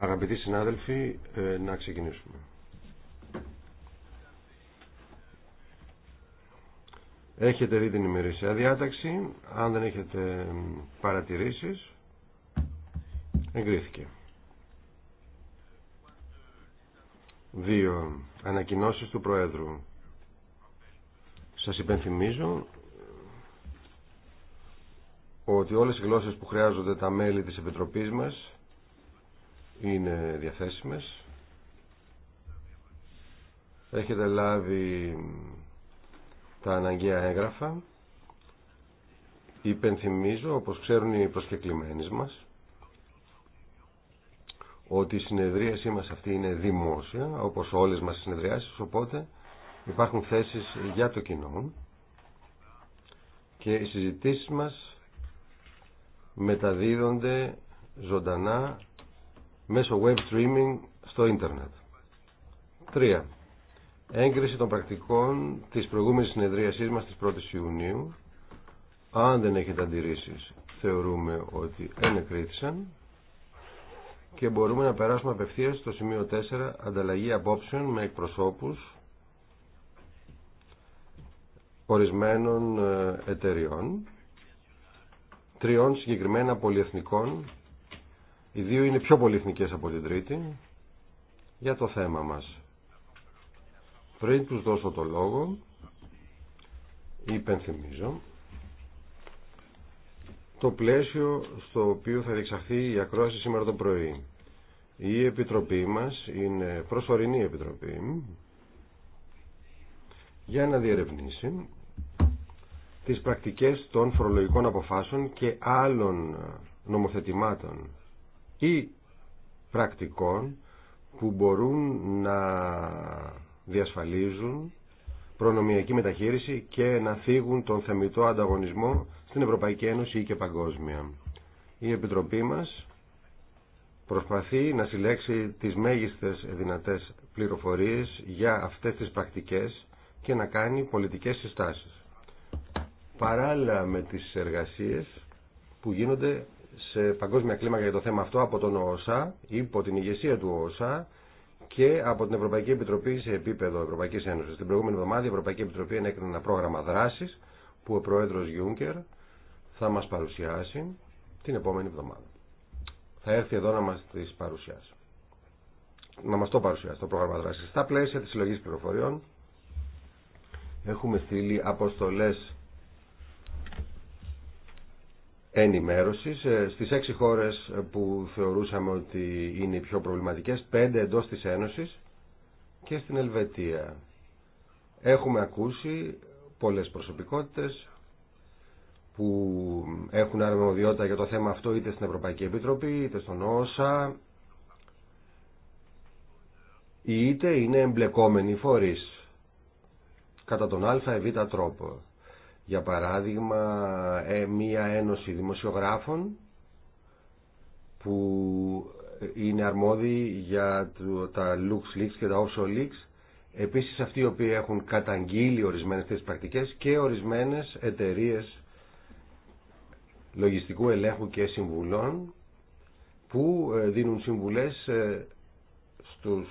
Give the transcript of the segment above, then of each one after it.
Αγαπητοί συνάδελφοι, ε, να ξεκινήσουμε. Έχετε δει την ημερήσια διάταξη. Αν δεν έχετε παρατηρήσεις, εγκρίθηκε. Δύο ανακοινώσεις του Προέδρου. Σας υπενθυμίζω ότι όλες οι γλώσσες που χρειάζονται τα μέλη της Επιτροπής μας είναι διαθέσιμες. Έχετε λάβει τα αναγκαία έγγραφα. Υπενθυμίζω, όπως ξέρουν οι προσκεκλημένοι μας, ότι η συνεδρίασή μας αυτή είναι δημόσια, όπως όλες μας οι συνεδριάσεις, οπότε υπάρχουν θέσεις για το κοινό και οι συζητήσεις μας μεταδίδονται ζωντανά μέσω web streaming στο ίντερνετ. 3. Έγκριση των πρακτικών της προηγούμενης συνεδρίασής μας της 1ης Ιουνίου. Αν δεν έχετε αντιρρήσεις, θεωρούμε ότι ενεκρίθησαν και μπορούμε να περάσουμε απευθείας στο σημείο 4, ανταλλαγή απόψεων με εκπροσώπους ορισμένων ε, εταιριών, τριών συγκεκριμένα πολυεθνικών, οι δύο είναι πιο πολυεθνικές από την τρίτη, για το θέμα μας. Πριν τους δώσω το λόγο, υπενθυμίζω το πλαίσιο στο οποίο θα διεξαχθεί η ακρόαση σήμερα το πρωί. Η Επιτροπή μας είναι προσωρινή Επιτροπή για να διερευνήσει τις πρακτικές των φορολογικών αποφάσεων και άλλων νομοθετημάτων ή πρακτικών που μπορούν να διασφαλίζουν προνομιακή μεταχείριση και να θίγουν τον θεμητό ανταγωνισμό στην Ευρωπαϊκή Ένωση ή και παγκόσμια. Η Επιτροπή μας προσπαθεί να συλλέξει τις μέγιστες δυνατές πληροφορίες για αυτές τις πρακτικές και να κάνει πολιτικές συστάσεις παράλληλα με τις εργασίες που γίνονται σε παγκόσμια κλίμακα για το θέμα αυτό από τον ΟΟΣΑ, υπό την ηγεσία του ΟΟΣΑ και από την Ευρωπαϊκή Επιτροπή σε επίπεδο Ευρωπαϊκή Ένωση. Την προηγούμενη εβδομάδα η Ευρωπαϊκή Επιτροπή ενέκρινε ένα πρόγραμμα δράση που ο Πρόεδρο Γιούγκερ θα μα παρουσιάσει την επόμενη εβδομάδα. Θα έρθει εδώ να μα τις παρουσιάσει. Να μα το παρουσιάσει το πρόγραμμα δράση. Στα πλαίσια τη συλλογή πληροφοριών έχουμε στείλει αποστολέ Ενημέρωση ε, στις έξι χώρες που θεωρούσαμε ότι είναι οι πιο προβληματικές, πέντε εντός της Ένωσης και στην Ελβετία. Έχουμε ακούσει πολλές προσωπικότητες που έχουν αρμοδιότητα για το θέμα αυτό είτε στην Ευρωπαϊκή Επιτροπή είτε στον ΩΣΑ είτε είναι εμπλεκόμενοι φορείς κατά τον α τρόπο. Για παράδειγμα, ε, μία ένωση δημοσιογράφων που είναι αρμόδιοι για τα LuxLeaks και τα Leaks. Επίσης αυτοί οι οποίοι έχουν καταγγείλει ορισμένες τέτοιες πρακτικές και ορισμένες εταιρείες λογιστικού ελέγχου και συμβουλών που ε, δίνουν συμβουλές ε, στους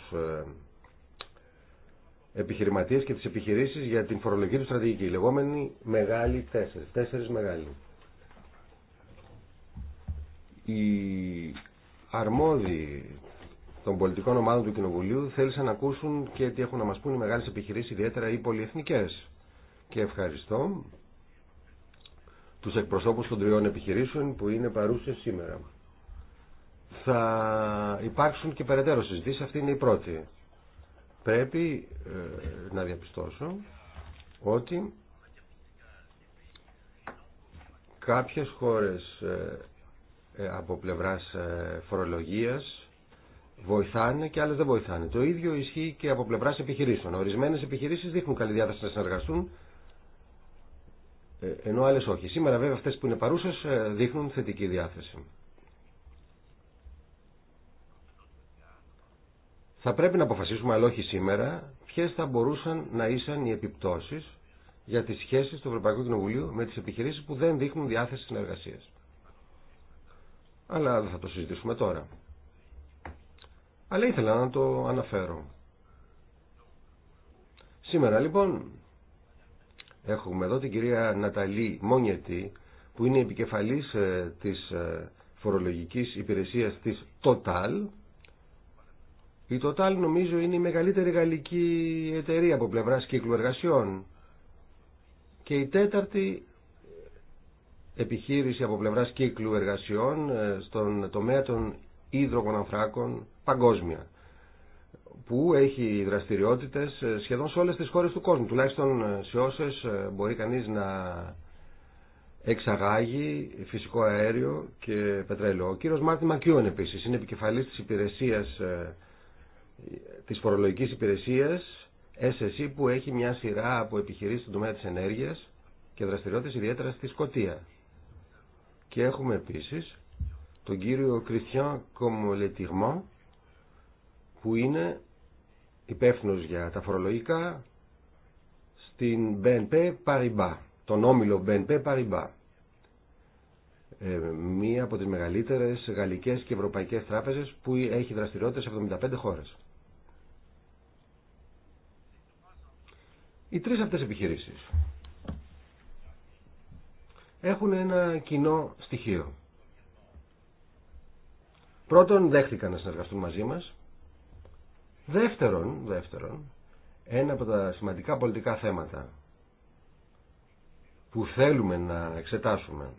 επιχειρηματίες και τις επιχειρήσεις για την φορολογική του στρατηγική. Λεγόμενοι μεγάλοι τέσσερις. Τέσσερις μεγάλοι. Οι αρμόδιοι των πολιτικών ομάδων του Κοινοβουλίου θέλησαν να ακούσουν και τι έχουν να μας πούν οι μεγάλες επιχειρήσεις, ιδιαίτερα οι πολυεθνικές. Και ευχαριστώ τους εκπροσώπους των τριών επιχειρήσεων που είναι παρούσες σήμερα. Θα υπάρξουν και περαιτέρω συζητήσει, αυτή είναι η πρώτη πρέπει ε, να διαπιστώσω ότι κάποιες χώρες ε, ε, από πλευράς φορολογίας βοηθάνε και άλλες δεν βοηθάνε. Το ίδιο ισχύει και από πλευράς επιχειρήσεων. Ορισμένες επιχειρήσεις δείχνουν καλή διάθεση να συνεργαστούν, ενώ άλλες όχι. Σήμερα βέβαια αυτές που είναι παρούσες δείχνουν θετική διάθεση. Θα πρέπει να αποφασίσουμε, αλλά όχι σήμερα, ποιε θα μπορούσαν να ήσαν οι επιπτώσει για τι σχέσει του Ευρωπαϊκού Κοινοβουλίου με τι επιχειρήσει που δεν δείχνουν διάθεση συνεργασία. Αλλά δεν θα το συζητήσουμε τώρα. Αλλά ήθελα να το αναφέρω. Σήμερα λοιπόν έχουμε εδώ την κυρία Ναταλή Μόνιετη που είναι επικεφαλής ε, της ε, φορολογικής υπηρεσίας της Total η Total νομίζω είναι η μεγαλύτερη γαλλική εταιρεία από πλευρά κύκλου εργασιών και η τέταρτη επιχείρηση από πλευρά κύκλου εργασιών ε, στον τομέα των ίδρογων ανθράκων παγκόσμια που έχει δραστηριότητες ε, σχεδόν σε όλες τις χώρες του κόσμου τουλάχιστον ε, σε όσες μπορεί κανείς να εξαγάγει φυσικό αέριο και πετρέλαιο. Ο κύριος Μάρτιν Μακιούν επίσης είναι επικεφαλής της υπηρεσίας της φορολογικής υπηρεσίας SSE που έχει μια σειρά από επιχειρήσεις στον τομέα της ενέργειας και δραστηριότητες ιδιαίτερα στη Σκωτία. Και έχουμε επίσης τον κύριο Κριστιαν Κομολετιγμό που είναι υπεύθυνο για τα φορολογικά στην BNP Paribas, τον όμιλο BNP Paribas. Ε, μία από τις μεγαλύτερες γαλλικές και ευρωπαϊκές τράπεζες που έχει δραστηριότητες σε 75 χώρες. Οι τρεις αυτές επιχειρήσεις έχουν ένα κοινό στοιχείο. Πρώτον, δέχτηκαν να συνεργαστούν μαζί μας. Δεύτερον, δεύτερον, ένα από τα σημαντικά πολιτικά θέματα που θέλουμε να εξετάσουμε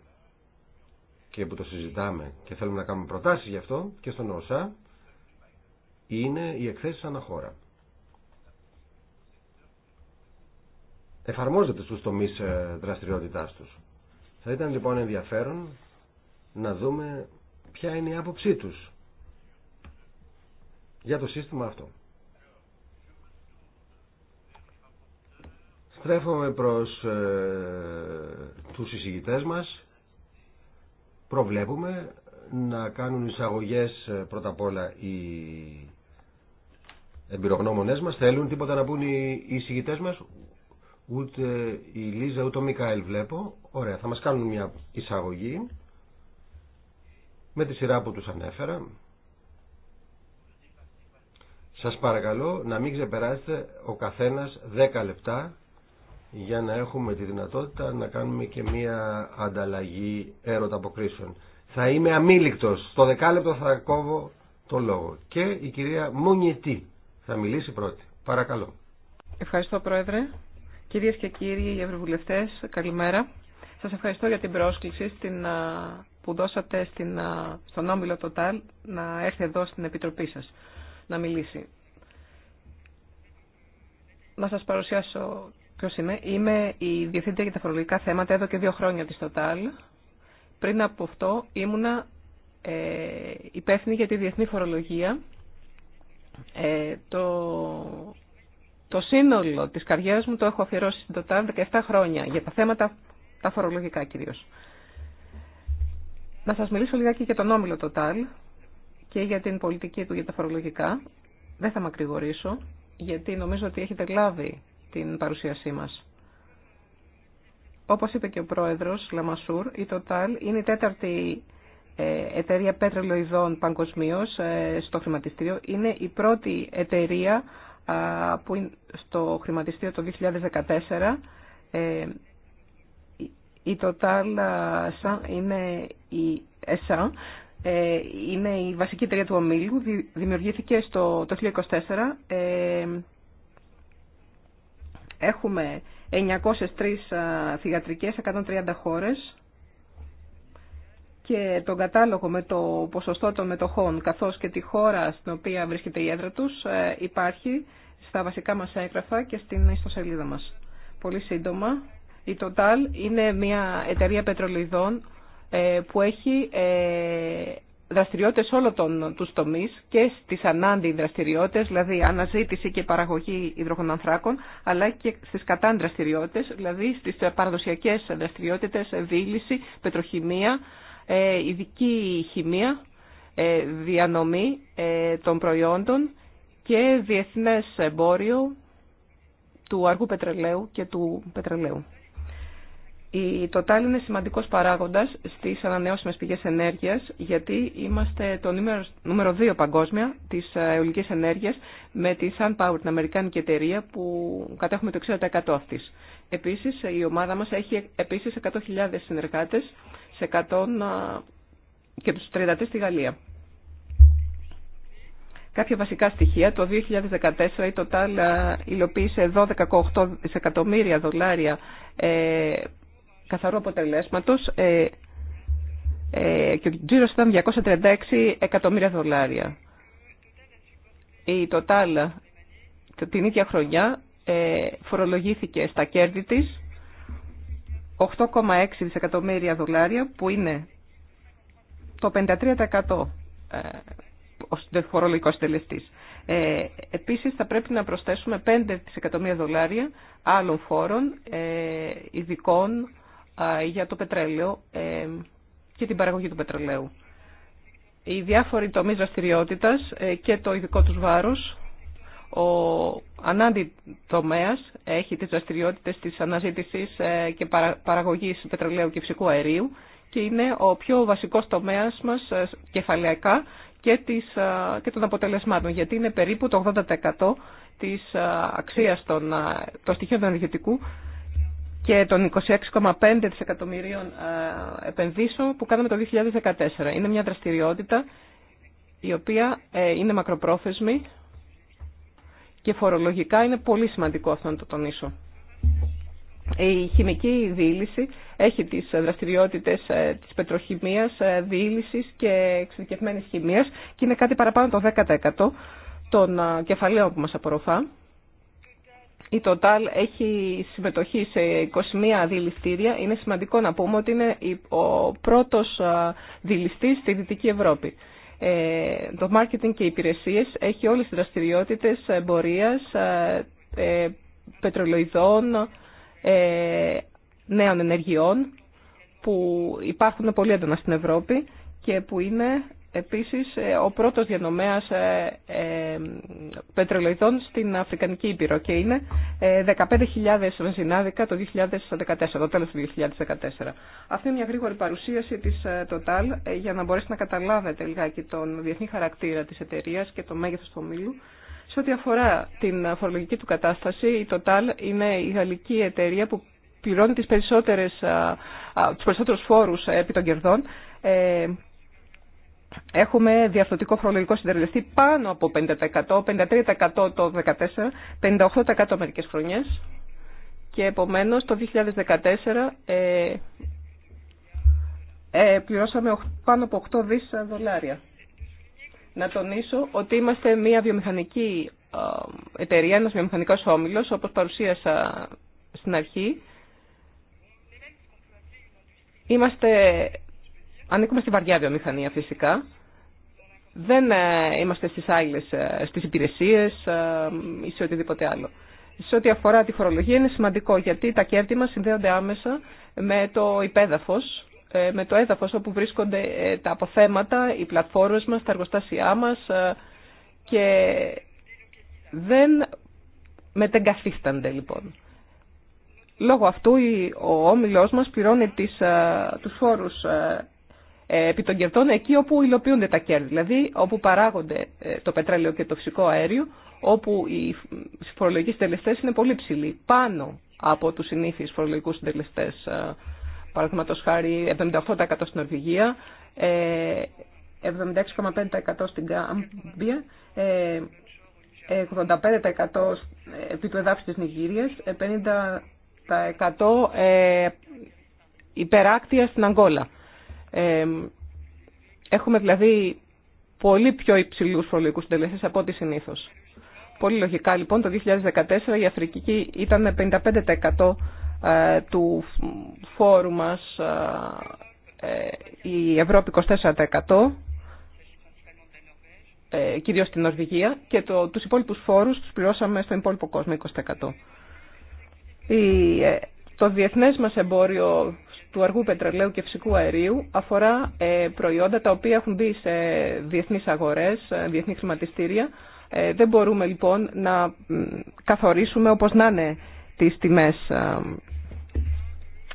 και που το συζητάμε και θέλουμε να κάνουμε προτάσεις γι' αυτό και στον ΩΣΑ είναι οι εκθέσεις αναχώρα. εφαρμόζεται στους τομείς ε, δραστηριότητάς τους. Θα ήταν λοιπόν ενδιαφέρον να δούμε ποια είναι η άποψή τους για το σύστημα αυτό. Στρέφομαι προς ε, τους εισηγητές μας. Προβλέπουμε να κάνουν εισαγωγές ε, πρώτα απ' όλα οι εμπειρογνώμονές μας. Θέλουν τίποτα να πούν οι εισηγητές μας. Ούτε η Λίζα ούτε ο Μικαέλ βλέπω. Ωραία, θα μας κάνουν μια εισαγωγή με τη σειρά που τους ανέφερα. Σας παρακαλώ να μην ξεπεράσετε ο καθένας 10 λεπτά για να έχουμε τη δυνατότητα να κάνουμε και μία ανταλλαγή έρωτα αποκρίσεων. Θα είμαι αμήλικτος. Στο λεπτό θα κόβω το λόγο. Και η κυρία Μονιετή θα μιλήσει πρώτη. Παρακαλώ. Ευχαριστώ Πρόεδρε. Κυρίες και κύριοι ευρωβουλευτές, καλημέρα. Σας ευχαριστώ για την πρόσκληση στην, που δώσατε στην, στον Όμιλο Total να έρθει εδώ στην Επιτροπή σας να μιλήσει. Να σας παρουσιάσω ποιος είμαι. Είμαι η Διευθύντρια για τα φορολογικά θέματα εδώ και δύο χρόνια της Total. Πριν από αυτό ήμουνα ε, υπεύθυνη για τη διεθνή φορολογία, ε, το το σύνολο της καριέρας μου το έχω αφιερώσει στην Total 17 χρόνια για τα θέματα τα φορολογικά κυρίως. Να σας μιλήσω λιγάκι για τον όμιλο Total και για την πολιτική του για τα φορολογικά. Δεν θα μακρηγορήσω, γιατί νομίζω ότι έχετε λάβει την παρουσίασή μας. Όπως είπε και ο πρόεδρος Λαμασούρ, η Total είναι η τέταρτη ε, εταιρεία πετρελοειδών παγκοσμίω ε, στο χρηματιστήριο. Είναι η πρώτη εταιρεία που είναι στο χρηματιστήριο το 2014 ε, η Total είναι η ΕΣΑ, ε, είναι η βασική εταιρεία του ομίλου, δημιουργήθηκε στο, το 2024. Ε, έχουμε 903 θηγατρικές, 130 χώρες και τον κατάλογο με το ποσοστό των μετοχών καθώς και τη χώρα στην οποία βρίσκεται η έδρα τους ε, υπάρχει στα βασικά μας έγγραφα και στην ιστοσελίδα μας. Πολύ σύντομα, η Total είναι μια εταιρεία πετρολιδών ε, που έχει ε, δραστηριότητες όλων των, τους τομείς και στις ανάντι δραστηριότητες, δηλαδή αναζήτηση και παραγωγή υδρογονανθράκων, αλλά και στις κατάν δραστηριότητες, δηλαδή στις παραδοσιακές δραστηριότητες, δίληση, πετροχημία, ε, ειδική χημεία, ε, διανομή ε, των προϊόντων και διεθνές εμπόριο του αργού πετρελαίου και του πετρελαίου. Η Total είναι σημαντικός παράγοντας στις ανανεώσιμες πηγές ενέργειας γιατί είμαστε το νούμερο, 2 παγκόσμια της αεολικής ενέργειας με τη SunPower, την Αμερικάνικη εταιρεία που κατέχουμε το 60% αυτής. Επίσης η ομάδα μας έχει επίσης 100.000 συνεργάτες 100 και τους 33 στη Γαλλία. Κάποια βασικά στοιχεία. Το 2014 η Total υλοποίησε 12,8 δισεκατομμύρια δολάρια ε, καθαρού αποτελέσματος ε, ε και ο τζίρος ήταν 236 εκατομμύρια δολάρια. Η Total την ίδια χρονιά ε, φορολογήθηκε στα κέρδη της 8,6 δισεκατομμύρια δολάρια που είναι το 53% ε, ο φορολογικό τελεστή. Ε, Επίση, θα πρέπει να προσθέσουμε 5 δισεκατομμύρια δολάρια άλλων φόρων ε, ειδικών για το πετρέλαιο ε, και την παραγωγή του πετρελαίου. Οι διάφοροι τομεί δραστηριότητα και το ειδικό του βάρο. Ο ανάντι τομέας έχει τις δραστηριότητες της αναζήτησης ε, και παραγωγής πετρελαίου και φυσικού αερίου και είναι ο πιο βασικός τομέας μας ε, κεφαλαϊκά και, ε, και των αποτελεσμάτων, γιατί είναι περίπου το 80% της αξίας των, των στοιχείων του ενεργητικού και των 26,5 δισεκατομμυρίων επενδύσεων που κάναμε το 2014. Είναι μια δραστηριότητα η οποία είναι μακροπρόθεσμη, και φορολογικά είναι πολύ σημαντικό αυτό να το τονίσω. Η χημική δίληση έχει τις δραστηριότητες ε, της πετροχημίας, ε, δίλησης και εξειδικευμένης χημίας και είναι κάτι παραπάνω το 10% των ε, κεφαλαίων που μας απορροφά. Η Total έχει συμμετοχή σε 21 δηληστήρια. Είναι σημαντικό να πούμε ότι είναι ο πρώτος δηληστής στη Δυτική Ευρώπη. Ε, το marketing και οι υπηρεσίες έχει όλες τις δραστηριότητες εμπορίας, ε, ε, πετρολοειδών, νέων ενεργειών που υπάρχουν πολύ έντονα στην Ευρώπη και που είναι Επίσης, ε, ο πρώτος διανομέας ε, ε, πετρελοειδών στην Αφρικανική Ήπειρο και είναι 15.000 βενζινάδικα το 2014, το τέλος του 2014. Αυτή είναι μια γρήγορη παρουσίαση της Total για να μπορέσετε να καταλάβετε λιγάκι τον διεθνή χαρακτήρα της εταιρείας και το μέγεθος του ομίλου. Σε ό,τι αφορά την φορολογική του κατάσταση, η Total είναι η γαλλική εταιρεία που πληρώνει τις περισσότερες, τους περισσότερους φόρους επί των κερδών Έχουμε διαφθορτικό φορολογικό συντελεστή πάνω από 50%, 53% το 2014, 58% μερικές χρονιές και επομένως το 2014 ε, ε, πληρώσαμε πάνω από 8 δις δολάρια. Να τονίσω ότι είμαστε μια βιομηχανική ε, εταιρεία, ένας βιομηχανικός όμιλος, όπως παρουσίασα στην αρχή. Είμαστε Ανήκουμε στη βαριά βιομηχανία φυσικά. Δεν ε, είμαστε στις άλλες, ε, στις υπηρεσίες ε, ή σε οτιδήποτε άλλο. Σε ό,τι αφορά τη φορολογία είναι σημαντικό γιατί τα κέρδη μας συνδέονται άμεσα με το υπέδαφος, με το έδαφος όπου βρίσκονται τα αποθέματα, οι πλατφόρμες μας, τα εργοστάσια μας και δεν μετεγκαθίστανται λοιπόν. Λόγω αυτού ο όμιλός μας πληρώνει τις, τους φόρους ε, επί των κερδών εκεί όπου υλοποιούνται τα κέρδη, δηλαδή όπου παράγονται ε, το πετρέλαιο και το φυσικό αέριο, όπου οι φορολογικοί συντελεστές είναι πολύ ψηλοί, πάνω από τους συνήθεις φορολογικού συντελεστές, ε, παραδείγματο χάρη 78% στην Ορβηγία, 76,5% στην Κάμπια, 85% επί του εδάφου της Νιγήριας, 50% υπεράκτεια στην Αγγόλα έχουμε δηλαδή πολύ πιο υψηλού φορολογικούς συντελεστέ από ό,τι συνήθως. Πολύ λογικά λοιπόν το 2014 η Αφρική ήταν 55% ε, του φόρου μας, ε, ε, η Ευρώπη 24%, κυρίως στην Νορβηγία και το, τους υπόλοιπους φόρους τους πληρώσαμε στον υπόλοιπο κόσμο 20%. το διεθνές μας εμπόριο του αργού πετρελαίου και φυσικού αερίου αφορά ε, προϊόντα τα οποία έχουν μπει σε διεθνείς αγορές, ε, διεθνή χρηματιστήρια. Ε, δεν μπορούμε λοιπόν να καθορίσουμε όπως να είναι τις τιμές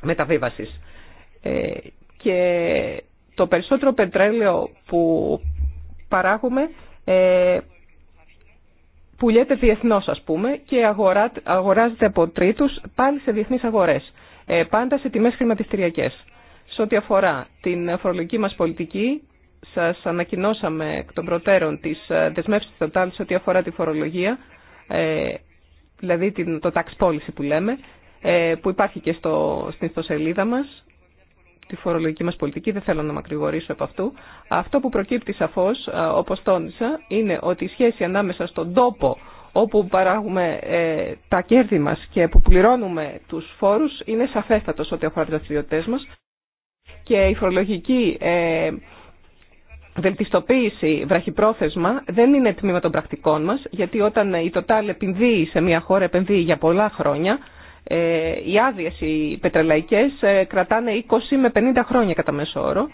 μεταβίβασης. Και το περισσότερο πετρέλαιο που παράγουμε πουλιέται διεθνώς ας πούμε και αγοράζεται από τρίτους πάλι σε διεθνείς αγορές. Ε, πάντα σε τιμές χρηματιστηριακές. Σε ό,τι αφορά την φορολογική μας πολιτική, σας ανακοινώσαμε εκ των προτέρων τις ε, δεσμεύσεις του Total σε ό,τι αφορά τη φορολογία, ε, δηλαδή το tax policy που λέμε, που υπάρχει και στο, στην ιστοσελίδα μας, τη φορολογική μας πολιτική, δεν θέλω να μακρηγορήσω από αυτού. Αυτό που προκύπτει σαφώς, όπως τόνισα, είναι ότι η σχέση ανάμεσα στον τόπο όπου παράγουμε ε, τα κέρδη μας και που πληρώνουμε τους φόρους είναι σαφέστατος ό,τι αφορά τις δραστηριότητε μας και η φορολογική ε, βελτιστοποίηση βραχυπρόθεσμα δεν είναι τμήμα των πρακτικών μας γιατί όταν η Total επενδύει σε μια χώρα, επενδύει για πολλά χρόνια ε, οι άδειε οι πετρελαϊκές ε, κρατάνε 20 με 50 χρόνια κατά μέσο όρο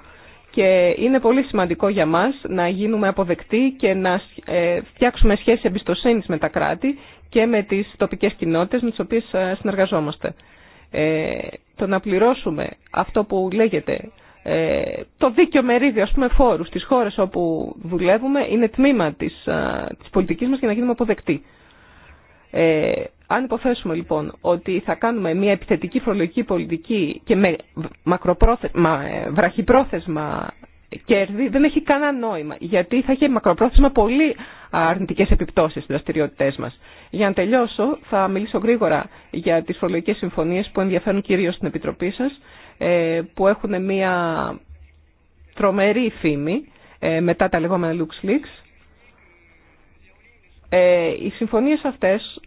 και είναι πολύ σημαντικό για μας να γίνουμε αποδεκτοί και να ε, φτιάξουμε σχέση εμπιστοσύνης με τα κράτη και με τις τοπικές κοινότητες με τις οποίες ε, συνεργαζόμαστε. Ε, το να πληρώσουμε αυτό που λέγεται το δίκαιο μερίδιο ας πούμε, φόρου στις χώρες όπου δουλεύουμε είναι τμήμα της, της πολιτικής μας για να γίνουμε αποδεκτοί. Αν υποθέσουμε λοιπόν ότι θα κάνουμε μια επιθετική φορολογική πολιτική και με μακροπρόθεσμα, βραχυπρόθεσμα κέρδη, δεν έχει κανένα νόημα, γιατί θα έχει μακροπρόθεσμα πολύ αρνητικές επιπτώσεις στις δραστηριότητές μας. Για να τελειώσω, θα μιλήσω γρήγορα για τις φορολογικές συμφωνίες που ενδιαφέρουν κυρίως την Επιτροπή σας, ε, που έχουν μια τρομερή φήμη ε, μετά τα λεγόμενα LuxLeaks. Ε, οι συμφωνίες αυτές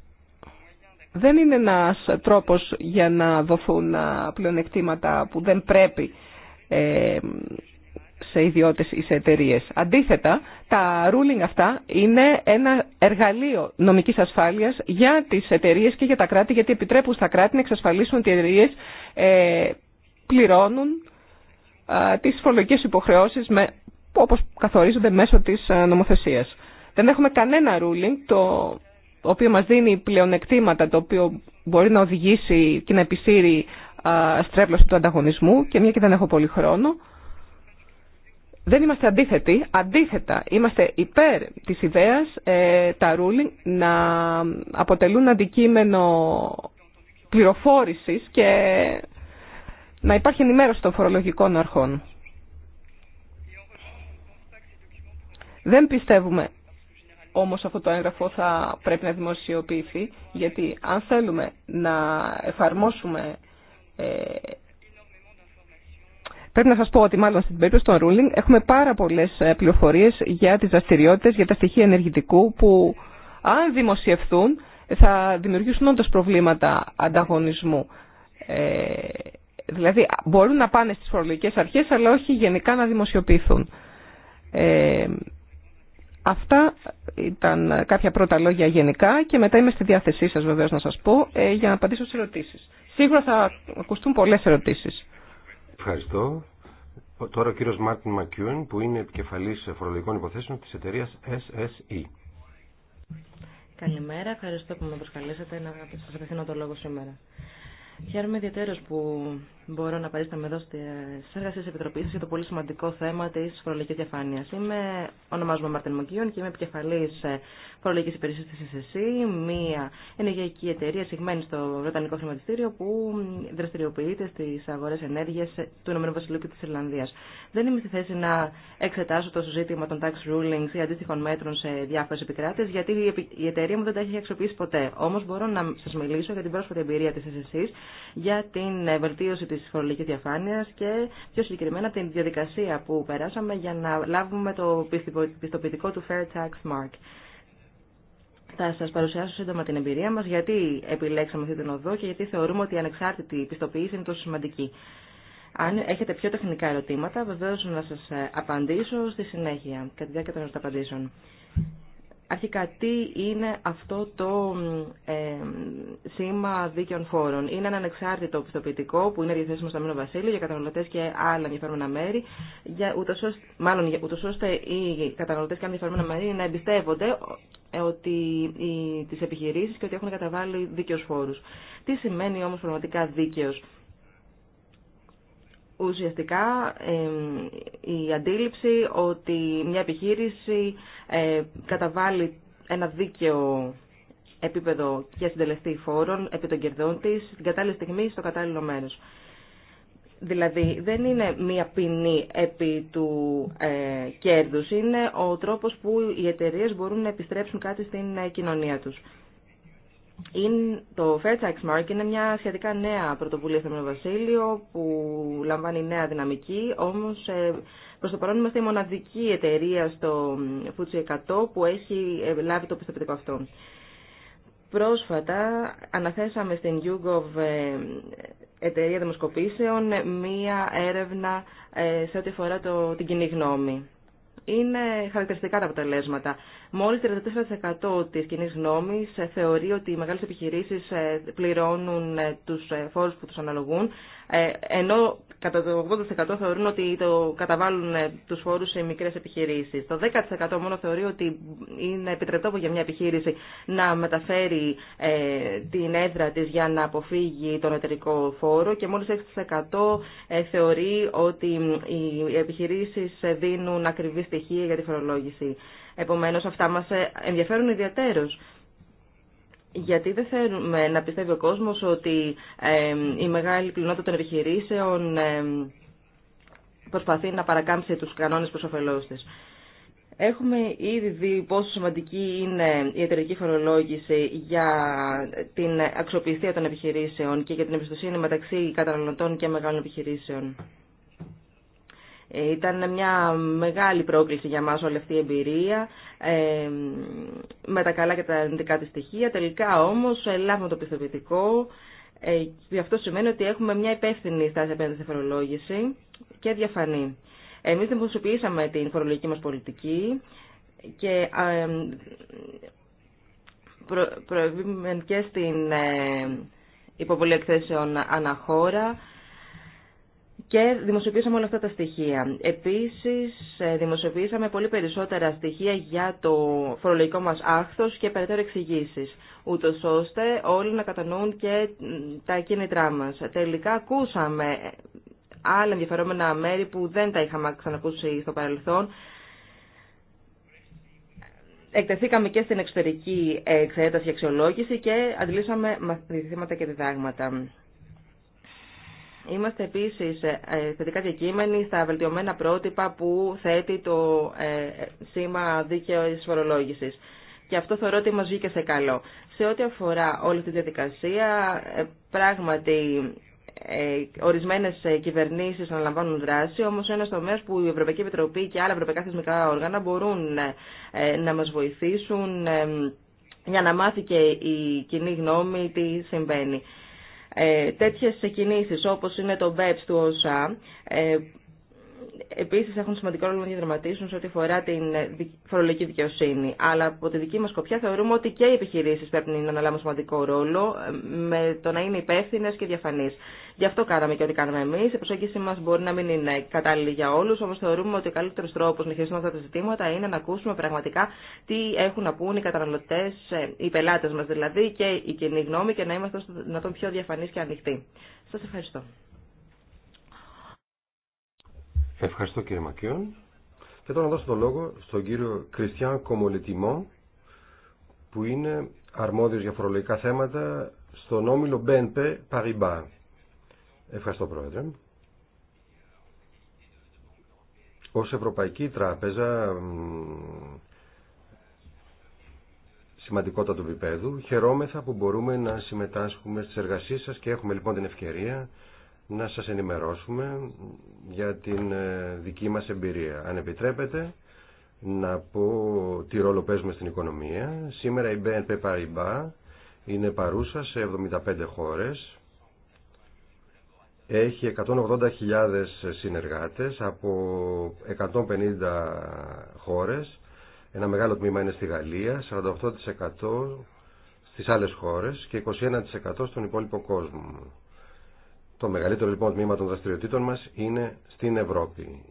δεν είναι ένας τρόπος για να δοθούν πλεονεκτήματα που δεν πρέπει ε, σε ιδιώτες ή σε εταιρείε. Αντίθετα, τα ruling αυτά είναι ένα εργαλείο νομικής ασφάλειας για τις εταιρείε και για τα κράτη, γιατί επιτρέπουν στα κράτη να εξασφαλίσουν ότι οι εταιρείε ε, πληρώνουν τις φορολογικές υποχρεώσεις με, όπως καθορίζονται μέσω της νομοθεσίας. Δεν έχουμε κανένα ruling το το οποίο μας δίνει πλεονεκτήματα, το οποίο μπορεί να οδηγήσει και να επισύρει στρέβλωση του ανταγωνισμού και μια και δεν έχω πολύ χρόνο. Δεν είμαστε αντίθετοι. Αντίθετα, είμαστε υπέρ της ιδέας ε, τα ruling να αποτελούν αντικείμενο πληροφόρησης και να υπάρχει ενημέρωση των φορολογικών αρχών. Δεν πιστεύουμε όμως αυτό το έγγραφο θα πρέπει να δημοσιοποιηθεί, γιατί αν θέλουμε να εφαρμόσουμε... Ε, πρέπει να σας πω ότι μάλλον στην περίπτωση των ruling έχουμε πάρα πολλές ε, πληροφορίες για τις δραστηριότητε, για τα στοιχεία ενεργητικού που αν δημοσιευθούν θα δημιουργήσουν όντω προβλήματα ανταγωνισμού. Ε, δηλαδή μπορούν να πάνε στις φορολογικές αρχές αλλά όχι γενικά να δημοσιοποιηθούν. Ε, αυτά ήταν κάποια πρώτα λόγια γενικά και μετά είμαι στη διάθεσή σας βεβαίως να σας πω ε, για να απαντήσω σε ερωτήσεις. Σίγουρα θα ακουστούν πολλές ερωτήσεις. Ευχαριστώ. Τώρα ο κύριος Μάρτιν Μακιούν που είναι επικεφαλής φορολογικών υποθέσεων της εταιρείας SSE. Καλημέρα, ευχαριστώ που με προσκαλέσατε να σας απευθύνω το λόγο σήμερα. Χαίρομαι ιδιαίτερω που μπορώ να παρίσταμαι εδώ στι εργασίε τη Επιτροπή για το πολύ σημαντικό θέμα τη φορολογική διαφάνεια. Είμαι, ονομάζομαι Μάρτιν Μοκίων και είμαι επικεφαλή ε, φορολογική υπηρεσία τη ΕΣΕΣΥ, μια ενεργειακή εταιρεία συγμένη στο Βρετανικό Χρηματιστήριο που δραστηριοποιείται στι αγορέ ενέργεια του Ηνωμένου Βασιλείου και τη Ιρλανδία. Δεν είμαι στη θέση να εξετάσω το συζήτημα των tax rulings ή αντίστοιχων μέτρων σε διάφορε επικράτε, γιατί η εταιρεία μου δεν τα έχει αξιοποιήσει ποτέ. Όμω μπορώ να σα μιλήσω για την πρόσφατη εμπειρία τη SSE για την βελτίωση τη φορολογική διαφάνεια και πιο συγκεκριμένα την διαδικασία που περάσαμε για να λάβουμε το πιστοποιητικό του Fair Tax Mark. Θα σα παρουσιάσω σύντομα την εμπειρία μα, γιατί επιλέξαμε αυτή την οδό και γιατί θεωρούμε ότι η ανεξάρτητη πιστοποίηση είναι τόσο σημαντική. Αν έχετε πιο τεχνικά ερωτήματα, βεβαίω να σα ε, απαντήσω στη συνέχεια, κατά τη διάρκεια των απαντήσεων. Αρχικά, τι είναι αυτό το ε, σήμα δίκαιων φόρων. Είναι ένα ανεξάρτητο πιστοποιητικό που είναι διαθέσιμο στο Μήνο Βασίλειο για καταναλωτέ και άλλα ενδιαφέρουσα μέρη, για ούτως ώστε, μάλλον ούτω ώστε οι καταναλωτέ και άλλα μέρη να εμπιστεύονται ε, ότι οι, τις και ότι έχουν καταβάλει δίκαιου φόρου. Τι σημαίνει όμω πραγματικά δίκαιο ουσιαστικά η αντίληψη ότι μια επιχείρηση ε, καταβάλει ένα δίκαιο επίπεδο και συντελεστή φόρων επί των κερδών της στην κατάλληλη στιγμή στο κατάλληλο μέρος. Δηλαδή δεν είναι μία ποινή επί του ε, κέρδους, είναι ο τρόπος που οι εταιρείες μπορούν να επιστρέψουν κάτι στην ε, κοινωνία τους είναι, το Fair Tax Mark είναι μια σχετικά νέα πρωτοβουλία στο Βασίλειο που λαμβάνει νέα δυναμική, όμως ε, προς το παρόν είμαστε η μοναδική εταιρεία στο FTSE 100 που έχει ε, λάβει το πιστοποιητικό αυτό. Πρόσφατα αναθέσαμε στην YouGov ε, εταιρεία δημοσκοπήσεων μία έρευνα σε ό,τι αφορά το, την κοινή γνώμη είναι χαρακτηριστικά τα αποτελέσματα. Μόλις 34% της κοινή γνώμης θεωρεί ότι οι μεγάλες επιχειρήσεις ε, πληρώνουν ε, τους ε, φόρους που τους αναλογούν, ε, ενώ κατά το 80% θεωρούν ότι το καταβάλουν ε, τους φόρους σε μικρές επιχειρήσεις. Το 10% μόνο θεωρεί ότι είναι επιτρεπτό για μια επιχείρηση να μεταφέρει ε, την έδρα της για να αποφύγει τον εταιρικό φόρο και μόλις 6% θεωρεί ότι οι επιχειρήσεις δίνουν ακριβή στοιχεία για τη φορολόγηση. Επομένως αυτά μας ενδιαφέρουν ιδιαίτερως. Γιατί δεν θέλουμε να πιστεύει ο κόσμος ότι η μεγάλη πλειονότητα των επιχειρήσεων προσπαθεί να παρακάμψει τους κανόνες προς όφελός της. Έχουμε ήδη δει πόσο σημαντική είναι η εταιρική φορολόγηση για την αξιοπιστία των επιχειρήσεων και για την εμπιστοσύνη μεταξύ καταναλωτών και μεγάλων επιχειρήσεων. Ε, ήταν μια μεγάλη πρόκληση για μας όλη αυτή η εμπειρία, ε, με τα καλά και τα αρνητικά της στοιχεία. Τελικά όμως ε, λάβουμε το πιστοποιητικό, και αυτό σημαίνει ότι έχουμε μια υπεύθυνη στάση απέναντι στη φορολόγηση και διαφανή. Εμείς δημοσιοποιήσαμε την φορολογική μας πολιτική και προέβημε και στην υποβολή εκθέσεων αναχώρα, και δημοσιοποιήσαμε όλα αυτά τα στοιχεία. Επίσης, ε, δημοσιοποιήσαμε πολύ περισσότερα στοιχεία για το φορολογικό μας άχθος και περαιτέρω εξηγήσει, ούτω ώστε όλοι να κατανοούν και τα κίνητρά μας. Τελικά, ακούσαμε ε, άλλα ενδιαφερόμενα μέρη που δεν τα είχαμε ξανακούσει στο παρελθόν. Εκτεθήκαμε και στην εξωτερική εξέταση και αξιολόγηση και αντιλήσαμε μαθηματικά και διδάγματα. Είμαστε επίσης ε, ε, θετικά διακείμενοι στα βελτιωμένα πρότυπα που θέτει το ε, σήμα δίκαιο φορολόγησης. Και αυτό θεωρώ ότι μα βγήκε σε καλό. Σε ό,τι αφορά όλη τη διαδικασία, πράγματι ορισμένε κυβερνήσει αναλαμβάνουν δράση, όμω ένα τομέα που η Ευρωπαϊκή Επιτροπή και άλλα ευρωπαϊκά θεσμικά όργανα μπορούν να μα βοηθήσουν για να μάθει και η κοινή γνώμη τι συμβαίνει. Ε, τέτοιες κινήσεις όπως είναι το BEPS του ΩΣΑ ε, Επίση, έχουν σημαντικό ρόλο να διαδραματίσουν σε ό,τι αφορά την φορολογική δικαιοσύνη. Αλλά από τη δική μα κοπιά θεωρούμε ότι και οι επιχειρήσει πρέπει να αναλάβουν σημαντικό ρόλο ε, με το να είναι υπεύθυνε και διαφανεί. Γι' αυτό κάναμε και ό,τι κάναμε εμεί. Η προσέγγιση μα μπορεί να μην είναι κατάλληλη για όλου. Όμω θεωρούμε ότι ο καλύτερο τρόπο να χειριστούμε αυτά τα ζητήματα είναι να ακούσουμε πραγματικά τι έχουν να πούν οι καταναλωτέ, ε, οι πελάτε μα δηλαδή και η κοινή γνώμη και να είμαστε να τον πιο διαφανεί και ανοιχτοί. Σα ευχαριστώ. Ευχαριστώ κύριε Μακιόν. Και τώρα να δώσω το λόγο στον κύριο Κριστιαν Κομολετιμό που είναι αρμόδιος για φορολογικά θέματα στον όμιλο BNP Paribas. Ευχαριστώ πρόεδρε. Ως Ευρωπαϊκή Τράπεζα σημαντικότατο επίπεδου χαιρόμεθα που μπορούμε να συμμετάσχουμε στις εργασίες σας και έχουμε λοιπόν την ευκαιρία να σας ενημερώσουμε για την ε, δική μας εμπειρία. Αν επιτρέπετε να πω τι ρόλο παίζουμε στην οικονομία. Σήμερα η BNP Paribas είναι παρούσα σε 75 χώρες. Έχει 180.000 συνεργάτες από 150 χώρες. Ένα μεγάλο τμήμα είναι στη Γαλλία, 48% στις άλλες χώρες και 21% στον υπόλοιπο κόσμο. Το μεγαλύτερο λοιπόν τμήμα των δραστηριοτήτων μας είναι στην Ευρώπη.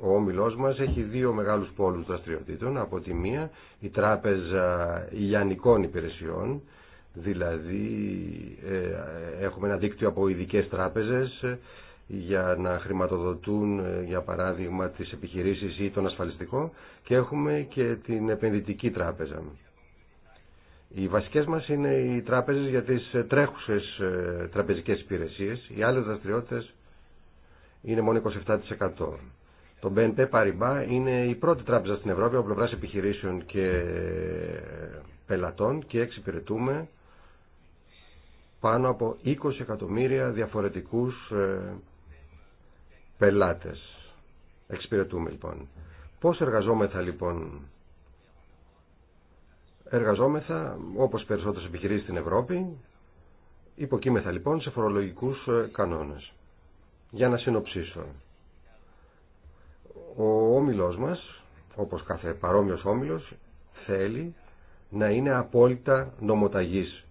Ο όμιλός μας έχει δύο μεγάλους πόλους δραστηριοτήτων. Από τη μία η Τράπεζα Ιλιανικών Υπηρεσιών, δηλαδή ε, έχουμε ένα δίκτυο από ειδικέ τράπεζες ε, για να χρηματοδοτούν ε, για παράδειγμα τις επιχειρήσεις ή τον ασφαλιστικό και έχουμε και την επενδυτική τράπεζα οι βασικέ μας είναι οι τράπεζε για τι ε, τρέχουσες ε, τραπεζικές υπηρεσίε, Οι άλλε δραστηριότητε είναι μόνο 27%. Το BNP Paribas είναι η πρώτη τράπεζα στην Ευρώπη από πλευρά επιχειρήσεων και ε, πελατών και εξυπηρετούμε πάνω από 20 εκατομμύρια διαφορετικούς πελάτες. Εξυπηρετούμε λοιπόν. Πώς εργαζόμεθα λοιπόν Εργαζόμεθα, όπως περισσότερες επιχειρήσεις στην Ευρώπη, υποκείμεθα λοιπόν σε φορολογικούς ε, κανόνες. Για να συνοψίσω. Ο όμιλός μας, όπως κάθε παρόμοιος όμιλος, θέλει να είναι απόλυτα νομοταγής.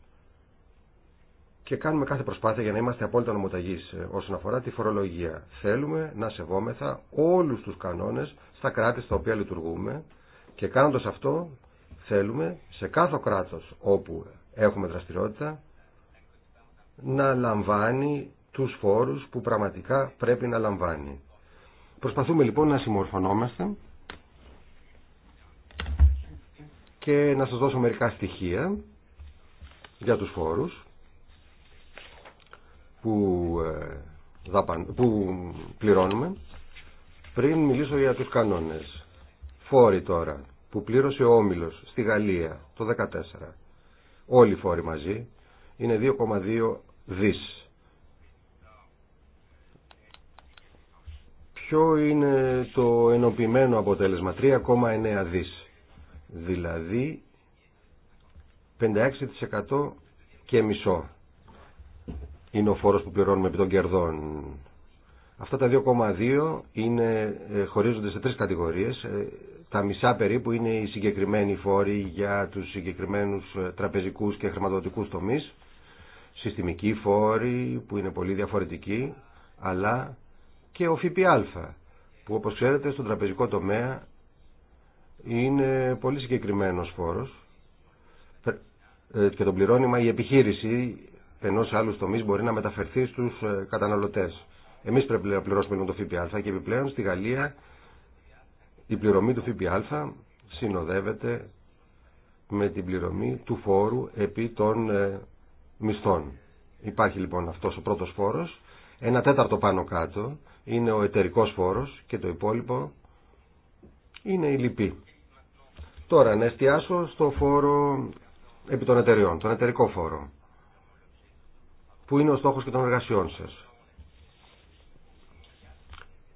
Και κάνουμε κάθε προσπάθεια για να είμαστε απόλυτα νομοταγής ε, όσον αφορά τη φορολογία. Θέλουμε να σεβόμεθα όλους τους κανόνες στα κράτη στα οποία λειτουργούμε και κάνοντας αυτό Θέλουμε σε κάθε κράτος όπου έχουμε δραστηριότητα να λαμβάνει τους φόρους που πραγματικά πρέπει να λαμβάνει. Προσπαθούμε λοιπόν να συμμορφωνόμαστε και να σας δώσω μερικά στοιχεία για τους φόρους που, ε, που πληρώνουμε πριν μιλήσω για τους κανόνες. Φόροι τώρα που πλήρωσε ο Όμιλος στη Γαλλία το 2014. Όλοι οι φόροι μαζί είναι 2,2 δις. Ποιο είναι το ενοποιημένο αποτέλεσμα, 3,9 δις. Δηλαδή 56% και μισό είναι ο φόρος που πληρώνουμε επί των κερδών. Αυτά τα 2,2 ε, χωρίζονται σε τρεις κατηγορίες. Ε, τα μισά περίπου είναι οι συγκεκριμένοι φόροι για τους συγκεκριμένους ε, τραπεζικούς και χρηματοδοτικούς τομείς, συστημικοί φόροι που είναι πολύ διαφορετικοί, αλλά και ο ΦΠΑ, που όπως ξέρετε στον τραπεζικό τομέα είναι πολύ συγκεκριμένος φόρος ε, και το πληρώνημα η επιχείρηση ενό άλλου τομείς μπορεί να μεταφερθεί στους ε, καταναλωτές. Εμείς πρέπει να πληρώσουμε λοιπόν το ΦΠΑ και επιπλέον στη Γαλλία η πληρωμή του ΦΠΑ συνοδεύεται με την πληρωμή του φόρου επί των ε, μισθών. Υπάρχει λοιπόν αυτός ο πρώτος φόρος. Ένα τέταρτο πάνω κάτω είναι ο εταιρικός φόρος και το υπόλοιπο είναι η λυπή. Τώρα να εστιάσω στο φόρο επί των εταιριών, τον εταιρικό φόρο, που είναι ο στόχος και των εργασιών σας.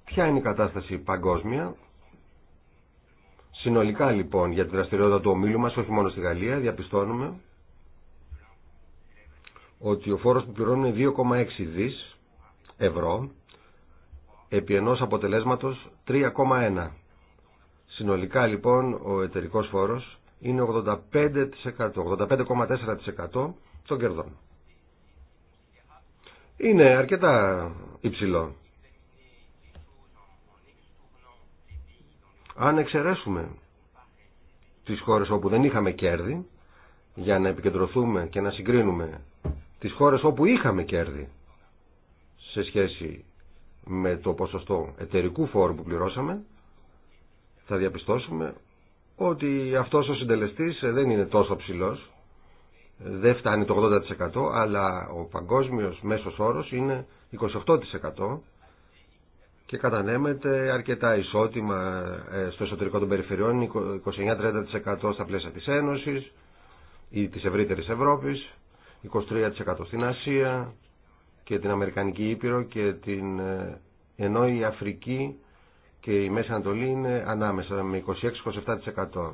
Ποια είναι η κατάσταση παγκόσμια, Συνολικά λοιπόν για τη δραστηριότητα του ομίλου μας, όχι μόνο στη Γαλλία, διαπιστώνουμε ότι ο φόρος που πληρώνουμε είναι 2,6 δις ευρώ επί ενός αποτελέσματος 3,1. Συνολικά λοιπόν ο εταιρικός φόρος είναι 85%, 85,4% των κερδών. Είναι αρκετά υψηλό. Αν εξαιρέσουμε τις χώρες όπου δεν είχαμε κέρδη, για να επικεντρωθούμε και να συγκρίνουμε τις χώρες όπου είχαμε κέρδη σε σχέση με το ποσοστό εταιρικού φόρου που πληρώσαμε, θα διαπιστώσουμε ότι αυτός ο συντελεστής δεν είναι τόσο ψηλός, δεν φτάνει το 80%, αλλά ο παγκόσμιος μέσος όρος είναι 28%, και κατανέμεται αρκετά ισότιμα ε, στο εσωτερικό των περιφερειών, 29-30% στα πλαίσια της Ένωσης ή της ευρύτερης Ευρώπης, 23% στην Ασία και την Αμερικανική Ήπειρο και την ε, ενώ η Αφρική και η Μέση Ανατολή είναι ανάμεσα με 26-27%.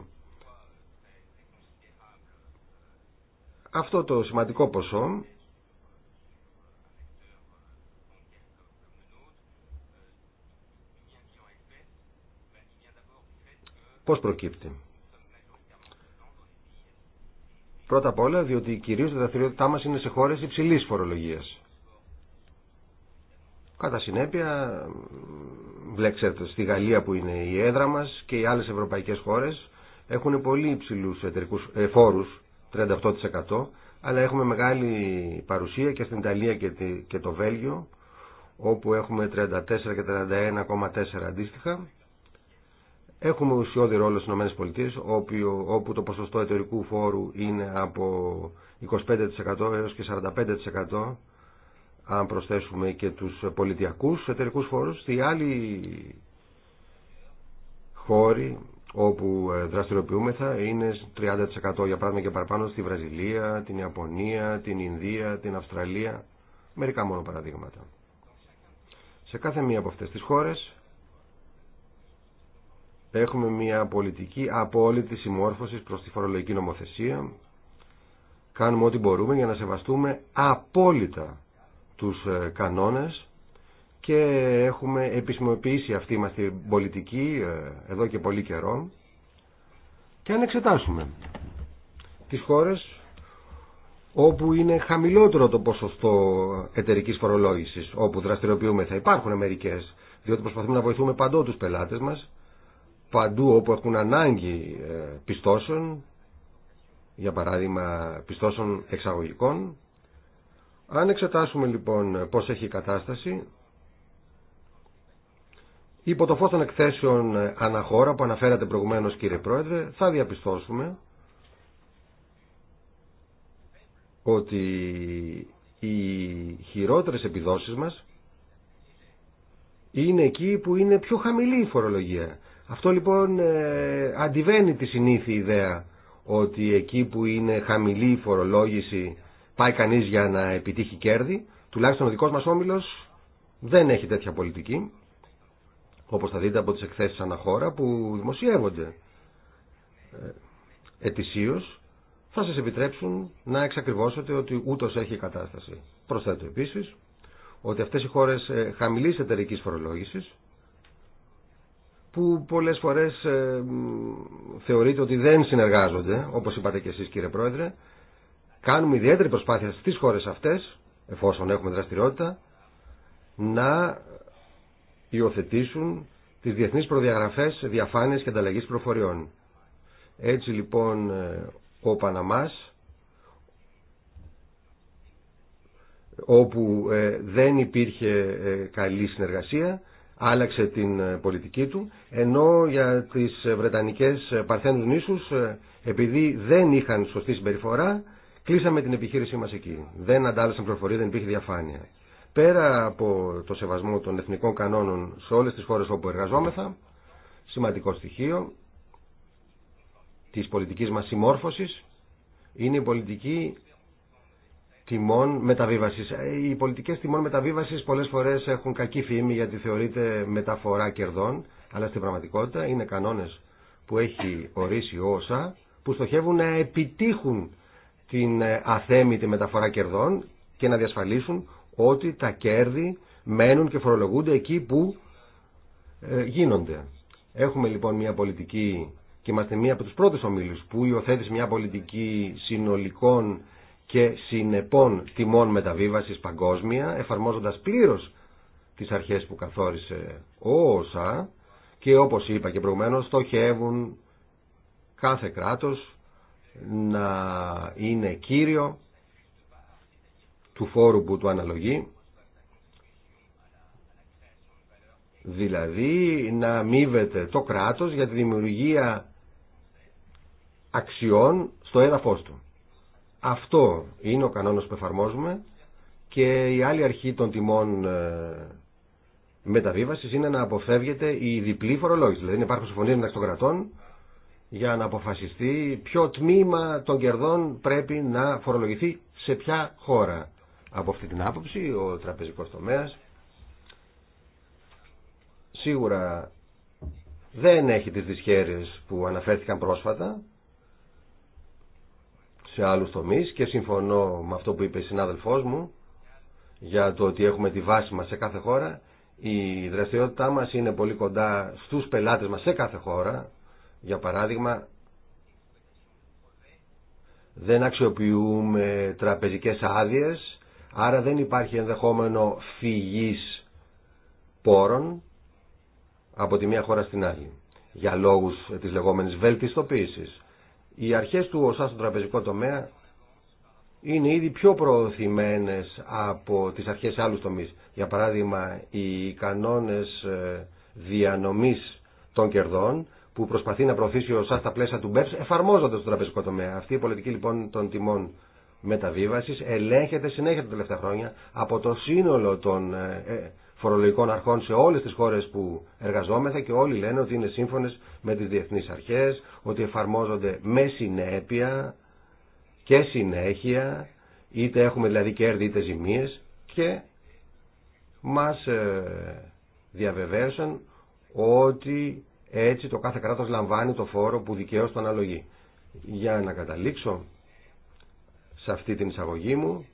Αυτό το σημαντικό ποσό Πώς προκύπτει. Πρώτα απ' όλα διότι κυρίως τα δραστηριότητά μας είναι σε χώρες υψηλής φορολογίας. Κατά συνέπεια, βλέξτε, στη Γαλλία που είναι η έδρα μας και οι άλλες ευρωπαϊκές χώρες έχουν πολύ υψηλούς εταιρικούς, ε, φόρους, 38%, αλλά έχουμε μεγάλη παρουσία και στην Ιταλία και, και το Βέλγιο, όπου έχουμε 34 και 31,4 αντίστοιχα. Έχουμε ουσιώδη ρόλο στι ΗΠΑ όπου το ποσοστό εταιρικού φόρου είναι από 25% έως και 45% αν προσθέσουμε και τους πολιτιακούς εταιρικούς φόρους. Στη άλλη χώρη όπου ε, δραστηριοποιούμεθα είναι 30% για παράδειγμα και παραπάνω στη Βραζιλία, την Ιαπωνία, την Ινδία, την Αυστραλία, μερικά μόνο παραδείγματα. Σε κάθε μία από αυτές τις χώρες Έχουμε μια πολιτική απόλυτη συμμόρφωση προς τη φορολογική νομοθεσία. Κάνουμε ό,τι μπορούμε για να σεβαστούμε απόλυτα τους ε, κανόνες και έχουμε επισημοποιήσει αυτή μας την πολιτική ε, εδώ και πολύ καιρό και αν εξετάσουμε τις χώρες όπου είναι χαμηλότερο το ποσοστό εταιρική φορολόγησης όπου δραστηριοποιούμε. Θα υπάρχουν μερικέ, διότι προσπαθούμε να βοηθούμε παντό του πελάτε μα παντού όπου έχουν ανάγκη ε, πιστώσεων, για παράδειγμα πιστώσεων εξαγωγικών. Αν εξετάσουμε λοιπόν πώς έχει η κατάσταση, υπό το φως των εκθέσεων ε, αναχώρα που αναφέρατε προηγουμένως κύριε Πρόεδρε, θα διαπιστώσουμε ότι οι χειρότερες επιδόσεις μας είναι εκεί που είναι πιο χαμηλή η φορολογία. Αυτό λοιπόν ε, αντιβαίνει τη συνήθη ιδέα ότι εκεί που είναι χαμηλή η φορολόγηση πάει κανείς για να επιτύχει κέρδη. Τουλάχιστον ο δικός μας όμιλος δεν έχει τέτοια πολιτική, όπως θα δείτε από τις εκθέσεις αναχώρα που δημοσιεύονται ε, ετησίω, θα σας επιτρέψουν να εξακριβώσετε ότι ούτως έχει κατάσταση. Προσθέτω επίσης ότι αυτές οι χώρες ε, χαμηλής εταιρικής φορολόγησης που πολλές φορές ε, θεωρείται ότι δεν συνεργάζονται, όπως είπατε και εσείς κύριε Πρόεδρε. Κάνουμε ιδιαίτερη προσπάθεια στις χώρες αυτές, εφόσον έχουμε δραστηριότητα, να υιοθετήσουν τις διεθνείς προδιαγραφές διαφάνειας και ανταλλαγής προφοριών. Έτσι λοιπόν ε, ο Παναμάς, όπου ε, δεν υπήρχε καλή συνεργασία, άλλαξε την ε, πολιτική του, ενώ για τις ε, Βρετανικές ε, Παρθένους νήσους, επειδή δεν είχαν σωστή συμπεριφορά, κλείσαμε την επιχείρησή μας εκεί. Δεν αντάλλασαν πληροφορία, δεν υπήρχε διαφάνεια. Πέρα από το σεβασμό των εθνικών κανόνων σε όλες τις χώρες όπου εργαζόμεθα, σημαντικό στοιχείο της πολιτικής μας συμμόρφωσης είναι η πολιτική τιμών μεταβίβασης. Ε, οι πολιτικές τιμών μεταβίβασης πολλές φορές έχουν κακή φήμη γιατί θεωρείται μεταφορά κερδών, αλλά στην πραγματικότητα είναι κανόνες που έχει ορίσει όσα που στοχεύουν να επιτύχουν την ε, αθέμητη μεταφορά κερδών και να διασφαλίσουν ότι τα κέρδη μένουν και φορολογούνται εκεί που ε, γίνονται. Έχουμε λοιπόν μια πολιτική και είμαστε μία από τους πρώτους ομίλους που υιοθέτησε μια πολιτική συνολικών και συνεπών τιμών μεταβίβασης παγκόσμια, εφαρμόζοντας πλήρως τις αρχές που καθόρισε ο ΩΣΑ και όπως είπα και προηγουμένως στοχεύουν κάθε κράτος να είναι κύριο του φόρου που του αναλογεί δηλαδή να αμείβεται το κράτος για τη δημιουργία αξιών στο έδαφος του. Αυτό είναι ο κανόνας που εφαρμόζουμε και η άλλη αρχή των τιμών ε, μεταβίβασης είναι να αποφεύγεται η διπλή φορολόγηση. Δηλαδή υπάρχουν συμφωνίες μεταξύ των κρατών για να αποφασιστεί ποιο τμήμα των κερδών πρέπει να φορολογηθεί σε ποια χώρα. Από αυτή την άποψη ο τραπεζικός τομέας σίγουρα δεν έχει τις δυσχέρειες που αναφέρθηκαν πρόσφατα σε άλλους τομείς και συμφωνώ με αυτό που είπε η συνάδελφός μου για το ότι έχουμε τη βάση μας σε κάθε χώρα. Η δραστηριότητά μας είναι πολύ κοντά στους πελάτες μας σε κάθε χώρα. Για παράδειγμα, δεν αξιοποιούμε τραπεζικές άδειες, άρα δεν υπάρχει ενδεχόμενο φυγής πόρων από τη μία χώρα στην άλλη για λόγους της λεγόμενης βελτιστοποίησης. Οι αρχές του ΟΣΑ στον τραπεζικό τομέα είναι ήδη πιο προωθημένες από τις αρχές σε άλλους τομείς. Για παράδειγμα, οι κανόνες ε, διανομής των κερδών που προσπαθεί να προωθήσει ο ΩΣΑ στα πλαίσια του ΜΠΕΠΣ εφαρμόζονται στον τραπεζικό τομέα. Αυτή η πολιτική λοιπόν των τιμών μεταβίβασης ελέγχεται συνέχεια τα τελευταία χρόνια από το σύνολο των ε, ε, φορολογικών αρχών σε όλες τις χώρες που εργαζόμεθα και όλοι λένε ότι είναι σύμφωνες με τις διεθνείς αρχές, ότι εφαρμόζονται με συνέπεια και συνέχεια, είτε έχουμε δηλαδή κέρδη είτε ζημίες και μας ε, διαβεβαίωσαν ότι έτσι το κάθε κράτος λαμβάνει το φόρο που δικαίως το αναλογεί. Για να καταλήξω σε αυτή την εισαγωγή μου,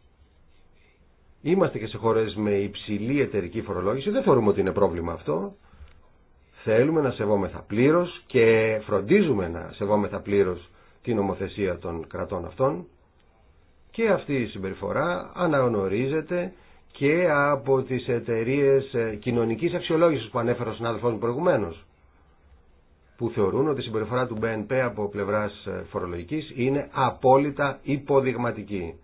Είμαστε και σε χώρε με υψηλή εταιρική φορολόγηση. Δεν θεωρούμε ότι είναι πρόβλημα αυτό. Θέλουμε να σεβόμεθα πλήρως και φροντίζουμε να σεβόμεθα πλήρως την ομοθεσία των κρατών αυτών. Και αυτή η συμπεριφορά αναγνωρίζεται και από τις εταιρείε κοινωνική αξιολόγηση που ανέφερα ο συνάδελφό μου προηγουμένω. που θεωρούν ότι η συμπεριφορά του BNP από πλευρά ε, φορολογική είναι απόλυτα υποδειγματική.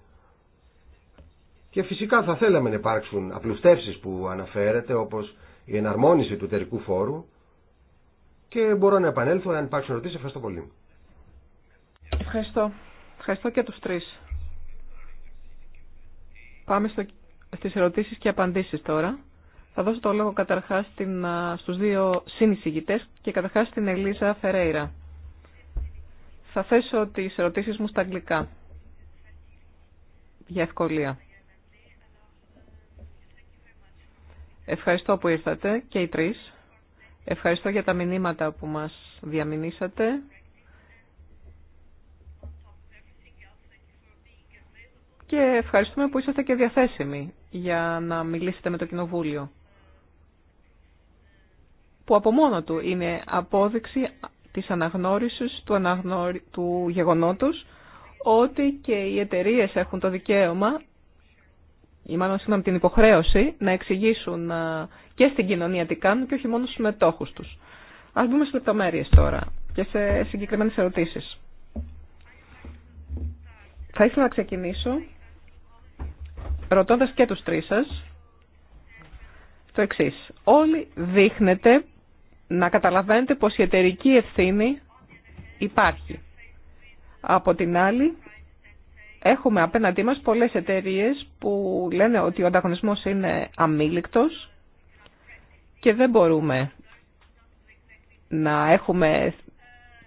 Και φυσικά θα θέλαμε να υπάρξουν απλουστεύσεις που αναφέρεται όπως η εναρμόνιση του εταιρικού φόρου και μπορώ να επανέλθω αν υπάρξουν ερωτήσεις. Ευχαριστώ πολύ. Ευχαριστώ. Ευχαριστώ και τους τρεις. Πάμε στο, στις ερωτήσεις και απαντήσεις τώρα. Θα δώσω το λόγο καταρχάς στην, στους δύο συνεισηγητές και καταρχάς στην Ελίζα Φερέιρα. Θα θέσω τις ερωτήσεις μου στα αγγλικά. Για ευκολία. Ευχαριστώ που ήρθατε και οι τρεις. Ευχαριστώ για τα μηνύματα που μας διαμηνήσατε. Και ευχαριστούμε που είσαστε και διαθέσιμοι για να μιλήσετε με το Κοινοβούλιο. Που από μόνο του είναι απόδειξη της αναγνώρισης του, αναγνώρι... του γεγονότος ότι και οι εταιρείε έχουν το δικαίωμα ή μάλλον συγγνώμη, την υποχρέωση να εξηγήσουν ε, και στην κοινωνία τι κάνουν και όχι μόνο στους μετόχους τους. Ας μπούμε σε λεπτομέρειες τώρα και σε συγκεκριμένες ερωτήσεις. Θα ήθελα να ξεκινήσω ρωτώντας και τους τρεις σας το εξή. Όλοι δείχνετε να καταλαβαίνετε πως η εταιρική ευθύνη υπάρχει. Από την άλλη, έχουμε απέναντί μας πολλές εταιρείε που λένε ότι ο ανταγωνισμός είναι αμήλικτος και δεν μπορούμε να έχουμε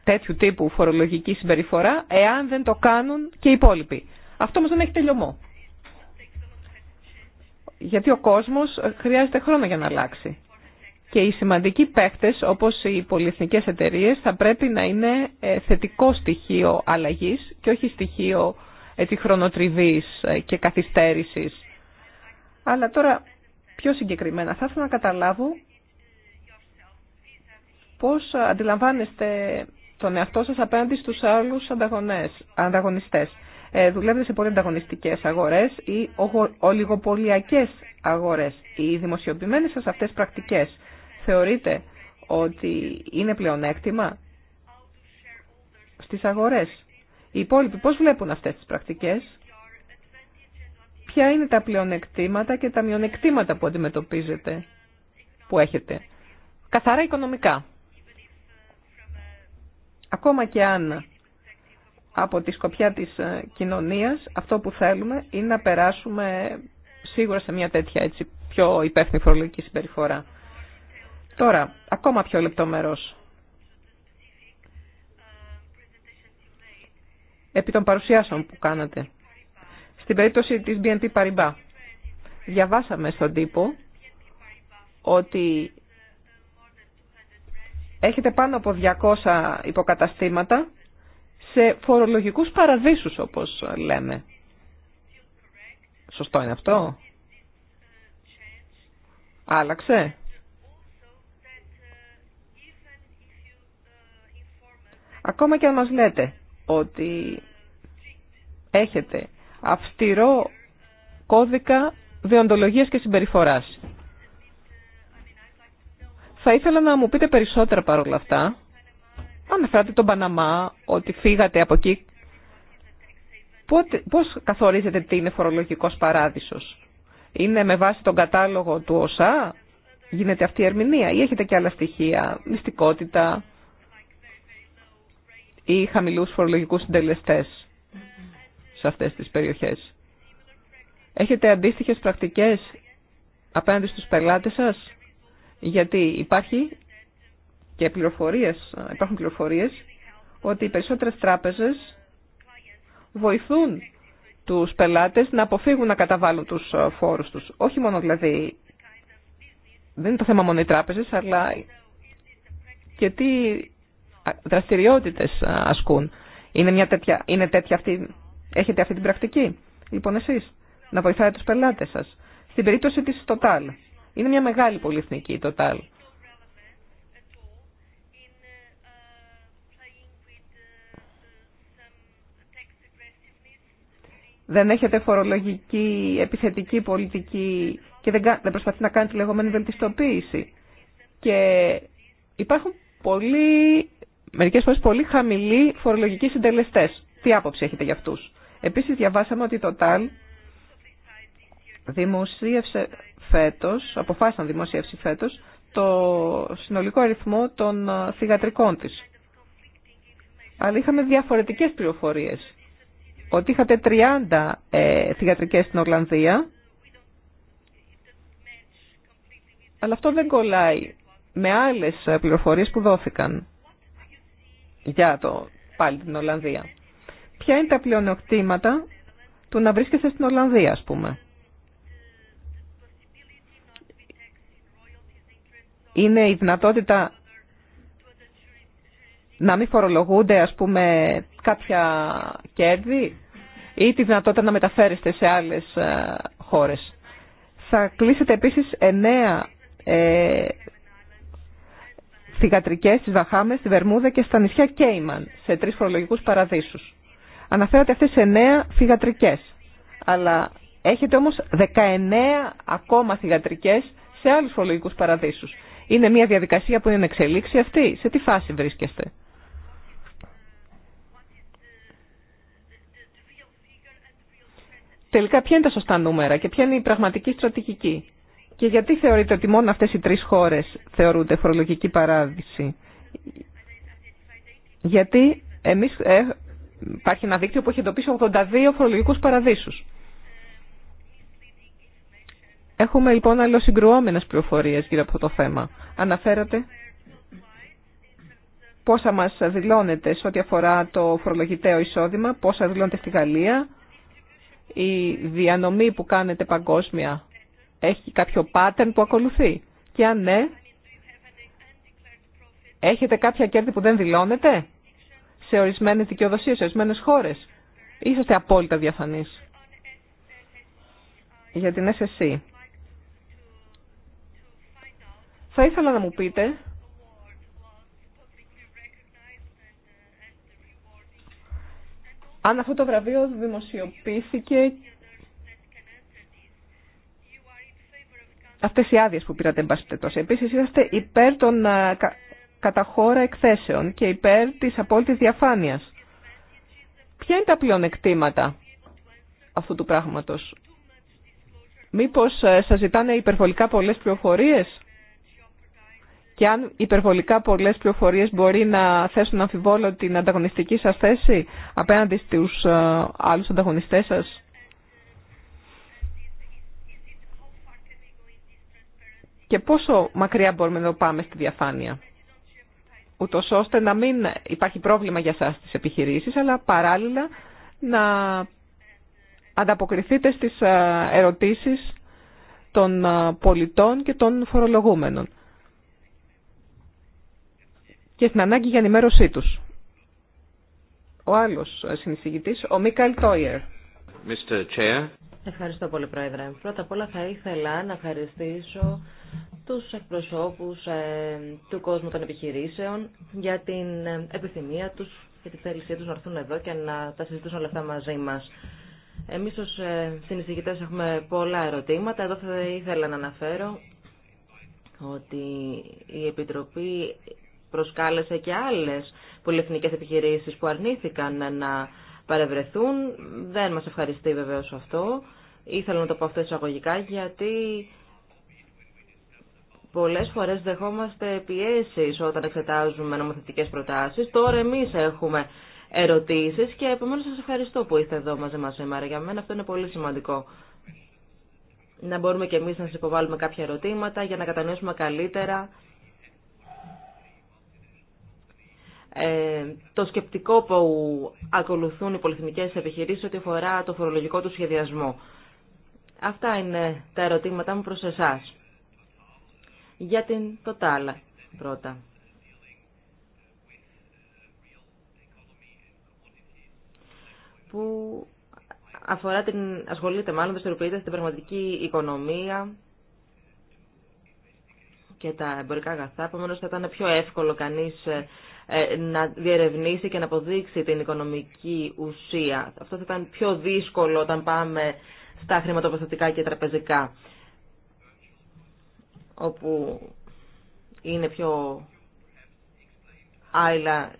τέτοιου τύπου φορολογική συμπεριφορά εάν δεν το κάνουν και οι υπόλοιποι. Αυτό μας δεν έχει τελειωμό. Γιατί ο κόσμος χρειάζεται χρόνο για να αλλάξει. Και οι σημαντικοί παίχτες όπως οι πολυεθνικές εταιρείες θα πρέπει να είναι ε, θετικό στοιχείο αλλαγής και όχι στοιχείο έτσι ε, χρονοτριβής ε, και καθυστέρησης. Αλλά τώρα πιο συγκεκριμένα θα ήθελα να καταλάβω πώς αντιλαμβάνεστε τον εαυτό σας απέναντι στους άλλους ανταγωνές, ανταγωνιστές. Ε, δουλεύετε σε πολύ ανταγωνιστικές αγορές ή ολιγοπολιακές αγορές. Οι δημοσιοποιημένες σας αυτές πρακτικές θεωρείτε ότι είναι πλεονέκτημα στις αγορές. Οι υπόλοιποι πώς βλέπουν αυτές τις πρακτικές, ποια είναι τα πλεονεκτήματα και τα μειονεκτήματα που αντιμετωπίζετε, που έχετε. Καθαρά οικονομικά. Ακόμα και αν από τη σκοπιά της ε, κοινωνίας αυτό που θέλουμε είναι να περάσουμε σίγουρα σε μια τέτοια έτσι, πιο υπεύθυνη φορολογική συμπεριφορά. Τώρα, ακόμα πιο λεπτόμερος. επί των παρουσιάσεων που κάνατε. Στην περίπτωση της BNP Paribas, διαβάσαμε στον τύπο ότι έχετε πάνω από 200 υποκαταστήματα σε φορολογικούς παραδείσους, όπως λέμε. Σωστό είναι αυτό. Άλλαξε. Ακόμα και αν μας λέτε ότι έχετε αυστηρό κώδικα διοντολογίας και συμπεριφοράς. Θα ήθελα να μου πείτε περισσότερα παρόλα αυτά. Αναφέρατε τον Παναμά, ότι φύγατε από εκεί. Πώς καθορίζετε τι είναι φορολογικός παράδεισος. Είναι με βάση τον κατάλογο του ΩΣΑ, γίνεται αυτή η ερμηνεία ή έχετε και άλλα στοιχεία, μυστικότητα, ή χαμηλού φορολογικού συντελεστέ σε αυτές τις περιοχές. Έχετε αντίστοιχες πρακτικές απέναντι στους πελάτες σας, γιατί υπάρχει και πληροφορίες, υπάρχουν πληροφορίε, ότι οι περισσότερες τράπεζες βοηθούν τους πελάτες να αποφύγουν να καταβάλουν τους ε, φόρους τους. Όχι μόνο δηλαδή, δεν είναι το θέμα μόνο οι τράπεζες, αλλά και τι δραστηριότητες ε, ασκούν. Είναι, μια τέτοια, είναι τέτοια αυτή, έχετε αυτή την πρακτική. Λοιπόν εσείς, να βοηθάτε τους πελάτες σας. Στην περίπτωση της Total, είναι μια μεγάλη πολυεθνική η Total. Δεν έχετε φορολογική, επιθετική πολιτική και δεν, δεν προσπαθεί να κάνει τη λεγόμενη βελτιστοποίηση. Και υπάρχουν πολλοί Μερικέ φορέ πολύ χαμηλοί φορολογικοί συντελεστέ. Τι άποψη έχετε για αυτούς. Επίσης διαβάσαμε ότι το ΤΑΛ δημοσίευσε φέτος, αποφάσισαν δημοσίευση φέτος, το συνολικό αριθμό των ε, θηγατρικών τη. Αλλά είχαμε διαφορετικέ πληροφορίε. Ότι είχατε 30 ε, στην Ορλανδία, αλλά αυτό δεν κολλάει με άλλες ε, πληροφορίες που δόθηκαν για το, πάλι την Ολλανδία. Ποια είναι τα πλεονεκτήματα του να βρίσκεσαι στην Ολλανδία, ας πούμε. Είναι η δυνατότητα να μην φορολογούνται, ας πούμε, κάποια κέρδη ή τη δυνατότητα να μεταφέρεστε σε άλλες ε, χώρες. Θα κλείσετε επίσης εννέα ε, θηγατρικές στις Βαχάμες, στη Βερμούδα και στα νησιά Κέιμαν, σε τρεις φορολογικούς παραδείσους. Αναφέρατε αυτές σε νέα θηγατρικές, αλλά έχετε όμως 19 ακόμα θηγατρικές σε άλλους φορολογικούς παραδείσους. Είναι μια διαδικασία που είναι εξελίξη αυτή. Σε τι φάση βρίσκεστε. Τελικά ποια είναι τα σωστά νούμερα και ποια είναι η πραγματική στρατηγική. Και γιατί θεωρείτε ότι μόνο αυτές οι τρεις χώρες θεωρούνται φορολογική παράδειση. Γιατί εμείς, ε, υπάρχει ένα δίκτυο που έχει εντοπίσει 82 φορολογικούς παραδείσους. Έχουμε λοιπόν αλληλοσυγκρουόμενες πληροφορίες γύρω από το θέμα. Αναφέρατε πόσα μας δηλώνεται σε ό,τι αφορά το φορολογητέο εισόδημα, πόσα δηλώνεται στη Γαλλία, η διανομή που κάνετε παγκόσμια έχει κάποιο pattern που ακολουθεί. Και αν ναι, έχετε κάποια κέρδη που δεν δηλώνετε σε ορισμένες δικαιοδοσίες, σε ορισμένες χώρες. Είσαστε απόλυτα διαφανείς για την SSC. Θα ήθελα να μου πείτε αν αυτό το βραβείο δημοσιοποιήθηκε αυτές οι άδειες που πήρατε, εν τόσο. Επίσης, είσαστε υπέρ των ε, καταχώρα εκθέσεων και υπέρ της απόλυτης διαφάνειας. Ποια είναι τα πλεονεκτήματα αυτού του πράγματος. Μήπως ε, σας ζητάνε υπερβολικά πολλές πληροφορίες και αν υπερβολικά πολλές πληροφορίες μπορεί να θέσουν αμφιβόλο την ανταγωνιστική σας θέση απέναντι στους ε, άλλους ανταγωνιστές σας. και πόσο μακριά μπορούμε να πάμε στη διαφάνεια. Ούτω ώστε να μην υπάρχει πρόβλημα για σας στις επιχειρήσεις, αλλά παράλληλα να ανταποκριθείτε στις ε, ερωτήσεις των ε, πολιτών και των φορολογούμενων και στην ανάγκη για ενημέρωσή τους. Ο άλλος ε, συνεισηγητής, ο Μίκαλ Τόιερ. Ευχαριστώ πολύ, Πρόεδρε. Πρώτα απ' όλα θα ήθελα να ευχαριστήσω τους εκπροσώπους ε, του κόσμου των επιχειρήσεων για την ε, επιθυμία τους και τη θέλησή τους να έρθουν εδώ και να τα συζητήσουν όλα αυτά μαζί μας. Εμείς ως ε, συνεισηγητές έχουμε πολλά ερωτήματα. Εδώ θα ήθελα να αναφέρω ότι η Επιτροπή προσκάλεσε και άλλες πολυεθνικές επιχειρήσεις που αρνήθηκαν να παρευρεθούν. Δεν μας ευχαριστεί βεβαίως αυτό. Ήθελα να το πω αυτό εισαγωγικά γιατί πολλές φορές δεχόμαστε πιέσεις όταν εξετάζουμε νομοθετικές προτάσεις. Τώρα εμείς έχουμε ερωτήσεις και επομένως σας ευχαριστώ που είστε εδώ μαζί μας σήμερα. Για μένα αυτό είναι πολύ σημαντικό. Να μπορούμε και εμείς να σας υποβάλουμε κάποια ερωτήματα για να κατανοήσουμε καλύτερα Ε, το σκεπτικό που ακολουθούν οι πολυθυμικές επιχειρήσεις ό,τι αφορά το φορολογικό του σχεδιασμό. Αυτά είναι τα ερωτήματά μου προς εσάς. Για την Total πρώτα. Που αφορά την, ασχολείται μάλλον, δραστηριοποιείται στην πραγματική οικονομία και τα εμπορικά αγαθά. Επομένω θα ήταν πιο εύκολο κανείς ε, ε, να διερευνήσει και να αποδείξει την οικονομική ουσία. Αυτό θα ήταν πιο δύσκολο όταν πάμε στα χρηματοπιστωτικά και τραπεζικά, όπου είναι πιο άειλα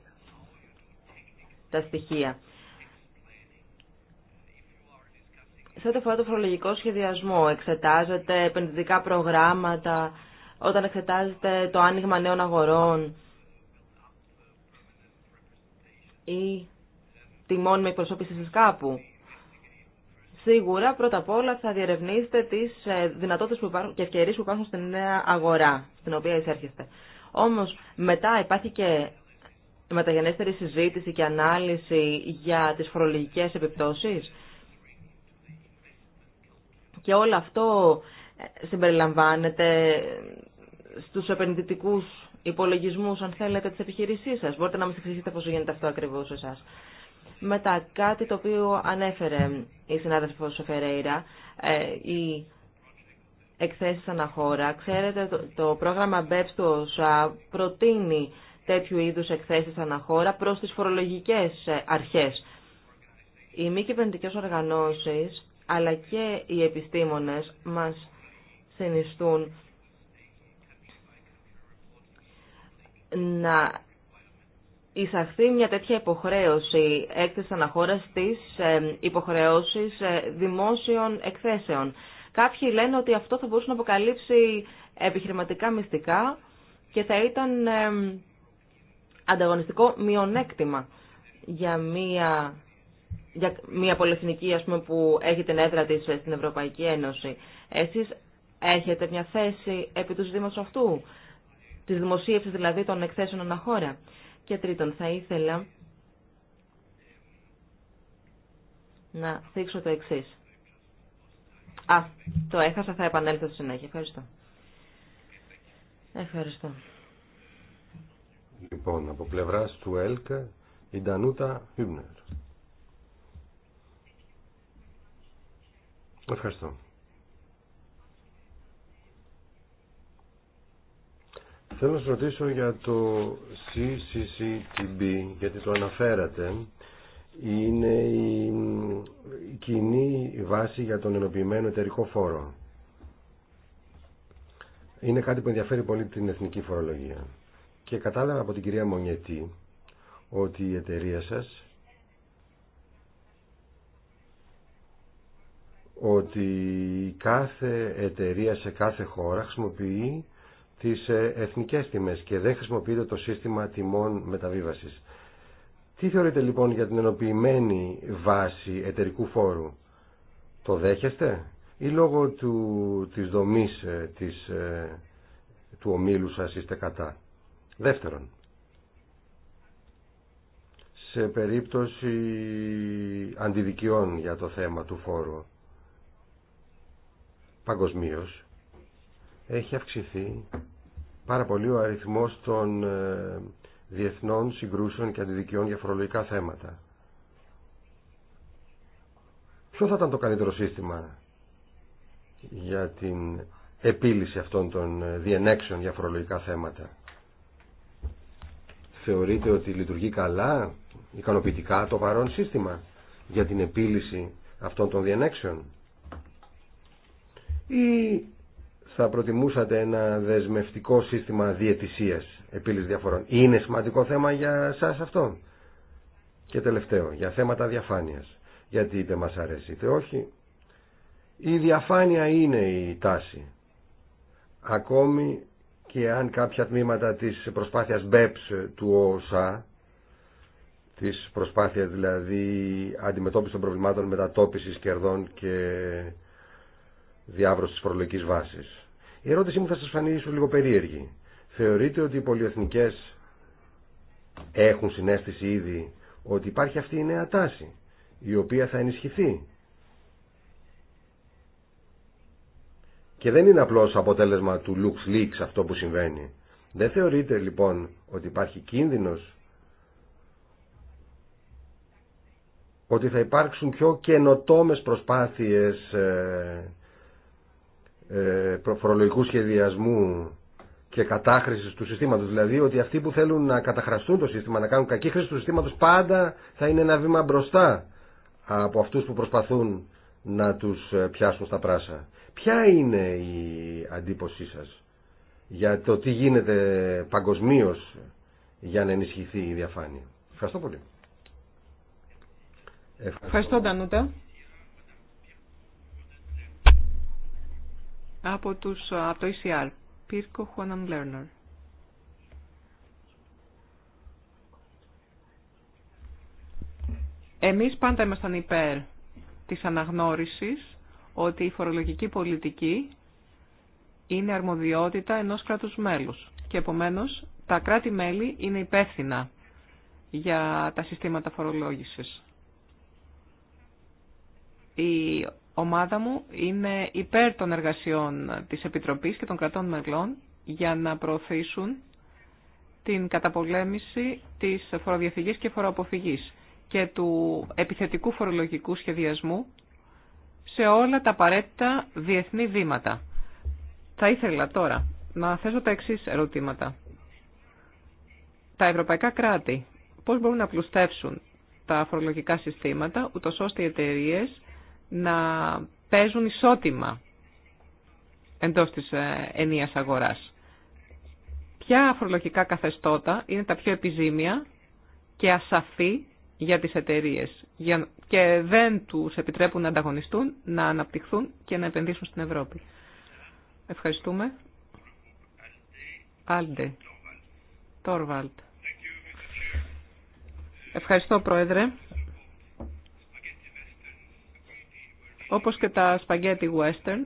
τα στοιχεία. Σε ό,τι αφορά το φορολογικό σχεδιασμό, εξετάζεται επενδυτικά προγράμματα, όταν εξετάζεται το άνοιγμα νέων αγορών, ή τη μόνιμη εκπροσώπηση σας κάπου. Σίγουρα, πρώτα απ' όλα, θα διερευνήσετε τις ε, δυνατότητες που υπάρχουν και ευκαιρίες που υπάρχουν στην νέα αγορά, στην οποία εισέρχεστε. Όμως, μετά υπάρχει και μεταγενέστερη συζήτηση και ανάλυση για τις φορολογικές επιπτώσεις. Και όλο αυτό ε, συμπεριλαμβάνεται στους επενδυτικούς υπολογισμού αν θέλετε, τη επιχειρησή σας. Μπορείτε να μα εξηγήσετε πώς γίνεται αυτό ακριβώς εσά. Μετά, κάτι το οποίο ανέφερε η συνάδελφος Φερέιρα, ε, οι εκθέσεις αναχώρα. Ξέρετε, το, πρόγραμμα BEPS του προτείνει τέτοιου είδους εκθέσεις αναχώρα προς τις φορολογικές ε, αρχές. Οι μη κυβερνητικέ οργανώσεις αλλά και οι επιστήμονες μας συνιστούν να εισαχθεί μια τέτοια υποχρέωση έκθεση αναχώρα στις ε, υποχρεώσεις ε, δημόσιων εκθέσεων. Κάποιοι λένε ότι αυτό θα μπορούσε να αποκαλύψει επιχειρηματικά μυστικά και θα ήταν ε, ανταγωνιστικό μειονέκτημα για μια, για μια πολυεθνική ας που έχει την έδρα της στην Ευρωπαϊκή Ένωση. Εσείς έχετε μια θέση επί του ζητήματος αυτού. Τη δημοσίευση δηλαδή των εκθέσεων αναχώρα. Και τρίτον, θα ήθελα να θίξω το εξή. Α, το έχασα, θα επανέλθω στη συνέχεια. Ευχαριστώ. Ευχαριστώ. Λοιπόν, από πλευρά του ΕΛΚ, η Ντανούτα Ευχαριστώ. Θέλω να σας ρωτήσω για το CCCTB, γιατί το αναφέρατε. Είναι η κοινή βάση για τον ενοποιημένο εταιρικό φόρο. Είναι κάτι που ενδιαφέρει πολύ την εθνική φορολογία. Και κατάλαβα από την κυρία Μονιετή ότι η εταιρεία σας ότι κάθε εταιρεία σε κάθε χώρα χρησιμοποιεί τις ε, εθνικές τιμές και δεν χρησιμοποιείται το σύστημα τιμών μεταβίβασης. Τι θεωρείτε λοιπόν για την ενοποιημένη βάση εταιρικού φόρου. Το δέχεστε ή λόγω του, της δομής ε, της, ε, του ομίλου σας είστε κατά. Δεύτερον, σε περίπτωση αντιδικιών για το θέμα του φόρου παγκοσμίως έχει αυξηθεί πάρα πολύ ο αριθμός των ε, διεθνών συγκρούσεων και αντιδικιών για φορολογικά θέματα. Ποιο θα ήταν το καλύτερο σύστημα για την επίλυση αυτών των ε, διενέξεων για φορολογικά θέματα. Θεωρείτε ότι λειτουργεί καλά, ικανοποιητικά το παρόν σύστημα για την επίλυση αυτών των διενέξεων. Ή θα προτιμούσατε ένα δεσμευτικό σύστημα διαιτησίας επίλυσης διαφορών. Είναι σημαντικό θέμα για σας αυτό. Και τελευταίο, για θέματα διαφάνειας. Γιατί είτε μας αρέσει είτε όχι. Η διαφάνεια είναι η τάση. Ακόμη και αν κάποια τμήματα της προσπάθειας BEPS του ΟΣΑ, της προσπάθειας δηλαδή αντιμετώπιση των προβλημάτων μετατόπισης κερδών και διάβρωσης προλογικής βάσης. Η ερώτησή μου θα σας φανεί ίσως λίγο περίεργη. Θεωρείτε ότι οι πολυεθνικές έχουν συνέστηση ήδη ότι υπάρχει αυτή η νέα τάση η οποία θα ενισχυθεί και δεν είναι απλώς αποτέλεσμα του LuxLeaks αυτό που συμβαίνει. Δεν θεωρείτε λοιπόν ότι υπάρχει κίνδυνος ότι θα υπάρξουν πιο καινοτόμες προσπάθειες ε, ε, προφορολογικού σχεδιασμού και κατάχρηση του συστήματο. Δηλαδή ότι αυτοί που θέλουν να καταχραστούν το σύστημα, να κάνουν κακή χρήση του συστήματο, πάντα θα είναι ένα βήμα μπροστά από αυτού που προσπαθούν να του ε, πιάσουν στα πράσα. Ποια είναι η αντίποσή σα για το τι γίνεται παγκοσμίω για να ενισχυθεί η διαφάνεια. Ευχαριστώ πολύ. Ευχαριστώ, Ντανούτα. από, τους, από το ECR. Πίρκο Χουάναν Εμείς πάντα ήμασταν υπέρ της αναγνώρισης ότι η φορολογική πολιτική είναι αρμοδιότητα ενός κράτους μέλους και επομένως τα κράτη-μέλη είναι υπεύθυνα για τα συστήματα φορολόγησης. Η ομάδα μου είναι υπέρ των εργασιών της Επιτροπής και των κρατών μελών για να προωθήσουν την καταπολέμηση της φοροδιαφυγής και φοροαποφυγής και του επιθετικού φορολογικού σχεδιασμού σε όλα τα απαραίτητα διεθνή βήματα. Θα ήθελα τώρα να θέσω τα εξή ερωτήματα. Τα ευρωπαϊκά κράτη πώς μπορούν να πλουστεύσουν τα φορολογικά συστήματα, ούτως ώστε οι εταιρείε να παίζουν ισότιμα εντός της ε, ενίας αγοράς. Ποια αφορολογικά καθεστώτα είναι τα πιο επιζήμια και ασαφή για τις εταιρείε και δεν τους επιτρέπουν να ανταγωνιστούν, να αναπτυχθούν και να επενδύσουν στην Ευρώπη. Ευχαριστούμε. Άλντε. Τόρβαλτ. Ευχαριστώ, Πρόεδρε. όπως και τα σπαγγέτι western,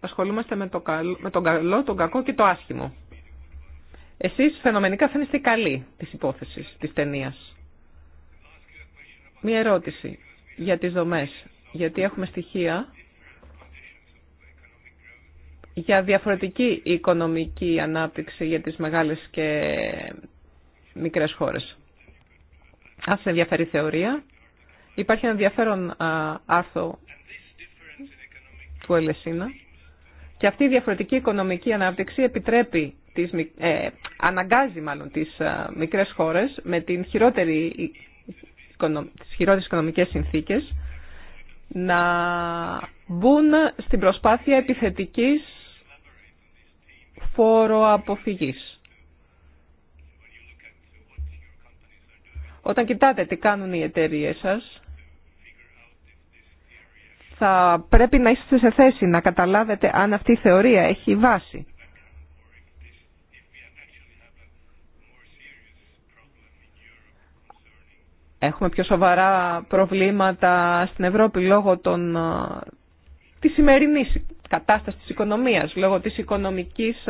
ασχολούμαστε με, το καλό, με τον καλό, τον κακό και το άσχημο. Εσείς φαινομενικά φαίνεστε καλοί της υπόθεσης, της ταινία. Μία ερώτηση για τις δομές, γιατί έχουμε στοιχεία για διαφορετική οικονομική ανάπτυξη για τις μεγάλες και μικρές χώρες. Αν σε ενδιαφέρει θεωρία, υπάρχει ένα ενδιαφέρον άρθρο του Και αυτή η διαφορετική οικονομική ανάπτυξη επιτρέπει, τις, ε, αναγκάζει μάλλον τις ε, μικρές χώρες με την χειρότερη, τις χειρότερες οικονομικές συνθήκες να μπουν στην προσπάθεια επιθετικής φοροαποφυγής. Όταν κοιτάτε τι κάνουν οι εταιρείες σας, θα πρέπει να είστε σε θέση να καταλάβετε αν αυτή η θεωρία έχει βάση. Έχουμε πιο σοβαρά προβλήματα στην Ευρώπη λόγω των, της σημερινής κατάστασης της οικονομίας, λόγω της οικονομικής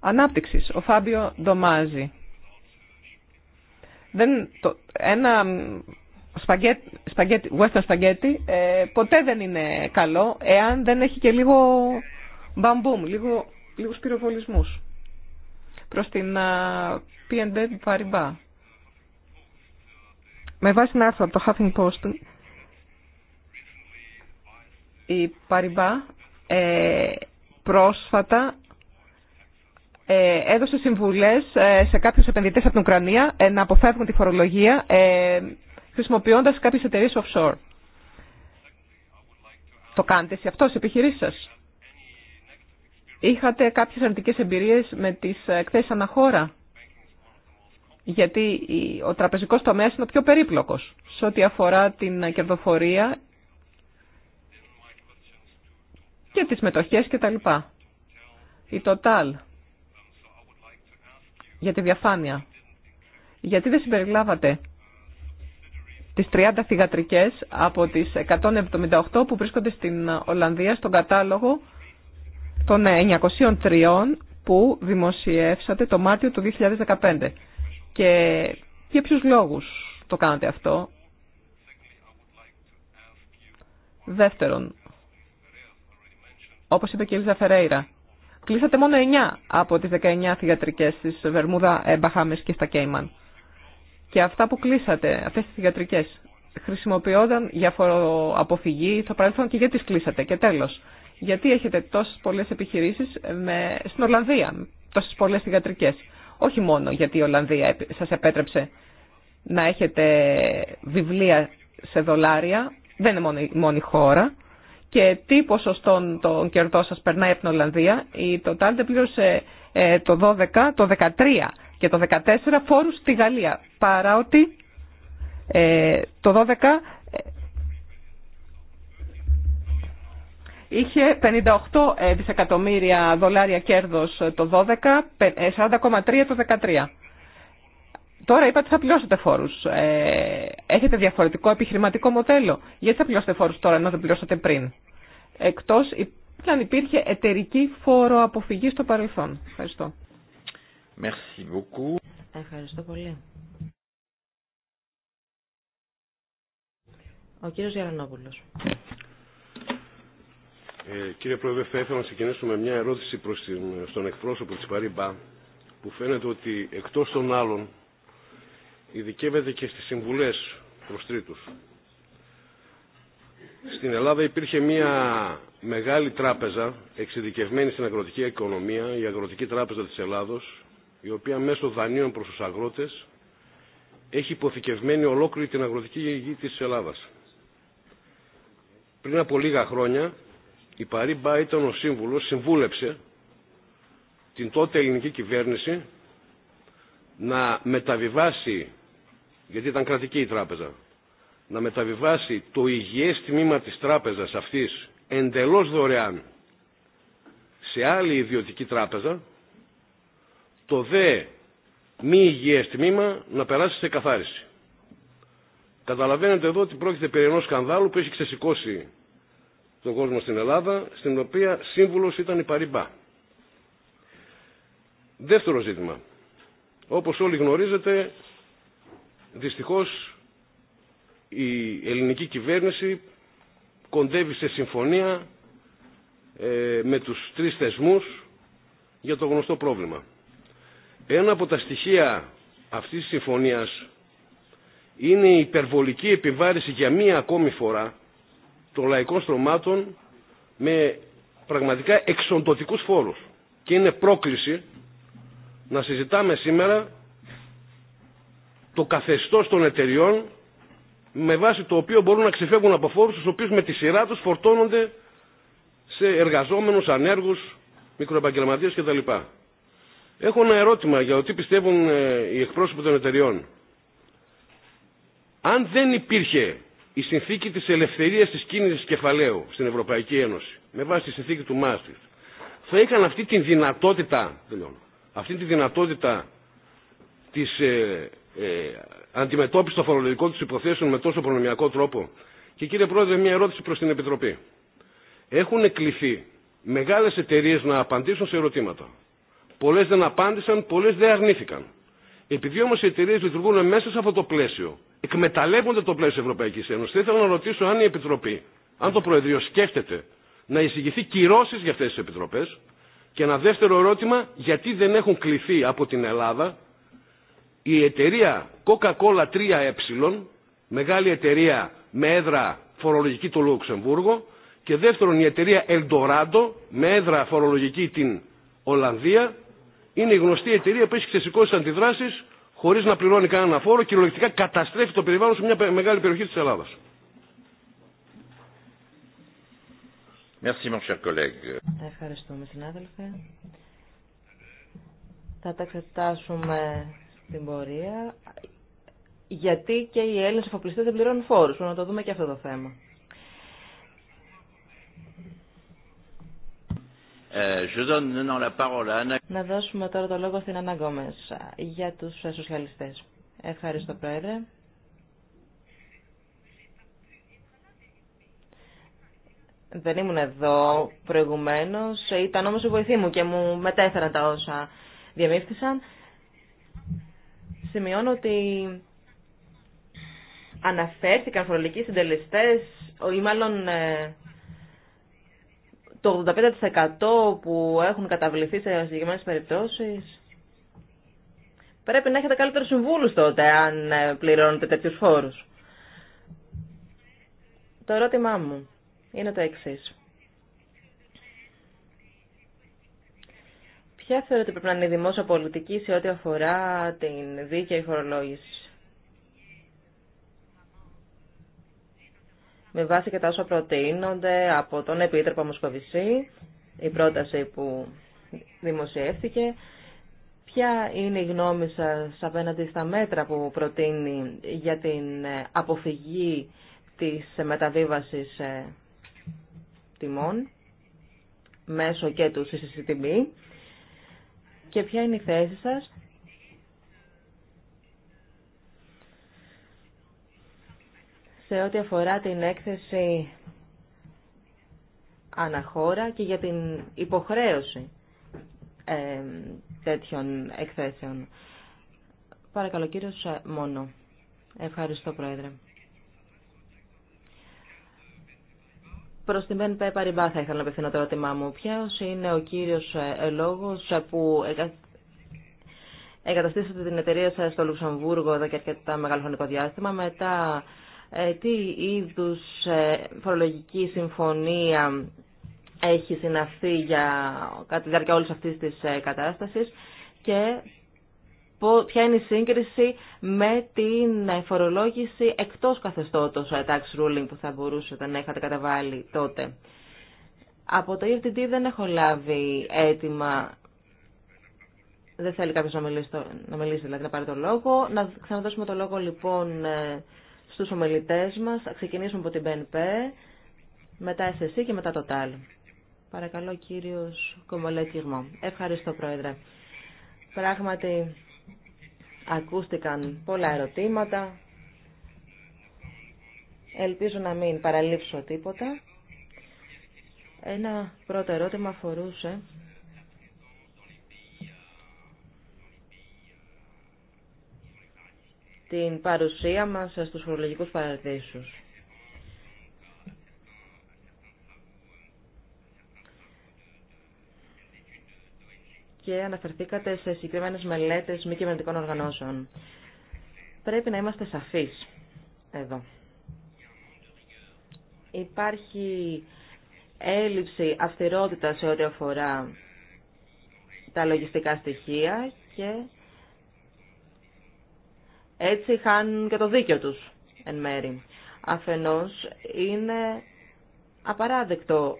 ανάπτυξης. Ο Φάμπιο Ντομάζη. Δεν, το, ένα σπαγκέτι, σπαγκέτ, western σπαγκέτι ε, ποτέ δεν είναι καλό εάν δεν έχει και λίγο μπαμπούμ, λίγο, λίγους πυροβολισμούς προς την PNB Παριμπά. Με βάση ένα άρθρο από το Huffing Post, η Παριμπά ε, πρόσφατα ε, έδωσε συμβουλές ε, σε κάποιους επενδυτές από την Ουκρανία να αποφεύγουν τη φορολογία χρησιμοποιώντας κάποιες εταιρείες offshore. Το κάνετε σε αυτό, σε επιχειρήσεις σας. Είχατε κάποιες αρνητικές εμπειρίες με τις εκθέσεις αναχώρα. Γιατί ο τραπεζικός τομέας είναι ο πιο περίπλοκος σε ό,τι αφορά την κερδοφορία και τις μετοχές κτλ. τα λοιπά. Η Total για τη διαφάνεια. Γιατί δεν συμπεριλάβατε τις 30 θηγατρικές από τις 178 που βρίσκονται στην Ολλανδία στον κατάλογο των 903 που δημοσιεύσατε το Μάρτιο του 2015. Και για ποιους λόγους το κάνατε αυτό. Δεύτερον, όπως είπε και η Λίζα Φερέιρα, κλείσατε μόνο 9 από τις 19 θηγατρικές της Βερμούδα, Μπαχάμες και στα Κέιμαν. Και αυτά που κλείσατε, αυτέ τι ιατρικές, χρησιμοποιόταν για φοροαποφυγή στο παρελθόν και γιατί τι κλείσατε. Και τέλος, γιατί έχετε τόσε πολλές επιχειρήσεις με... στην Ολλανδία, τόσες πολλές ιατρικές. Όχι μόνο γιατί η Ολλανδία σας επέτρεψε να έχετε βιβλία σε δολάρια, δεν είναι μόνο η μόνη χώρα, και τι ποσοστό των κερδών σα περνάει από την Ολλανδία. Η Total δεν πλήρωσε ε, το 12, το 13 και το 14 φόρους στη Γαλλία, παρά ότι ε, το 2012 ε, είχε 58 ε, δισεκατομμύρια δολάρια κέρδος το 12, 40,3 ε, το 13. Τώρα είπατε θα πληρώσετε φόρους. έχετε διαφορετικό επιχειρηματικό μοντέλο. Γιατί θα πληρώσετε φόρους τώρα ενώ δεν πληρώσατε πριν. Εκτός αν υπήρχε εταιρική φόρο αποφυγή στο παρελθόν. Ευχαριστώ. Merci beaucoup. Ευχαριστώ πολύ. Ο κύριος Γερανόπουλο. Ε, κύριε Πρόεδρε, θα ήθελα να ξεκινήσω με μια ερώτηση προς την, στον εκπρόσωπο της Παρίμπα που φαίνεται ότι εκτός των άλλων ειδικεύεται και στις συμβουλές προς τρίτους. Στην Ελλάδα υπήρχε μια μεγάλη τράπεζα εξειδικευμένη στην αγροτική οικονομία, η Αγροτική Τράπεζα της Ελλάδος, η οποία μέσω δανείων προς τους αγρότες έχει υποθηκευμένη ολόκληρη την αγροτική γη της Ελλάδας. Πριν από λίγα χρόνια η Μπά ήταν ο σύμβουλος, συμβούλεψε την τότε ελληνική κυβέρνηση να μεταβιβάσει, γιατί ήταν κρατική η τράπεζα, να μεταβιβάσει το υγιές τμήμα της τράπεζας αυτής εντελώς δωρεάν σε άλλη ιδιωτική τράπεζα το δε μη υγιές τμήμα να περάσει σε καθάριση. Καταλαβαίνετε εδώ ότι πρόκειται περί ενός σκανδάλου που έχει ξεσηκώσει τον κόσμο στην Ελλάδα, στην οποία σύμβουλος ήταν η Παριμπά. Δεύτερο ζήτημα. Όπως όλοι γνωρίζετε, δυστυχώς η ελληνική κυβέρνηση κοντεύει σε συμφωνία ε, με τους τρεις θεσμούς για το γνωστό πρόβλημα. Ένα από τα στοιχεία αυτής της συμφωνίας είναι η υπερβολική επιβάρηση για μία ακόμη φορά των λαϊκών στρωμάτων με πραγματικά εξοντοτικούς φόρους. Και είναι πρόκληση να συζητάμε σήμερα το καθεστώς των εταιριών με βάση το οποίο μπορούν να ξεφεύγουν από φόρους τους οποίους με τη σειρά τους φορτώνονται σε εργαζόμενους, ανέργους, μικροεπαγγελματίες κτλ. Έχω ένα ερώτημα για το τι πιστεύουν ε, οι εκπρόσωποι των εταιριών. Αν δεν υπήρχε η συνθήκη της ελευθερίας της κίνησης κεφαλαίου στην Ευρωπαϊκή Ένωση, με βάση τη συνθήκη του Μάστριχτ, θα είχαν αυτή τη δυνατότητα, τελειώνω, αυτή τη δυνατότητα της ε, ε αντιμετώπισης των φορολογικών του υποθέσεων με τόσο προνομιακό τρόπο. Και κύριε Πρόεδρε, μια ερώτηση προς την Επιτροπή. Έχουν κληθεί μεγάλες εταιρείε να απαντήσουν σε ερωτήματα. Πολλές δεν απάντησαν, πολλές δεν αρνήθηκαν. Επειδή όμως οι εταιρείε λειτουργούν μέσα σε αυτό το πλαίσιο, εκμεταλλεύονται το πλαίσιο Ευρωπαϊκής Ένωσης, ήθελα να ρωτήσω αν η Επιτροπή, αν το Προεδρείο σκέφτεται να εισηγηθεί κυρώσει για αυτές τις επιτροπές και ένα δεύτερο ερώτημα, γιατί δεν έχουν κληθεί από την Ελλάδα η εταιρεία Coca-Cola 3E, ε, μεγάλη εταιρεία με έδρα φορολογική του Λουξεμβούργο, και δεύτερον η εταιρεία Eldorado με έδρα φορολογική την Ολλανδία είναι η γνωστή εταιρεία που έχει ξεσηκώσει αντιδράσει χωρί να πληρώνει κανένα φόρο, και κυριολεκτικά καταστρέφει το περιβάλλον σε μια μεγάλη περιοχή τη Ελλάδα. Ευχαριστούμε, συνάδελφε. Θα τα εξετάσουμε στην πορεία. Γιατί και οι Έλληνε εφοπλιστέ δεν πληρώνουν φόρου. Να το δούμε και αυτό το θέμα. Ε, Να δώσουμε τώρα το λόγο στην Αναγκόμε για του ε, σοσιαλιστέ. Ευχαριστώ, Πρόεδρε. Δεν ήμουν εδώ προηγουμένως, Ήταν όμως η βοηθή μου και μου μετέφεραν τα όσα διαμήφθησαν. Σημειώνω ότι αναφέρθηκαν φορολογικοί συντελεστέ ή μάλλον ε, το 85% που έχουν καταβληθεί σε συγκεκριμένε περιπτώσει. Πρέπει να έχετε καλύτερου συμβούλου τότε, αν ε, πληρώνετε τέτοιου φόρου. Το ερώτημά μου είναι το εξή. Ποια θεωρείτε πρέπει να είναι η δημόσια πολιτική σε ό,τι αφορά την δίκαιη φορολόγηση. με βάση και τα όσα προτείνονται από τον Επίτροπο Μοσκοβισή, η πρόταση που δημοσιεύτηκε, ποια είναι η γνώμη σας απέναντι στα μέτρα που προτείνει για την αποφυγή της μεταβίβασης ε, τιμών μέσω και του CCTV και ποια είναι η θέση σας σε ό,τι αφορά την έκθεση αναχώρα και για την υποχρέωση ε, τέτοιων εκθέσεων. Παρακαλώ κύριος Μόνο. Ευχαριστώ Πρόεδρε. Προ την ΠΕΝ Παριμπά θα ήθελα να απευθύνω το ερώτημά μου. Ποιο είναι ο κύριο ε, λόγο ε, που εγκαταστήσατε την εταιρεία σα στο Λουξεμβούργο εδώ και αρκετά μεγάλο χρονικό διάστημα μετά ε, τι είδους ε, φορολογική συμφωνία έχει συναυθεί για κατά τη διάρκεια όλης αυτής της ε, κατάστασης και ποια είναι η σύγκριση με την φορολόγηση εκτός καθεστώτος tax ruling που θα μπορούσε να είχατε καταβάλει τότε. Από το EFTD δεν έχω λάβει αίτημα δεν θέλει κάποιος να μιλήσει, να μιλήσει δηλαδή να πάρει το λόγο. Να ξαναδώσουμε το λόγο λοιπόν στους ομιλητές μας. Θα ξεκινήσουμε από την ΠΕΝΠΕ, μετά SSC και μετά το ΤΑΛ. Παρακαλώ κύριος Κομολέ Ευχαριστώ Πρόεδρε. Πράγματι ακούστηκαν πολλά ερωτήματα. Ελπίζω να μην παραλείψω τίποτα. Ένα πρώτο ερώτημα αφορούσε την παρουσία μας στους φορολογικούς παραδείσους. και αναφερθήκατε σε συγκεκριμένε μελέτες μη κυβερνητικών οργανώσεων. Πρέπει να είμαστε σαφείς εδώ. Υπάρχει έλλειψη αυστηρότητα σε ό,τι αφορά τα λογιστικά στοιχεία και έτσι χάνουν και το δίκιο τους εν μέρη. Αφενός είναι απαράδεκτο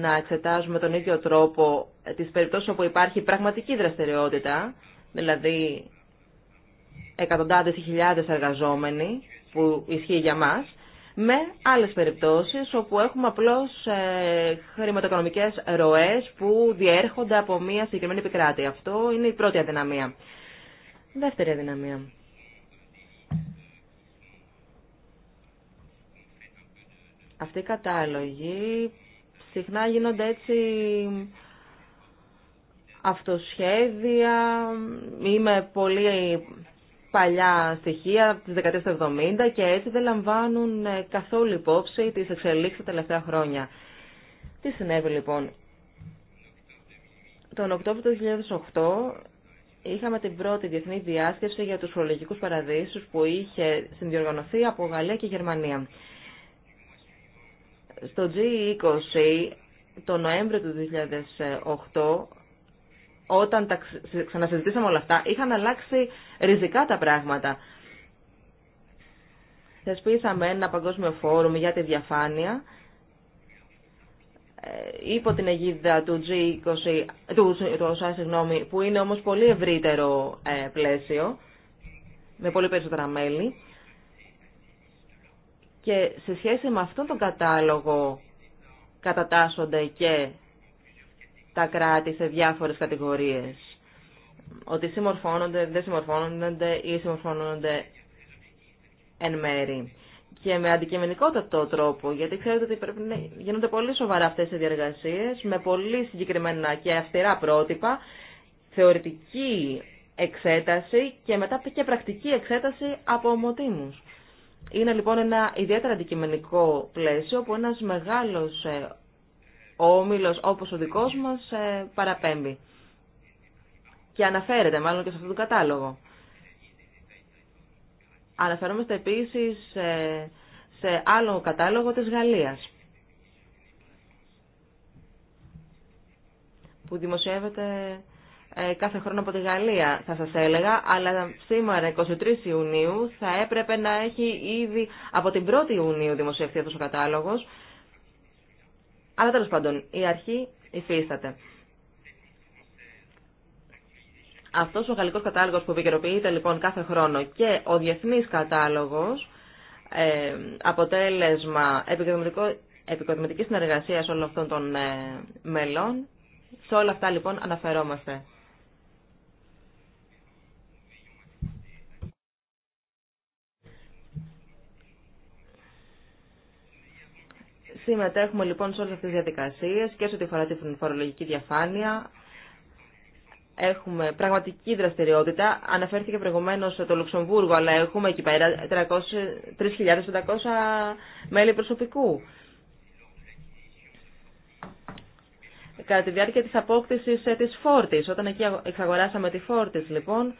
να εξετάζουμε τον ίδιο τρόπο τις περιπτώσεις όπου υπάρχει πραγματική δραστηριότητα, δηλαδή εκατοντάδες ή χιλιάδες εργαζόμενοι που ισχύει για μας, με άλλες περιπτώσεις όπου έχουμε απλώς ε, χρηματοοικονομικές ροές που διέρχονται από μια συγκεκριμένη επικράτη. Αυτό είναι η πρώτη αδυναμία. Δεύτερη αδυναμία. Αυτοί οι κατάλογοι συχνά γίνονται έτσι αυτοσχέδια ή με πολύ παλιά στοιχεία της δεκαετίες του 70 και έτσι δεν λαμβάνουν ε, καθόλου υπόψη τις εξελίξεις τα τελευταία χρόνια. Τι συνέβη λοιπόν. Τον Οκτώβριο του 2008 είχαμε την πρώτη διεθνή διάσκεψη για τους φορολογικούς παραδείσους που είχε συνδιοργανωθεί από Γαλλία και Γερμανία. Στο G20 το Νοέμβριο του 2008 όταν τα ξανασυζητήσαμε όλα αυτά είχαν αλλάξει ριζικά τα πράγματα. Θεσπίσαμε ένα παγκόσμιο φόρουμ για τη διαφάνεια ε, υπό την αιγίδα του G20, του, του που είναι όμως πολύ ευρύτερο ε, πλαίσιο, με πολύ περισσότερα μέλη. Και σε σχέση με αυτόν τον κατάλογο κατατάσσονται και τα κράτη σε διάφορες κατηγορίες. Ότι συμμορφώνονται, δεν συμμορφώνονται ή συμμορφώνονται εν μέρη. Και με αντικειμενικότατο τρόπο, γιατί ξέρετε ότι πρέπει να γίνονται πολύ σοβαρά αυτές οι διεργασίες, με πολύ συγκεκριμένα και αυστηρά πρότυπα, θεωρητική εξέταση και μετά και πρακτική εξέταση από ομοτήμους. Είναι λοιπόν ένα ιδιαίτερα αντικειμενικό πλαίσιο που ένας μεγάλος ε, όμιλος όπως ο δικός μας ε, παραπέμπει και αναφέρεται μάλλον και σε αυτόν τον κατάλογο. Αναφερόμαστε επίσης ε, σε άλλο κατάλογο της Γαλλίας που δημοσιεύεται ε, κάθε χρόνο από τη Γαλλία, θα σας έλεγα, αλλά σήμερα, 23 Ιουνίου, θα έπρεπε να έχει ήδη από την 1η Ιουνίου δημοσιευθεί αυτός ο κατάλογος. Αλλά τέλος πάντων, η αρχή υφίσταται. Αυτός ο γαλλικός κατάλογος που επικαιροποιείται λοιπόν κάθε χρόνο και ο διεθνής κατάλογος, ε, αποτέλεσμα επικοδομητικής συνεργασίας όλων αυτών των ε, μελών, σε όλα αυτά λοιπόν αναφερόμαστε. Συμμετέχουμε λοιπόν σε όλες αυτές τις διαδικασίες και σε ό,τι αφορά την φορολογική διαφάνεια. Έχουμε πραγματική δραστηριότητα. Αναφέρθηκε προηγουμένω το Λουξεμβούργο, αλλά έχουμε εκεί πέρα 3.500 μέλη προσωπικού. Κατά τη διάρκεια της απόκτησης ε, της φόρτης, όταν εκεί εξαγοράσαμε τη φόρτης λοιπόν,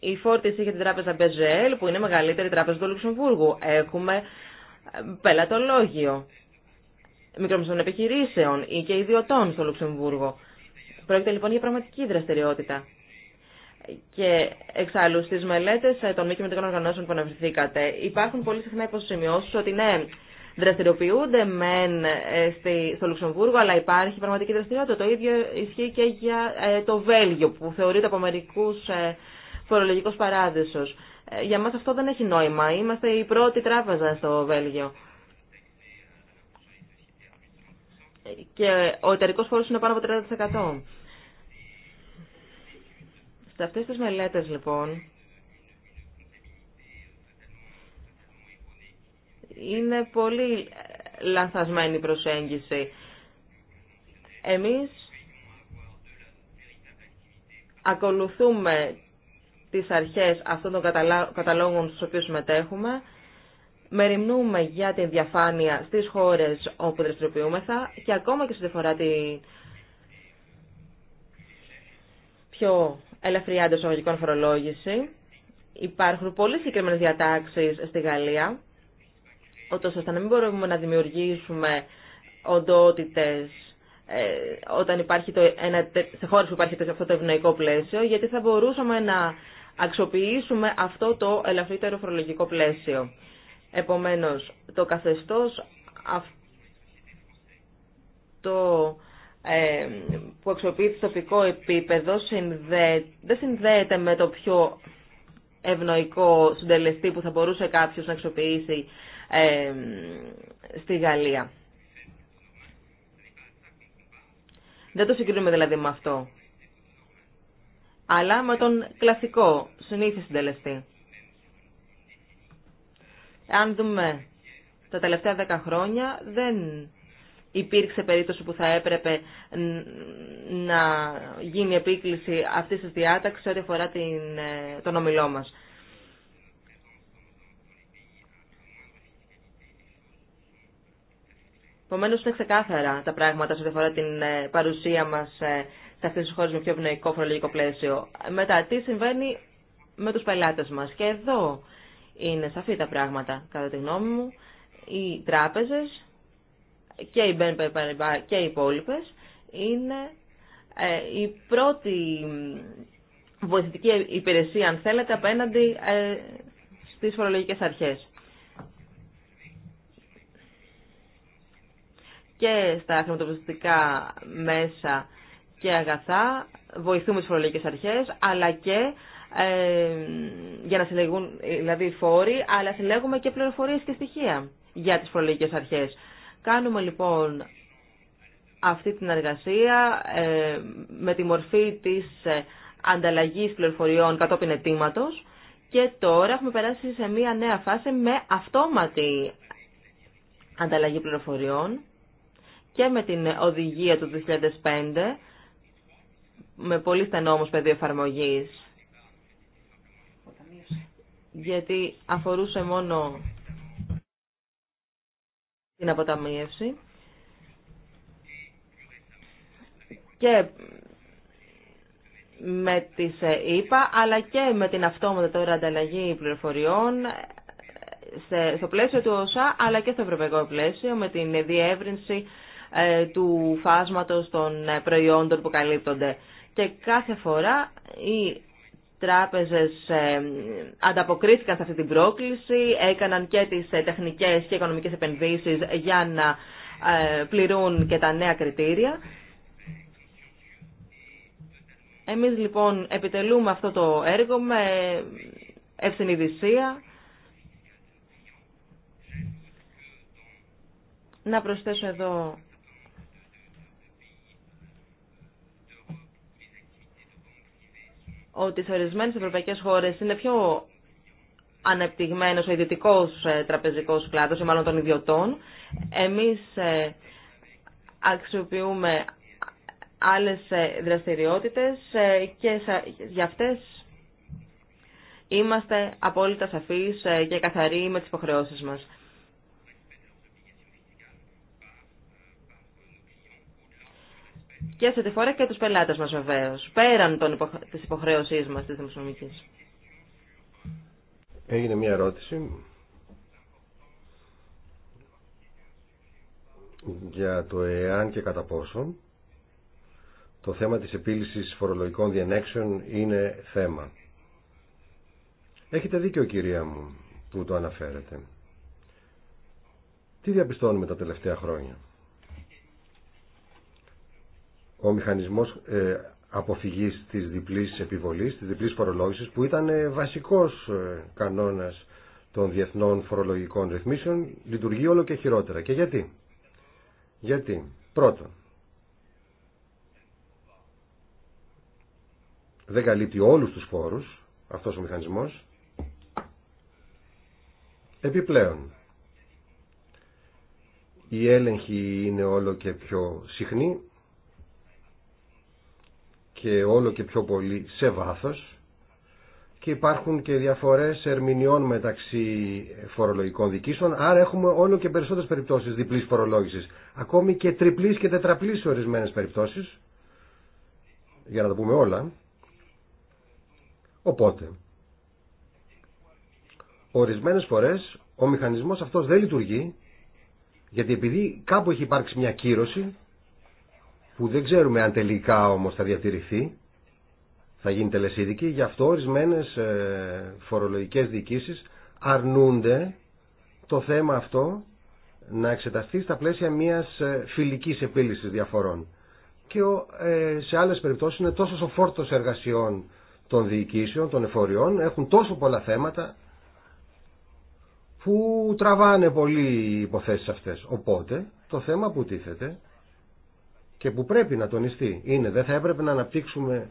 η φόρτη είχε την τράπεζα BGL, που είναι η μεγαλύτερη τράπεζα του Λουξεμβούργου. Έχουμε πελατολόγιο μικρομεσαίων επιχειρήσεων ή και ιδιωτών στο Λουξεμβούργο. Πρόκειται λοιπόν για πραγματική δραστηριότητα. Και εξάλλου στι μελέτε των μη κοινωνικών οργανώσεων που αναφερθήκατε, υπάρχουν πολύ συχνά υποσημειώσει ότι ναι, δραστηριοποιούνται μεν ε, στο Λουξεμβούργο, αλλά υπάρχει πραγματική δραστηριότητα. Το ίδιο ισχύει και για ε, το Βέλγιο, που θεωρείται από μερικού ε, φορολογικό παράδεισο. Ε, για μας αυτό δεν έχει νόημα. Είμαστε η πρώτη τράπεζα στο Βέλγιο. Και ο εταιρικό φόρος είναι πάνω από 30%. Σε αυτές τις μελέτες λοιπόν είναι πολύ λανθασμένη η προσέγγιση. Εμείς ακολουθούμε τις αρχές αυτών των καταλόγων στους οποίους συμμετέχουμε. Μεριμνούμε για τη διαφάνεια στις χώρες όπου δραστηριοποιούμεθα και ακόμα και σε φορά τη πιο ελαφριά εντός φορολόγηση. Υπάρχουν πολύ συγκεκριμένε διατάξεις στη Γαλλία, ούτως ώστε να μην μπορούμε να δημιουργήσουμε οντότητε ε, όταν υπάρχει το, ένα, σε χώρες που υπάρχει αυτό το ευνοϊκό πλαίσιο, γιατί θα μπορούσαμε να αξιοποιήσουμε αυτό το ελαφρύτερο φορολογικό πλαίσιο. Επομένως, το καθεστώς αυτό ε, που αξιοποιείται στο τοπικό επίπεδο δεν συνδέεται με το πιο ευνοϊκό συντελεστή που θα μπορούσε κάποιος να αξιοποιήσει ε, στη Γαλλία. Δεν το συγκρίνουμε δηλαδή με αυτό αλλά με τον κλασικό συνήθι συντελεστή. Αν δούμε τα τελευταία δέκα χρόνια, δεν υπήρξε περίπτωση που θα έπρεπε να γίνει επίκληση αυτής της διάταξης ό,τι αφορά την, ε, τον ομιλό μας. Επομένως, είναι ξεκάθαρα τα πράγματα σε ό,τι αφορά την ε, παρουσία μας ε, σε αυτέ τι χώρε με πιο ευνοϊκό φορολογικό πλαίσιο. Μετά, τι συμβαίνει με τους πελάτε μας. Και εδώ είναι σαφή τα πράγματα, κατά τη γνώμη μου. Οι τράπεζες και οι BNP και οι υπόλοιπε είναι ε, η πρώτη βοηθητική υπηρεσία, αν θέλετε, απέναντι ε, στις φορολογικές αρχές. Και στα χρηματοπιστωτικά μέσα και αγαθά, βοηθούμε τις φορολογικές αρχές, αλλά και ε, για να συλλεγούν δηλαδή οι φόροι, αλλά συλλέγουμε και πληροφορίες και στοιχεία για τις φορολογικέ αρχές. Κάνουμε λοιπόν αυτή την εργασία ε, με τη μορφή της ε, ανταλλαγής πληροφοριών κατόπιν αιτήματος και τώρα έχουμε περάσει σε μία νέα φάση με αυτόματη ανταλλαγή πληροφοριών και με την οδηγία του 2005 με πολύ στενό όμως πεδίο εφαρμογής γιατί αφορούσε μόνο την αποταμίευση και με τις ΕΙΠΑ αλλά και με την αυτόματα τώρα ανταλλαγή πληροφοριών ε, στο πλαίσιο του ΩΣΑ αλλά και στο ευρωπαϊκό πλαίσιο με την διεύρυνση ε, του φάσματος των ε, προϊόντων που καλύπτονται και κάθε φορά οι τράπεζες ε, ανταποκρίθηκαν σε αυτή την πρόκληση, έκαναν και τις ε, τεχνικές και οικονομικές επενδύσεις για να ε, πληρούν και τα νέα κριτήρια. Εμείς λοιπόν επιτελούμε αυτό το έργο με ευσυνειδησία. Να προσθέσω εδώ ότι σε ορισμένε ευρωπαϊκέ χώρε είναι πιο ανεπτυγμένος ο ιδιωτικός ε, τραπεζικός κλάδο, ή μάλλον των ιδιωτών. Εμείς ε, αξιοποιούμε άλλες ε, δραστηριότητες και για αυτές είμαστε απόλυτα σαφείς και καθαροί με τις υποχρεώσεις μας. και αυτή τη φορά και τους πελάτες μας βεβαίως, πέραν των υποχρεώσή της τη μας της δημοσιονομικής. Έγινε μια ερώτηση για το εάν και κατά πόσο το θέμα της επίλυσης φορολογικών διενέξεων είναι θέμα. Έχετε δίκιο κυρία μου που το αναφέρετε. Τι διαπιστώνουμε τα τελευταία χρόνια ο μηχανισμός ε, αποφυγής της διπλής επιβολής, της διπλής φορολόγησης που ήταν ε, βασικός ε, κανόνας των διεθνών φορολογικών ρυθμίσεων λειτουργεί όλο και χειρότερα. Και γιατί. Γιατί. Πρώτον, δεν καλύπτει όλους τους φόρους αυτός ο μηχανισμός. Επιπλέον, η έλεγχη είναι όλο και πιο συχνή και όλο και πιο πολύ σε βάθος και υπάρχουν και διαφορές ερμηνεών μεταξύ φορολογικών δικήσεων, άρα έχουμε όλο και περισσότερες περιπτώσεις διπλής φορολόγησης, ακόμη και τριπλής και τετραπλής σε ορισμένες περιπτώσεις, για να το πούμε όλα. Οπότε, ορισμένες φορές ο μηχανισμός αυτός δεν λειτουργεί, γιατί επειδή κάπου έχει υπάρξει μια κύρωση, που δεν ξέρουμε αν τελικά όμως θα διατηρηθεί, θα γίνει τελεσίδικη, γι' αυτό ορισμένε ε, φορολογικές διοικήσεις αρνούνται το θέμα αυτό να εξεταστεί στα πλαίσια μιας ε, φιλικής επίλυσης διαφορών. Και ε, σε άλλες περιπτώσεις είναι τόσο ο φόρτος εργασιών των διοικήσεων, των εφοριών, έχουν τόσο πολλά θέματα που τραβάνε πολύ οι υποθέσεις αυτές. Οπότε το θέμα που τίθεται και που πρέπει να τονιστεί είναι δεν θα έπρεπε να αναπτύξουμε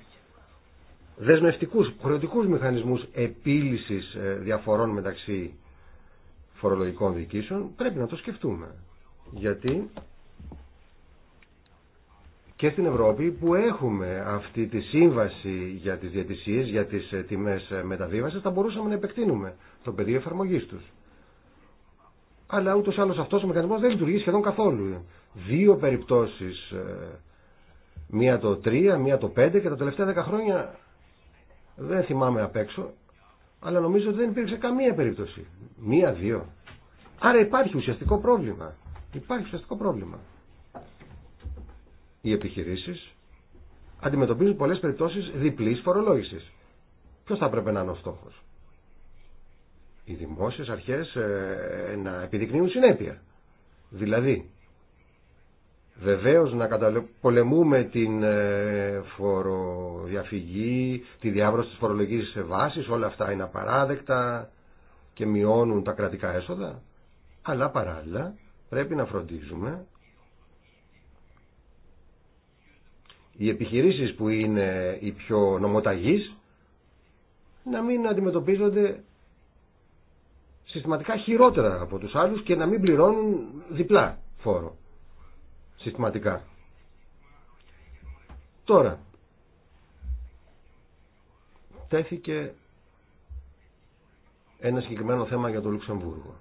δεσμευτικούς, χρεωτικούς μηχανισμούς επίλυσης ε, διαφορών μεταξύ φορολογικών διοικήσεων. Πρέπει να το σκεφτούμε. Γιατί και στην Ευρώπη που έχουμε αυτή τη σύμβαση για τις διατησίες, για τις ε, τιμές ε, μεταβίβασης, θα μπορούσαμε να επεκτείνουμε το πεδίο εφαρμογής τους. Αλλά ούτως άλλως αυτός ο μηχανισμός δεν λειτουργεί σχεδόν καθόλου δύο περιπτώσεις, ε, μία το τρία, μία το πέντε και τα τελευταία 10 χρόνια δεν θυμάμαι απ' έξω, αλλά νομίζω ότι δεν υπήρξε καμία περίπτωση. Μία-δύο. Άρα υπάρχει ουσιαστικό πρόβλημα. Υπάρχει ουσιαστικό πρόβλημα. Οι επιχειρήσεις αντιμετωπίζουν πολλές περιπτώσεις διπλής φορολόγησης. Ποιος θα έπρεπε να είναι ο στόχος. Οι δημόσιες αρχές ε, να επιδεικνύουν συνέπεια. Δηλαδή, Βεβαίως να πολεμούμε την ε, φοροδιαφυγή, τη διάβρωση της φορολογικής βάσης, όλα αυτά είναι απαράδεκτα και μειώνουν τα κρατικά έσοδα. Αλλά παράλληλα πρέπει να φροντίζουμε οι επιχειρήσεις που είναι οι πιο νομοταγείς να μην αντιμετωπίζονται συστηματικά χειρότερα από τους άλλους και να μην πληρώνουν διπλά φόρο συστηματικά. Τώρα, τέθηκε ένα συγκεκριμένο θέμα για το Λουξεμβούργο.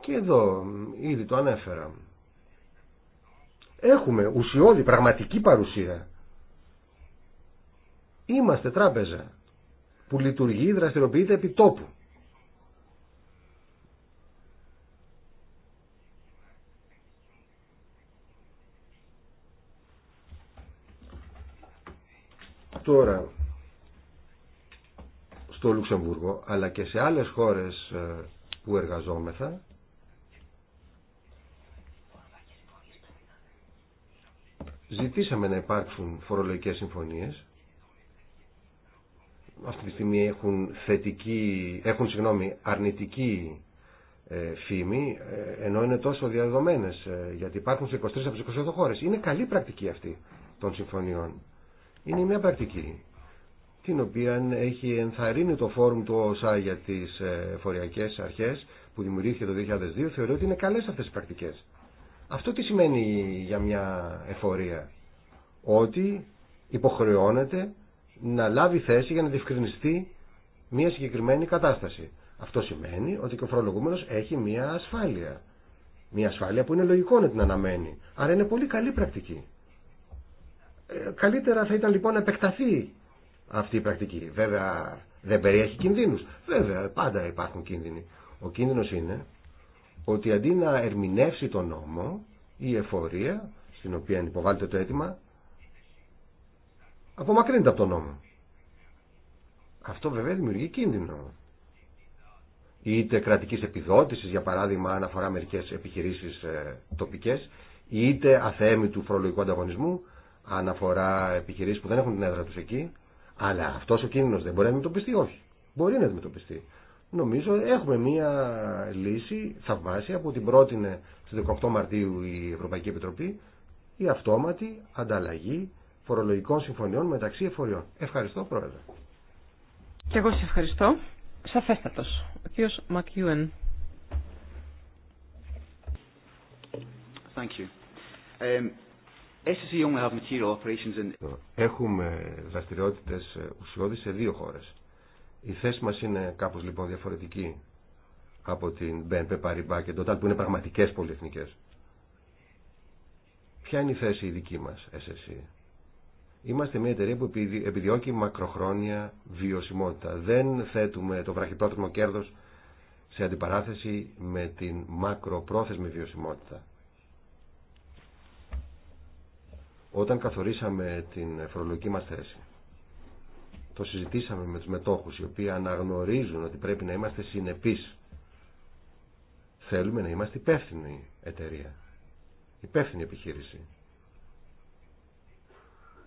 Και εδώ ήδη το ανέφερα. Έχουμε ουσιώδη πραγματική παρουσία. Είμαστε τράπεζα που λειτουργεί, δραστηριοποιείται επί τόπου. τώρα στο Λουξεμβούργο αλλά και σε άλλες χώρες ε, που εργαζόμεθα ζητήσαμε να υπάρξουν φορολογικές συμφωνίες αυτή τη στιγμή έχουν θετική, έχουν συγγνώμη, αρνητική ε, φήμη ε, ενώ είναι τόσο διαδεδομένες γιατί υπάρχουν σε 23 από τις 28 χώρες είναι καλή πρακτική αυτή των συμφωνιών είναι μια πρακτική την οποία έχει ενθαρρύνει το φόρουμ του ΟΣΑ για τις ε, φοριακές αρχές που δημιουργήθηκε το 2002 θεωρώ ότι είναι καλές αυτές οι πρακτικές. Αυτό τι σημαίνει για μια εφορία. Ότι υποχρεώνεται να λάβει θέση για να διευκρινιστεί μια συγκεκριμένη κατάσταση. Αυτό σημαίνει ότι και ο φορολογούμενος έχει μια ασφάλεια. Μια ασφάλεια που είναι λογικό να την αναμένει. Άρα είναι πολύ καλή πρακτική. Ε, καλύτερα θα ήταν λοιπόν να επεκταθεί αυτή η πρακτική. Βέβαια δεν περιέχει κινδύνους. Βέβαια πάντα υπάρχουν κίνδυνοι. Ο κίνδυνος είναι ότι αντί να ερμηνεύσει τον νόμο η εφορία στην οποία υποβάλλεται το αίτημα απομακρύνεται από τον νόμο. Αυτό βέβαια δημιουργεί κίνδυνο. Είτε κρατικής επιδότησης, για παράδειγμα, αν αφορά μερικές επιχειρήσεις ε, τοπικές, είτε αθέμη του φορολογικού ανταγωνισμού, αναφορά επιχειρήσει που δεν έχουν την έδρα του εκεί, αλλά αυτό ο κίνδυνο δεν μπορεί να αντιμετωπιστεί, όχι. Μπορεί να αντιμετωπιστεί. Νομίζω έχουμε μία λύση θαυμάσια που την πρότεινε στι 18 Μαρτίου η Ευρωπαϊκή Επιτροπή η αυτόματη ανταλλαγή φορολογικών συμφωνιών μεταξύ εφοριών. Ευχαριστώ Πρόεδρε. Και εγώ σε ευχαριστώ. Σαφέστατο. Ο κύριος Μακιούεν. Thank um, Έχουμε δραστηριότητε ε, ουσιώδει σε δύο χώρε. Η θέση μα είναι κάπω λοιπόν διαφορετική από την BNP Paribas και Total που είναι πραγματικέ πολυεθνικέ. Ποια είναι η θέση η δική μας, SSE. Είμαστε μια εταιρεία που επιδιώκει μακροχρόνια βιωσιμότητα. Δεν θέτουμε το βραχυπρόθεσμο κέρδο σε αντιπαράθεση με την μακροπρόθεσμη βιωσιμότητα. Όταν καθορίσαμε την φορολογική μας θέση, το συζητήσαμε με τους μετόχους, οι οποίοι αναγνωρίζουν ότι πρέπει να είμαστε συνεπείς. Θέλουμε να είμαστε υπεύθυνη εταιρεία, υπεύθυνη επιχείρηση.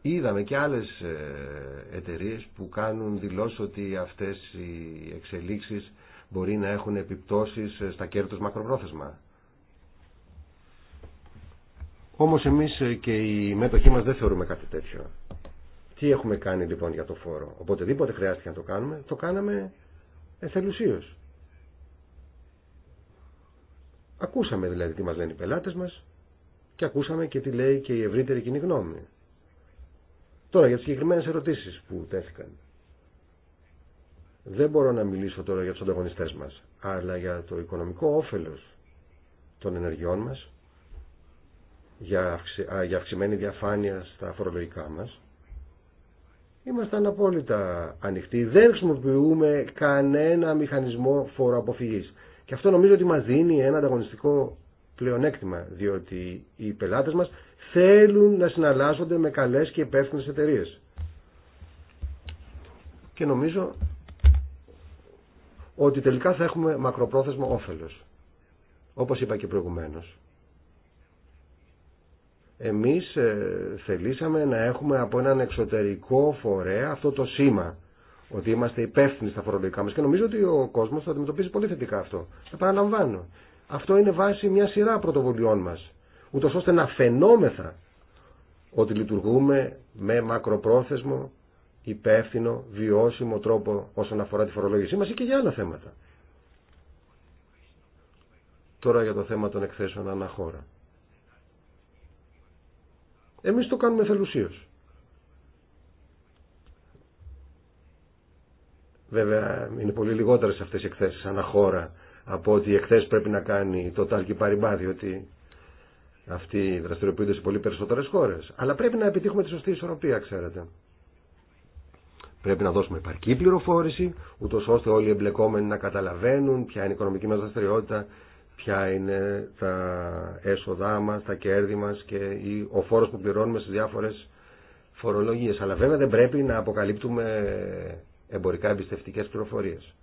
Είδαμε και άλλες ε, εταιρείες που κάνουν δηλώσει ότι αυτές οι εξελίξεις μπορεί να έχουν επιπτώσεις ε, στα κέρδη μακροπρόθεσμα. Όμως εμείς ε, και οι μέτοχοί μας δεν θεωρούμε κάτι τέτοιο. Τι έχουμε κάνει λοιπόν για το φόρο. Οποτεδήποτε χρειάστηκε να το κάνουμε, το κάναμε εθελουσίως. Ακούσαμε δηλαδή τι μας λένε οι πελάτες μας και ακούσαμε και τι λέει και η ευρύτερη κοινή γνώμη. Τώρα για τις συγκεκριμένες ερωτήσεις που τέθηκαν. Δεν μπορώ να μιλήσω τώρα για τους ανταγωνιστές μας, αλλά για το οικονομικό όφελος των ενεργειών μας για, αυξημένη διαφάνεια στα φορολογικά μας. Ήμασταν απόλυτα ανοιχτοί. Δεν χρησιμοποιούμε κανένα μηχανισμό φοροαποφυγής. Και αυτό νομίζω ότι μας δίνει ένα ανταγωνιστικό πλεονέκτημα, διότι οι πελάτες μας θέλουν να συναλλάσσονται με καλές και υπεύθυνες εταιρείε. Και νομίζω ότι τελικά θα έχουμε μακροπρόθεσμο όφελος. Όπως είπα και προηγουμένως, εμείς ε, θελήσαμε να έχουμε από έναν εξωτερικό φορέα αυτό το σήμα ότι είμαστε υπεύθυνοι στα φορολογικά μας και νομίζω ότι ο κόσμος θα αντιμετωπίσει πολύ θετικά αυτό. Θα παραλαμβάνω. Αυτό είναι βάση μια σειρά πρωτοβουλειών μας, ούτως ώστε να φαινόμεθα ότι λειτουργούμε με μακροπρόθεσμο, υπεύθυνο, βιώσιμο τρόπο όσον αφορά τη φορολόγησή μας ή και για άλλα θέματα. Τώρα για το θέμα των εκθέσεων αναχώρα. Εμείς το κάνουμε θελουσίως. Βέβαια είναι πολύ λιγότερες αυτές οι εκθέσεις αναχώρα από ότι οι εκθέσεις πρέπει να κάνει το Τάλκι Παριμπά ότι αυτοί δραστηριοποιούνται σε πολύ περισσότερες χώρες. Αλλά πρέπει να επιτύχουμε τη σωστή ισορροπία ξέρετε. Πρέπει να δώσουμε επαρκή πληροφόρηση, ούτω ώστε όλοι οι εμπλεκόμενοι να καταλαβαίνουν ποια είναι η οικονομική μα δραστηριότητα, ποια είναι τα έσοδά μας, τα κέρδη μας και ο φόρος που πληρώνουμε στις διάφορες φορολογίες. Αλλά βέβαια δεν πρέπει να αποκαλύπτουμε εμπορικά εμπιστευτικές πληροφορίες.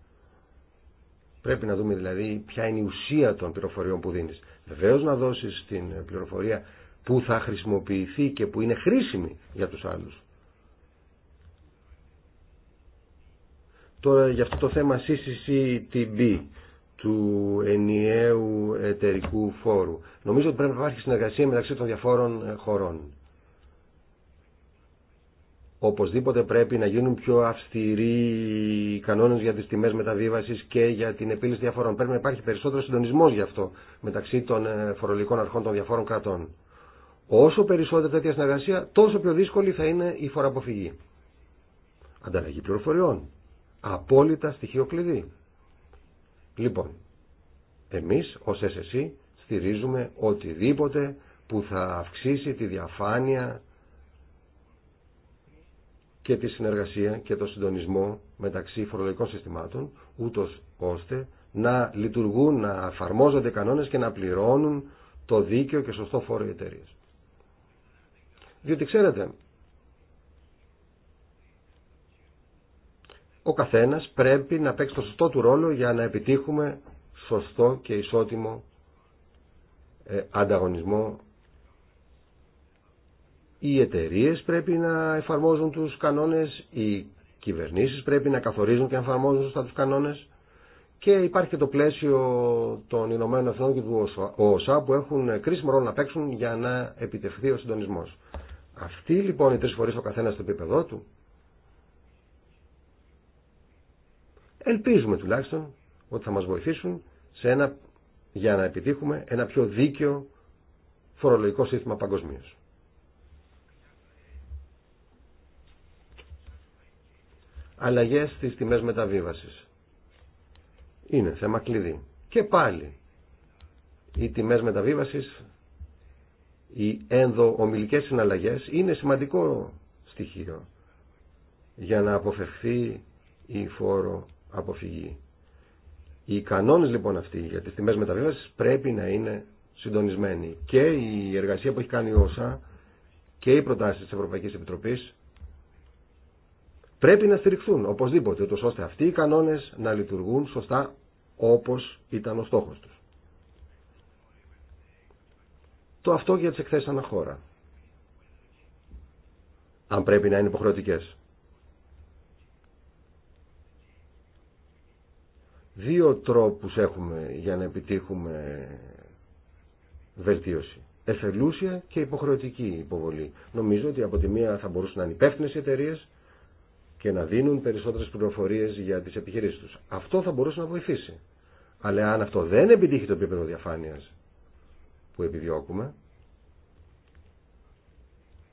Πρέπει να δούμε δηλαδή ποια είναι η ουσία των πληροφοριών που δίνεις. Βεβαίως να δώσεις την πληροφορία που θα χρησιμοποιηθεί και που είναι χρήσιμη για τους άλλους. Τώρα για αυτό το θέμα CCCTB του ενιαίου εταιρικού φόρου. Νομίζω ότι πρέπει να υπάρχει συνεργασία μεταξύ των διαφόρων ε, χωρών. Οπωσδήποτε πρέπει να γίνουν πιο αυστηροί οι κανόνες για τις τιμές μεταβίβασης και για την επίλυση διαφορών. Πρέπει να υπάρχει περισσότερο συντονισμός γι' αυτό μεταξύ των ε, φορολογικών αρχών των διαφόρων κρατών. Όσο περισσότερη τέτοια συνεργασία, τόσο πιο δύσκολη θα είναι η φοροαποφυγή. Ανταλλαγή πληροφοριών. Απόλυτα στοιχείο κλειδί. Λοιπόν, εμείς ως SSE στηρίζουμε οτιδήποτε που θα αυξήσει τη διαφάνεια και τη συνεργασία και το συντονισμό μεταξύ φορολογικών συστημάτων, ούτω ώστε να λειτουργούν, να εφαρμόζονται κανόνες και να πληρώνουν το δίκαιο και σωστό φόρο οι εταιρείε. Διότι ξέρετε, ο καθένας πρέπει να παίξει το σωστό του ρόλο για να επιτύχουμε σωστό και ισότιμο ε, ανταγωνισμό. Οι εταιρείε πρέπει να εφαρμόζουν τους κανόνες, οι κυβερνήσεις πρέπει να καθορίζουν και να εφαρμόζουν σωστά τους κανόνες και υπάρχει και το πλαίσιο των Ηνωμένων Εθνών και του ΟΣΑ που έχουν κρίσιμο ρόλο να παίξουν για να επιτευχθεί ο συντονισμός. Αυτοί λοιπόν οι τρεις φορείς ο καθένας στο επίπεδό του Ελπίζουμε τουλάχιστον ότι θα μας βοηθήσουν σε ένα, για να επιτύχουμε ένα πιο δίκαιο φορολογικό σύστημα παγκοσμίω. Αλλαγές στις τιμές μεταβίβασης. Είναι θέμα κλειδί. Και πάλι, οι τιμές μεταβίβασης, οι ενδοομιλικές συναλλαγές είναι σημαντικό στοιχείο για να αποφευθεί η φόρο αποφυγή. Οι κανόνες λοιπόν αυτοί για τις τιμές μεταβίβασης πρέπει να είναι συντονισμένοι. Και η εργασία που έχει κάνει η ΩΣΑ και οι προτάσεις της Ευρωπαϊκής Επιτροπής πρέπει να στηριχθούν οπωσδήποτε, ούτως ώστε αυτοί οι κανόνες να λειτουργούν σωστά όπως ήταν ο στόχος τους. Το αυτό για τις εκθέσεις αναχώρα. Αν πρέπει να είναι υποχρεωτικές. Δύο τρόπους έχουμε για να επιτύχουμε βελτίωση. Εφελούσια και υποχρεωτική υποβολή. Νομίζω ότι από τη μία θα μπορούσαν να είναι υπεύθυνε οι εταιρείε και να δίνουν περισσότερες πληροφορίες για τις επιχειρήσεις τους. Αυτό θα μπορούσε να βοηθήσει. Αλλά αν αυτό δεν επιτύχει το επίπεδο διαφάνειας που επιδιώκουμε,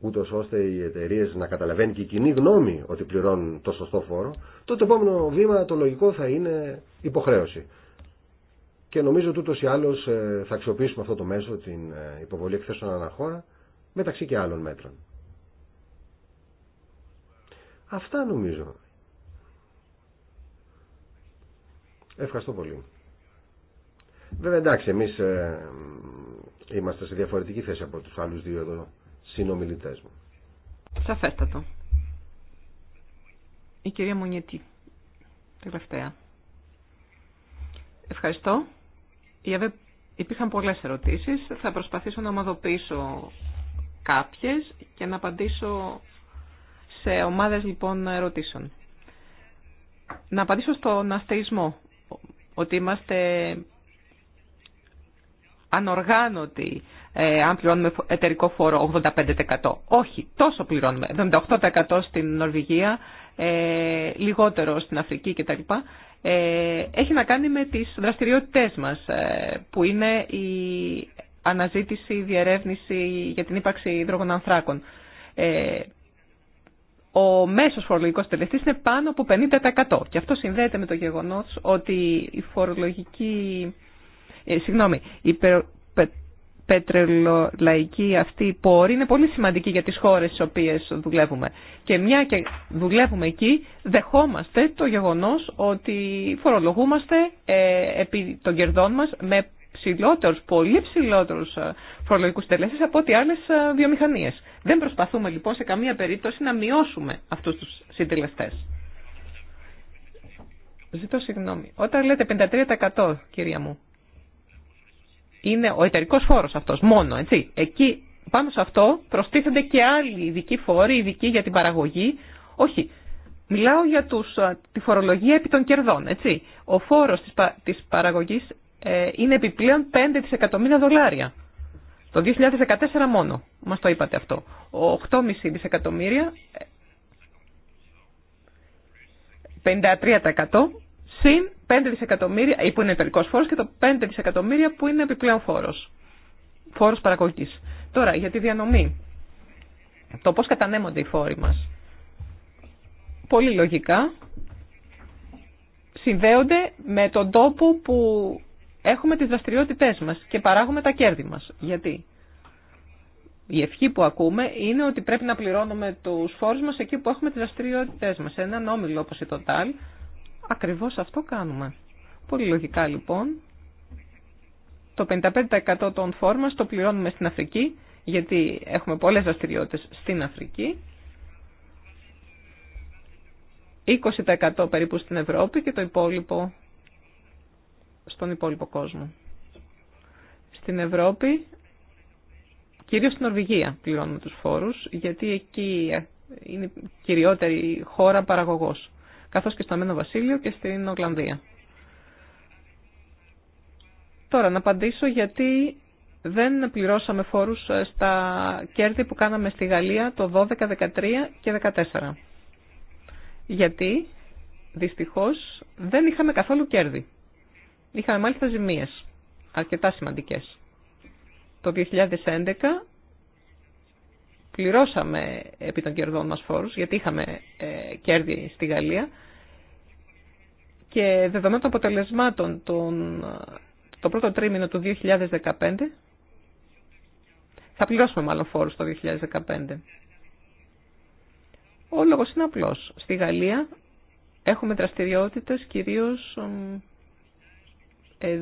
ούτω ώστε οι εταιρείε να καταλαβαίνουν και η κοινή γνώμη ότι πληρώνουν το σωστό φόρο, τότε το επόμενο βήμα το λογικό θα είναι υποχρέωση. Και νομίζω ότι ούτω ή άλλω ε, θα αξιοποιήσουμε αυτό το μέσο, την ε, υποβολή εκθέσεων αναχώρα, μεταξύ και άλλων μέτρων. Αυτά νομίζω. Ευχαριστώ πολύ. Βέβαια εντάξει, εμείς ε, είμαστε σε διαφορετική θέση από τους άλλους δύο εδώ συνομιλητές μου. Σαφέστατο. Η κυρία Μονιετή, τελευταία. Ευχαριστώ. Υπήρχαν πολλές ερωτήσεις. Θα προσπαθήσω να ομαδοποιήσω κάποιες και να απαντήσω σε ομάδες λοιπόν ερωτήσεων. Να απαντήσω στον αστεϊσμό, ότι είμαστε ανοργάνωτοι ε, αν πληρώνουμε εταιρικό φόρο 85%. Όχι, τόσο πληρώνουμε. 78% στην Νορβηγία, ε, λιγότερο στην Αφρική κτλ. Ε, έχει να κάνει με τις δραστηριότητές μας, ε, που είναι η αναζήτηση, η διερεύνηση για την ύπαρξη υδρογων ανθράκων. Ε, ο μέσος φορολογικός τελεστής είναι πάνω από 50% και αυτό συνδέεται με το γεγονός ότι η φορολογική... Ε, συγγνώμη, η πετρελαϊκοί αυτή η πόρη είναι πολύ σημαντική για τις χώρες στις οποίες δουλεύουμε. Και μια και δουλεύουμε εκεί, δεχόμαστε το γεγονός ότι φορολογούμαστε ε, επί των κερδών μας με ψηλότερους, πολύ ψηλότερους ε, φορολογικούς τελέσεις από ό,τι άλλες ε, βιομηχανίες. Δεν προσπαθούμε λοιπόν σε καμία περίπτωση να μειώσουμε αυτούς τους συντελεστές. Ζητώ συγγνώμη. Όταν λέτε 53% κυρία μου, είναι ο εταιρικό φόρο αυτό μόνο, έτσι. Εκεί πάνω σε αυτό προστίθενται και άλλοι ειδικοί φόροι, ειδικοί για την παραγωγή. Όχι, μιλάω για τους, τη φορολογία επί των κερδών, έτσι. Ο φόρος της, πα, παραγωγής ε, είναι επιπλέον 5 δισεκατομμύρια δολάρια. Το 2014 μόνο, μας το είπατε αυτό. Ο 8,5 δισεκατομμύρια, 53% ε, συν 5 δισεκατομμύρια, που είναι εταιρικό φόρο, και το 5 δισεκατομμύρια που είναι επιπλέον φόρο. Φόρο παραγωγή. Τώρα, για τη διανομή. Το πώ κατανέμονται οι φόροι μα. Πολύ λογικά συνδέονται με τον τόπο που έχουμε τις δραστηριότητές μας και παράγουμε τα κέρδη μας. Γιατί η ευχή που ακούμε είναι ότι πρέπει να πληρώνουμε τους φόρους μας εκεί που έχουμε τις δραστηριότητές μας. Έναν όμιλο όπως η Total Ακριβώς αυτό κάνουμε. Πολυλογικά, λοιπόν, το 55% των φόρων το πληρώνουμε στην Αφρική, γιατί έχουμε πολλές δραστηριότητε στην Αφρική, 20% περίπου στην Ευρώπη και το υπόλοιπο στον υπόλοιπο κόσμο. Στην Ευρώπη, κυρίως στην Νορβηγία πληρώνουμε τους φόρους, γιατί εκεί είναι η κυριότερη χώρα παραγωγός καθώς και στο Αμένο Βασίλειο και στην Ογκλανδία. Τώρα, να απαντήσω γιατί δεν πληρώσαμε φόρου ε, στα κέρδη που κάναμε στη Γαλλία το 12, 13 και 14. Γιατί, δυστυχώ δεν είχαμε καθόλου κέρδη. Είχαμε μάλιστα ζημίε. αρκετά σημαντικέ. Το 2011 πληρώσαμε επί των κερδών μας φόρους, γιατί είχαμε ε, κέρδη στη Γαλλία και δεδομένων των αποτελεσμάτων τον, το πρώτο τρίμηνο του 2015, θα πληρώσουμε μάλλον φόρους το 2015. Ο λόγος είναι απλός. Στη Γαλλία έχουμε δραστηριότητες κυρίως ε,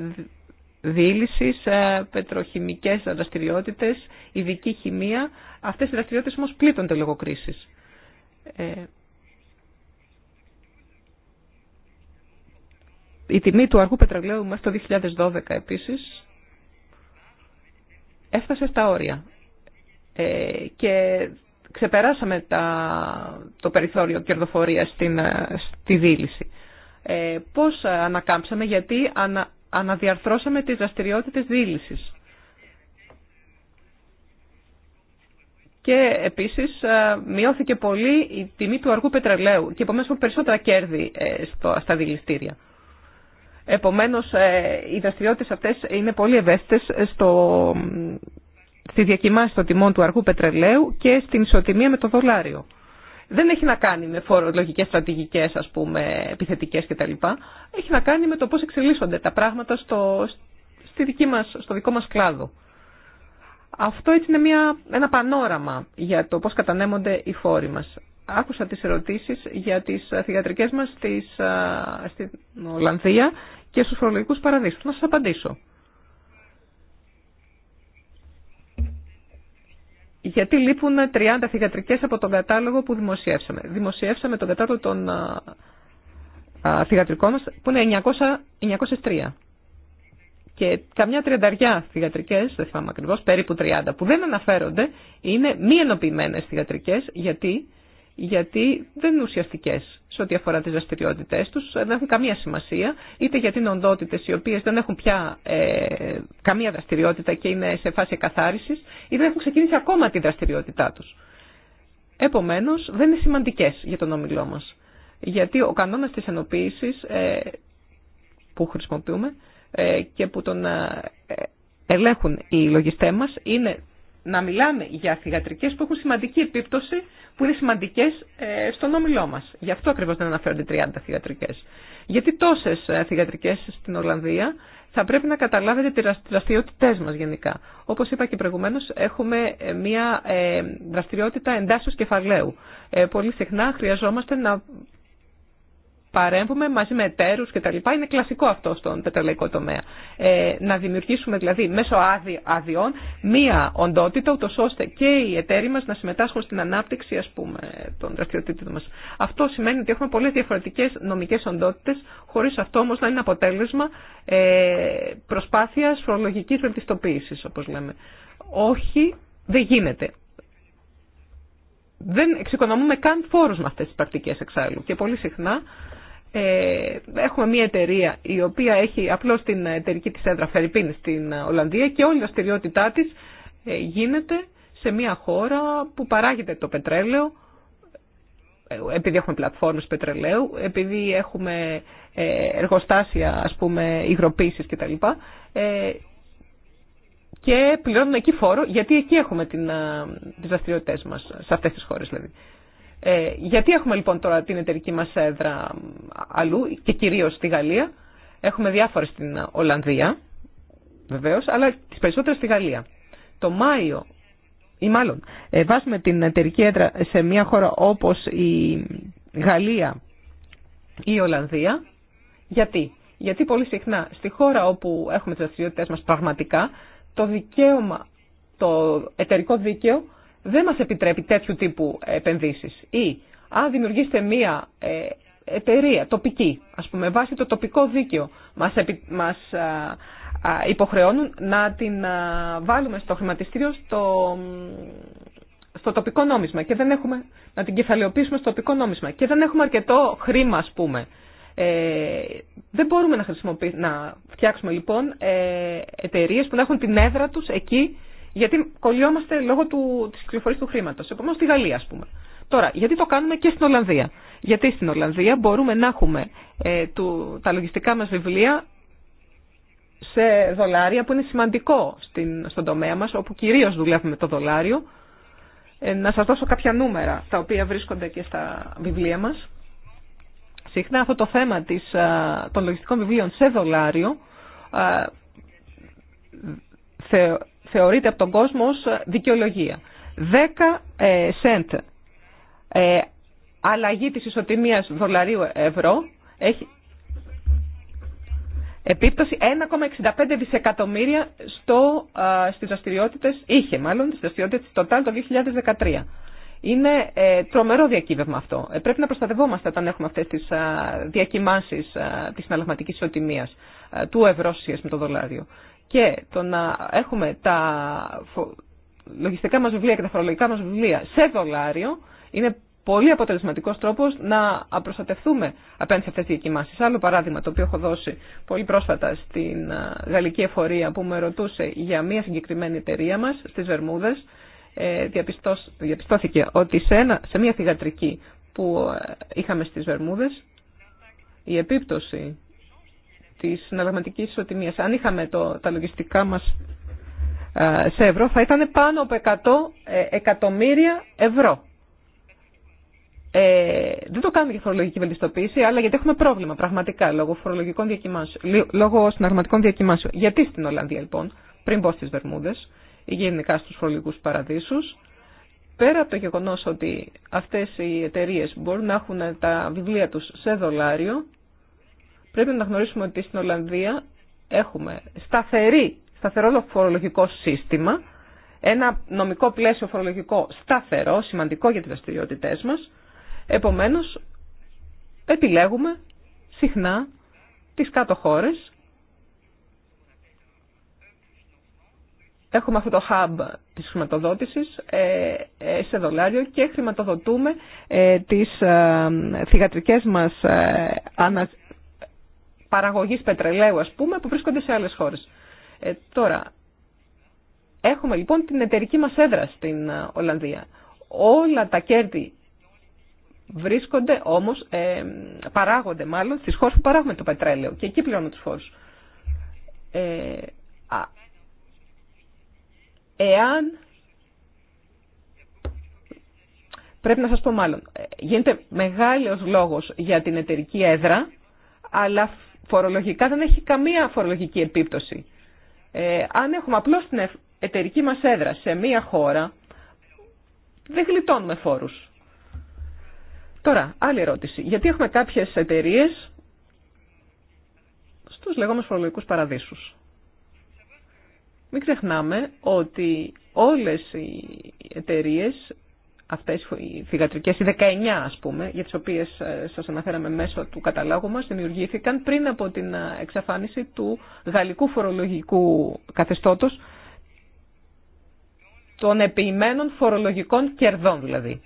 δίληση, ε, πετροχημικές δραστηριότητε, ειδική χημεία. Αυτές οι δραστηριότητε όμω πλήττονται λόγω Ε, η τιμή του αργού πετρελαίου μέσα το 2012 επίσης έφτασε στα όρια ε, και ξεπεράσαμε τα, το περιθώριο κερδοφορίας ε, στη δίληση. Ε, πώς ανακάμψαμε, γιατί ανα, αναδιαρθρώσαμε τις δραστηριότητες δίλησης. Και επίσης ε, μειώθηκε πολύ η τιμή του αργού πετρελαίου και επομένως περισσότερα κέρδη ε, στα δηληστήρια. Επομένως ε, οι δραστηριότητες αυτές είναι πολύ ευαίσθητες στο, στη διακοιμάση των τιμών του αργού πετρελαίου και στην ισοτιμία με το δολάριο δεν έχει να κάνει με φορολογικές στρατηγικές, ας πούμε, επιθετικές κτλ. Έχει να κάνει με το πώς εξελίσσονται τα πράγματα στο, στη δική μας, στο δικό μας κλάδο. Αυτό έτσι είναι μια, ένα πανόραμα για το πώς κατανέμονται οι φόροι μας. Άκουσα τις ερωτήσεις για τις θηγατρικές μας στην Ολλανδία και στους φορολογικούς παραδείσους. Να σας απαντήσω. γιατί λείπουν 30 θηγατρικές από τον κατάλογο που δημοσιεύσαμε. Δημοσιεύσαμε τον κατάλογο των θηγατρικών μας που είναι 903. Και καμιά τριανταριά θηγατρικές, δεν θυμάμαι ακριβώ, περίπου 30, που δεν αναφέρονται, είναι μη ενοποιημένες θηγατρικές, γιατί γιατί δεν είναι ουσιαστικέ σε ό,τι αφορά τι δραστηριότητέ του, δεν έχουν καμία σημασία, είτε γιατί είναι οντότητε οι οποίε δεν έχουν πια ε, καμία δραστηριότητα και είναι σε φάση εκαθάριση, ή δεν έχουν ξεκινήσει ακόμα τη δραστηριότητά του. Επομένω, δεν είναι σημαντικέ για τον όμιλό μα. Γιατί ο κανόνα τη ενοποίηση ε, που χρησιμοποιούμε ε, και που τον ε, ελέγχουν οι λογιστέ μα είναι να μιλάμε για θηγατρικές που έχουν σημαντική επίπτωση, που είναι σημαντικές ε, στον όμιλό μας. Γι' αυτό ακριβώς δεν αναφέρονται 30 θηγατρικές. Γιατί τόσες ε, θηγατρικές στην Ολλανδία θα πρέπει να καταλάβετε τι δραστηριότητές μας γενικά. Όπως είπα και προηγουμένως, έχουμε ε, μια δραστηριότητα εντάσσεως κεφαλαίου. πολύ συχνά χρειαζόμαστε να παρέμβουμε μαζί με εταίρου κτλ. Είναι κλασικό αυτό στον πετρελαϊκό τομέα. Ε, να δημιουργήσουμε δηλαδή μέσω άδειών μία οντότητα, ούτω ώστε και οι εταίροι μα να συμμετάσχουν στην ανάπτυξη ας πούμε, των δραστηριοτήτων μα. Αυτό σημαίνει ότι έχουμε πολλέ διαφορετικέ νομικέ οντότητε, χωρί αυτό όμω να είναι αποτέλεσμα ε, προσπάθειας φορολογικής όπω όπως λέμε. Όχι, δεν γίνεται δεν εξοικονομούμε καν φόρους με αυτές τις πρακτικές εξάλλου. Και πολύ συχνά ε, έχουμε μια εταιρεία η οποία έχει απλώς την εταιρική της έδρα Φερρυπίν στην Ολλανδία και όλη η δραστηριότητά της ε, γίνεται σε μια χώρα που παράγεται το πετρέλαιο ε, επειδή έχουμε πλατφόρμες πετρελαίου, επειδή έχουμε ε, εργοστάσια ας πούμε υγροποίησης κτλ. Ε, και πληρώνουμε εκεί φόρο γιατί εκεί έχουμε την, τις δραστηριότητε μας σε αυτές τις χώρες δηλαδή. Ε, γιατί έχουμε λοιπόν τώρα την εταιρική μας έδρα αλλού και κυρίως στη Γαλλία. Έχουμε διάφορες στην Ολλανδία βεβαίως, αλλά τις περισσότερες στη Γαλλία. Το Μάιο, ή μάλλον ε, βάζουμε την εταιρική έδρα σε μια χώρα όπως η Γαλλία ή η Ολλανδία. Γιατί? Γιατί πολύ συχνά στη χώρα όπου έχουμε τις δραστηριότητε μας πραγματικά, το δικαίωμα, το εταιρικό δίκαιο δεν μας επιτρέπει τέτοιου τύπου επενδύσεις. Ή αν δημιουργήσετε μία ε, εταιρεία τοπική, ας πούμε, βάσει το τοπικό δίκαιο, μας, μας υποχρεώνουν να την βάλουμε στο χρηματιστήριο στο, στο τοπικό νόμισμα και δεν έχουμε να την κεφαλαιοποιήσουμε στο τοπικό νόμισμα και δεν έχουμε αρκετό χρήμα, ας πούμε. Ε, δεν μπορούμε να, να φτιάξουμε λοιπόν ε, εταιρείε που να έχουν την έδρα τους εκεί γιατί κολλιόμαστε λόγω του, της κυκλοφορίας του χρήματος. Επομένως στη Γαλλία ας πούμε. Τώρα, γιατί το κάνουμε και στην Ολλανδία. Γιατί στην Ολλανδία μπορούμε να έχουμε ε, του, τα λογιστικά μας βιβλία σε δολάρια που είναι σημαντικό στην, στον τομέα μας, όπου κυρίως δουλεύουμε το δολάριο. Ε, να σας δώσω κάποια νούμερα τα οποία βρίσκονται και στα βιβλία μας. Συχνά αυτό το θέμα της, ε, των λογιστικών βιβλίων σε δολάριο ε, θεωρείται από τον κόσμο ως δικαιολογία. 10 ε, cent ε, αλλαγή της ισοτιμίας δολαρίου ευρώ έχει επίπτωση 1,65 δισεκατομμύρια στο, ε, στις δραστηριότητες, είχε μάλλον, στις δραστηριότητες Total το 2013. Είναι ε, τρομερό διακύβευμα αυτό. Ε, πρέπει να προστατευόμαστε όταν έχουμε αυτές τις α, τη α, της συναλλαγματικής ισοτιμίας του ευρώ σχέση με το δολάριο και το να έχουμε τα λογιστικά μας βιβλία και τα φορολογικά μας βιβλία σε δολάριο είναι πολύ αποτελεσματικός τρόπος να προστατευτούμε απέναντι σε αυτές τις Άλλο παράδειγμα το οποίο έχω δώσει πολύ πρόσφατα στην γαλλική εφορία που με ρωτούσε για μια συγκεκριμένη εταιρεία μας στις Βερμούδες ε, διαπιστώθηκε ότι σε, ένα, σε μια θηγατρική που ε, είχαμε στις Βερμούδες η επίπτωση της συναλλαγματικής ισοτιμίας. Αν είχαμε το, τα λογιστικά μας ε, σε ευρώ, θα ήταν πάνω από 100 ε, εκατομμύρια ευρώ. Ε, δεν το κάνουμε για φορολογική βελτιστοποίηση, αλλά γιατί έχουμε πρόβλημα πραγματικά λόγω φορολογικών διακυμάνσεων. λόγω Γιατί στην Ολλανδία λοιπόν, πριν πω στι Βερμούδε ή γενικά στου φορολογικού παραδείσου, πέρα από το γεγονό ότι αυτέ οι εταιρείε μπορούν να έχουν τα βιβλία του σε δολάριο, Πρέπει να γνωρίσουμε ότι στην Ολλανδία έχουμε σταθερή, σταθερό φορολογικό σύστημα, ένα νομικό πλαίσιο φορολογικό σταθερό, σημαντικό για τις δραστηριότητε μας. Επομένως, επιλέγουμε συχνά τις κάτω χώρες. Έχουμε αυτό το hub της χρηματοδότησης ε, ε, σε δολάριο και χρηματοδοτούμε ε, τις θηγατρικές μας παραγωγής πετρελαίου, α πούμε, που βρίσκονται σε άλλες χώρες. Ε, τώρα, έχουμε λοιπόν την εταιρική μα έδρα στην ε, Ολλανδία. Όλα τα κέρδη βρίσκονται όμως, ε, παράγονται μάλλον στις χώρες που παράγουμε το πετρέλαιο και εκεί πληρώνουμε του φόρου. Ε, εάν πρέπει να σας πω μάλλον, ε, γίνεται μεγάλος λόγος για την εταιρική έδρα, αλλά φορολογικά δεν έχει καμία φορολογική επίπτωση. Ε, αν έχουμε απλώς την εταιρική μας έδρα σε μία χώρα, δεν γλιτώνουμε φόρους. Τώρα, άλλη ερώτηση. Γιατί έχουμε κάποιες εταιρείε στους λεγόμενους φορολογικούς παραδείσους. Μην ξεχνάμε ότι όλες οι εταιρείε Αυτέ οι θηγατρικέ, οι 19 ας πούμε, για τις οποίες ε, σας αναφέραμε μέσω του καταλόγου μα δημιουργήθηκαν πριν από την ε, εξαφάνιση του γαλλικού φορολογικού καθεστώτος των επιημένων φορολογικών κερδών δηλαδή.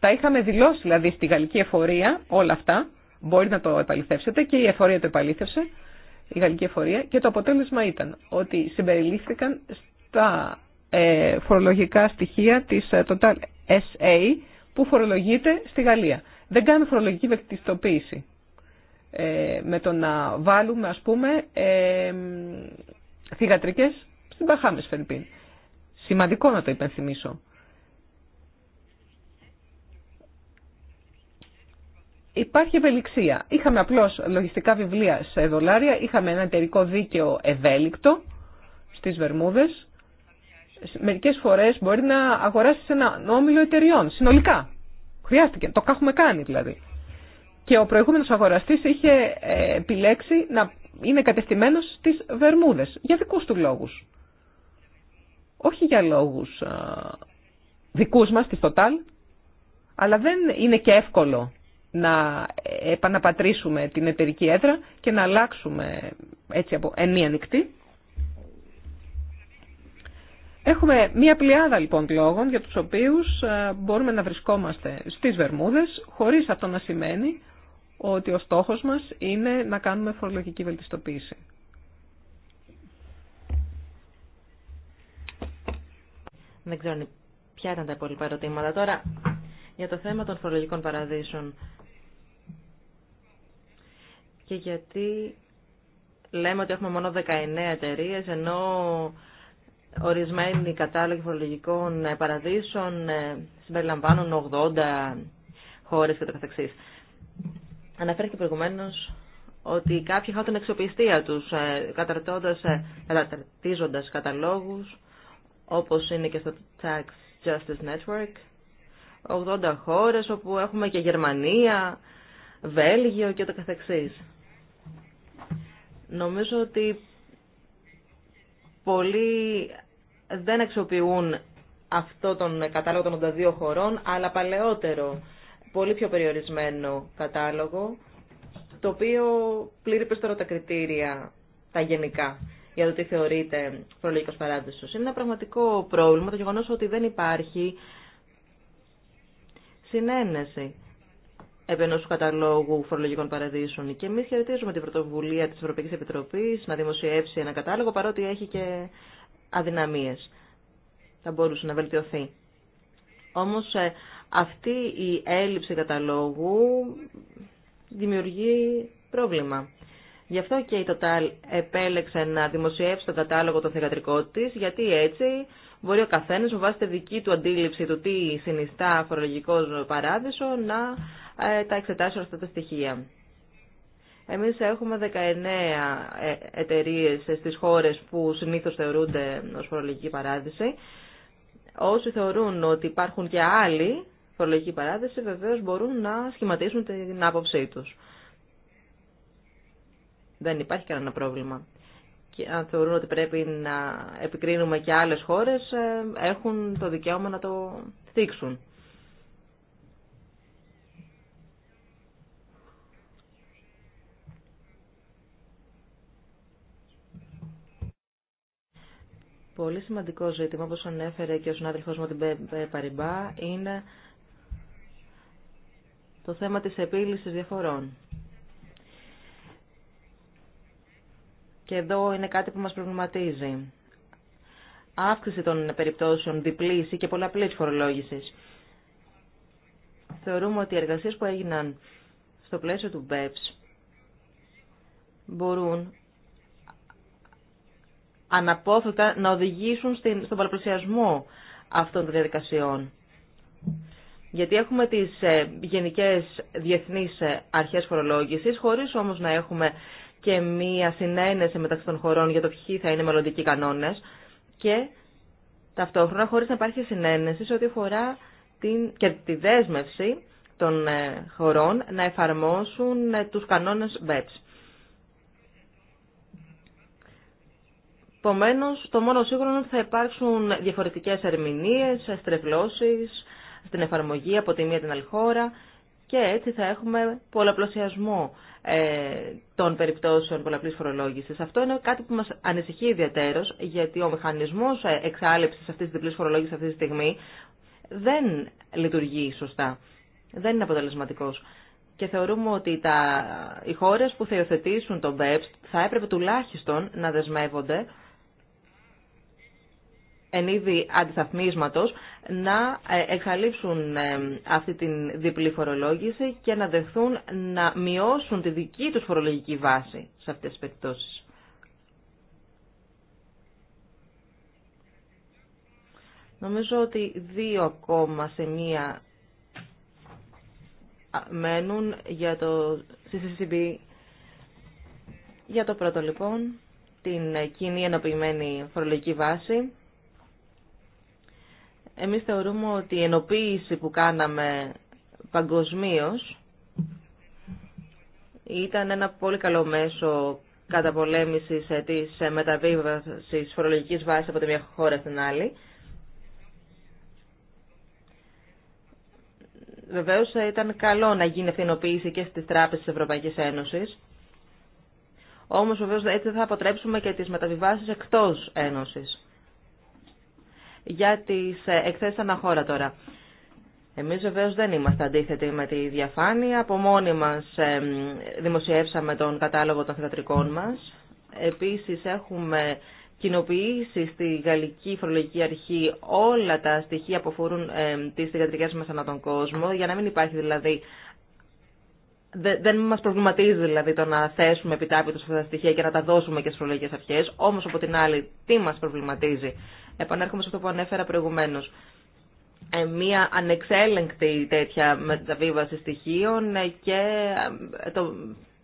Τα είχαμε δηλώσει δηλαδή στη γαλλική εφορία όλα αυτά, μπορεί να το επαληθεύσετε και η εφορία το επαλήθευσε, η γαλλική εφορία, και το αποτέλεσμα ήταν ότι συμπεριλήφθηκαν στα ε, φορολογικά στοιχεία της Total SA που φορολογείται στη Γαλλία. Δεν κάνουμε φορολογική βελτιστοποίηση ε, με το να βάλουμε ας πούμε ε, θηγατρικές στην Παχάμες Φελπίν. Σημαντικό να το υπενθυμίσω. Υπάρχει ευελιξία. Είχαμε απλώς λογιστικά βιβλία σε δολάρια, είχαμε ένα εταιρικό δίκαιο ευέλικτο στις Βερμούδες, μερικές φορές μπορεί να αγοράσει ένα νόμιλο εταιριών, συνολικά. Χρειάστηκε, το έχουμε κάνει δηλαδή. Και ο προηγούμενος αγοραστής είχε ε, επιλέξει να είναι κατευθυμένος στι Βερμούδες, για δικούς του λόγους. Όχι για λόγους δικού μα της Total, αλλά δεν είναι και εύκολο να επαναπατρίσουμε την εταιρική έδρα και να αλλάξουμε έτσι από ενία νυχτή Έχουμε μία πλειάδα λοιπόν λόγων για τους οποίους ε, μπορούμε να βρισκόμαστε στις Βερμούδες χωρίς αυτό να σημαίνει ότι ο στόχος μας είναι να κάνουμε φορολογική βελτιστοποίηση. Δεν ξέρω ποια ήταν τα υπόλοιπα ερωτήματα. Τώρα, για το θέμα των φορολογικών παραδείσων και γιατί λέμε ότι έχουμε μόνο 19 εταιρείε ενώ Ορισμένοι κατάλογοι φορολογικών ε, παραδείσων ε, συμπεριλαμβάνουν 80 χώρες και το καθεξής. Αναφέρθηκε προηγουμένως ότι κάποιοι είχαν την αξιοπιστία τους ε, καταρτίζοντας καταλόγους όπως είναι και στο Tax Justice Network 80 χώρες όπου έχουμε και Γερμανία, Βέλγιο και το καθεξής. Νομίζω ότι πολλοί δεν αξιοποιούν αυτό τον κατάλογο των 82 χωρών, αλλά παλαιότερο, πολύ πιο περιορισμένο κατάλογο, το οποίο πλήρει περισσότερο τα κριτήρια, τα γενικά, για το τι θεωρείται προλογικό παράδεισο. Είναι ένα πραγματικό πρόβλημα το γεγονό ότι δεν υπάρχει συνένεση επενό του καταλόγου φορολογικών παραδείσων. Και εμεί χαιρετίζουμε την πρωτοβουλία τη Ευρωπαϊκή Επιτροπή να δημοσιεύσει ένα κατάλογο, παρότι έχει και αδυναμίες. Θα μπορούσε να βελτιωθεί. Όμως ε, αυτή η έλλειψη καταλόγου δημιουργεί πρόβλημα. Γι' αυτό και η Total επέλεξε να δημοσιεύσει το κατάλογο το θεατρικό της, γιατί έτσι μπορεί ο καθένας με βάση τη δική του αντίληψη του τι συνιστά φορολογικό παράδεισο να ε, τα εξετάσει όλα αυτά τα στοιχεία. Εμείς έχουμε 19 ε, εταιρείε στις χώρες που συνήθως θεωρούνται ως φορολογική παράδειση. Όσοι θεωρούν ότι υπάρχουν και άλλοι φορολογική παράδειση, βεβαίως μπορούν να σχηματίσουν την άποψή τους. Δεν υπάρχει κανένα πρόβλημα. Και αν θεωρούν ότι πρέπει να επικρίνουμε και άλλες χώρες, ε, έχουν το δικαίωμα να το θίξουν. Πολύ σημαντικό ζήτημα, όπως ανέφερε και ο συνάδελφός μου την Παριμπά, είναι το θέμα της επίλυσης διαφορών. Και εδώ είναι κάτι που μας προβληματίζει. Αύξηση των περιπτώσεων διπλής και πολλαπλής φορολόγησης. Θεωρούμε ότι οι εργασίες που έγιναν στο πλαίσιο του BEPS ε μπορούν αναπόφευκτα να οδηγήσουν στην, στον παραπλησιασμό αυτών των διαδικασιών. Γιατί έχουμε τις ε, γενικές διεθνείς ε, αρχές φορολόγησης, χωρίς όμως να έχουμε και μία συνένεση μεταξύ των χωρών για το ποιοι θα είναι μελλοντικοί κανόνες και ταυτόχρονα χωρίς να υπάρχει συνένεση σε ό,τι αφορά την, και τη δέσμευση των ε, χωρών να εφαρμόσουν ε, τους κανόνες BEPS. Επομένω, το μόνο σίγουρο είναι ότι θα υπάρξουν διαφορετικέ ερμηνείε, στρεβλώσει στην εφαρμογή από τη μία την άλλη χώρα και έτσι θα έχουμε πολλαπλασιασμό ε, των περιπτώσεων πολλαπλή φορολόγηση. Αυτό είναι κάτι που μα ανησυχεί ιδιαίτερω, γιατί ο μηχανισμό ε, εξάλληψη αυτή τη διπλή φορολόγηση αυτή τη στιγμή δεν λειτουργεί σωστά. Δεν είναι αποτελεσματικό. Και θεωρούμε ότι τα, οι χώρε που θα υιοθετήσουν τον BEPS θα έπρεπε τουλάχιστον να δεσμεύονται εν είδη αντισταθμίσματος να ε, εξαλείψουν ε, αυτή την διπλή φορολόγηση και να δεχθούν να μειώσουν τη δική τους φορολογική βάση σε αυτές τις περιπτώσεις. Νομίζω ότι δύο ακόμα σε μία μένουν για το CCCB. Για το πρώτο λοιπόν, την ε, κοινή ενοποιημένη φορολογική βάση εμείς θεωρούμε ότι η ενοποίηση που κάναμε παγκοσμίω ήταν ένα πολύ καλό μέσο καταπολέμησης ε, της ε, μεταβίβασης φορολογικής βάσης από τη μια χώρα στην άλλη. Βεβαίως ε, ήταν καλό να γίνει αυτή και στις τράπεζες της Ευρωπαϊκής Ένωσης. Όμως βεβαίως έτσι θα αποτρέψουμε και τις μεταβιβάσεις εκτός Ένωσης για τις ε, εκθέσεις αναχώρα τώρα. Εμείς βεβαίω δεν είμαστε αντίθετοι με τη διαφάνεια. Από μόνοι μας δημοσιεύσαμε τον κατάλογο των θεατρικών μας. Επίσης έχουμε κοινοποιήσει στη Γαλλική Φορολογική Αρχή όλα τα στοιχεία που αφορούν τις θεατρικέ μας ανά τον κόσμο, για να μην υπάρχει δηλαδή δεν μα προβληματίζει δηλαδή το να θέσουμε επιτάπητο αυτά τα στοιχεία και να τα δώσουμε και στις φορολογικές αρχέ, όμω από την άλλη τι μα προβληματίζει Επανέρχομαι σε αυτό που ανέφερα προηγουμένως. Ε, μία ανεξέλεγκτη τέτοια μεταβίβαση στοιχείων ε, και ε, το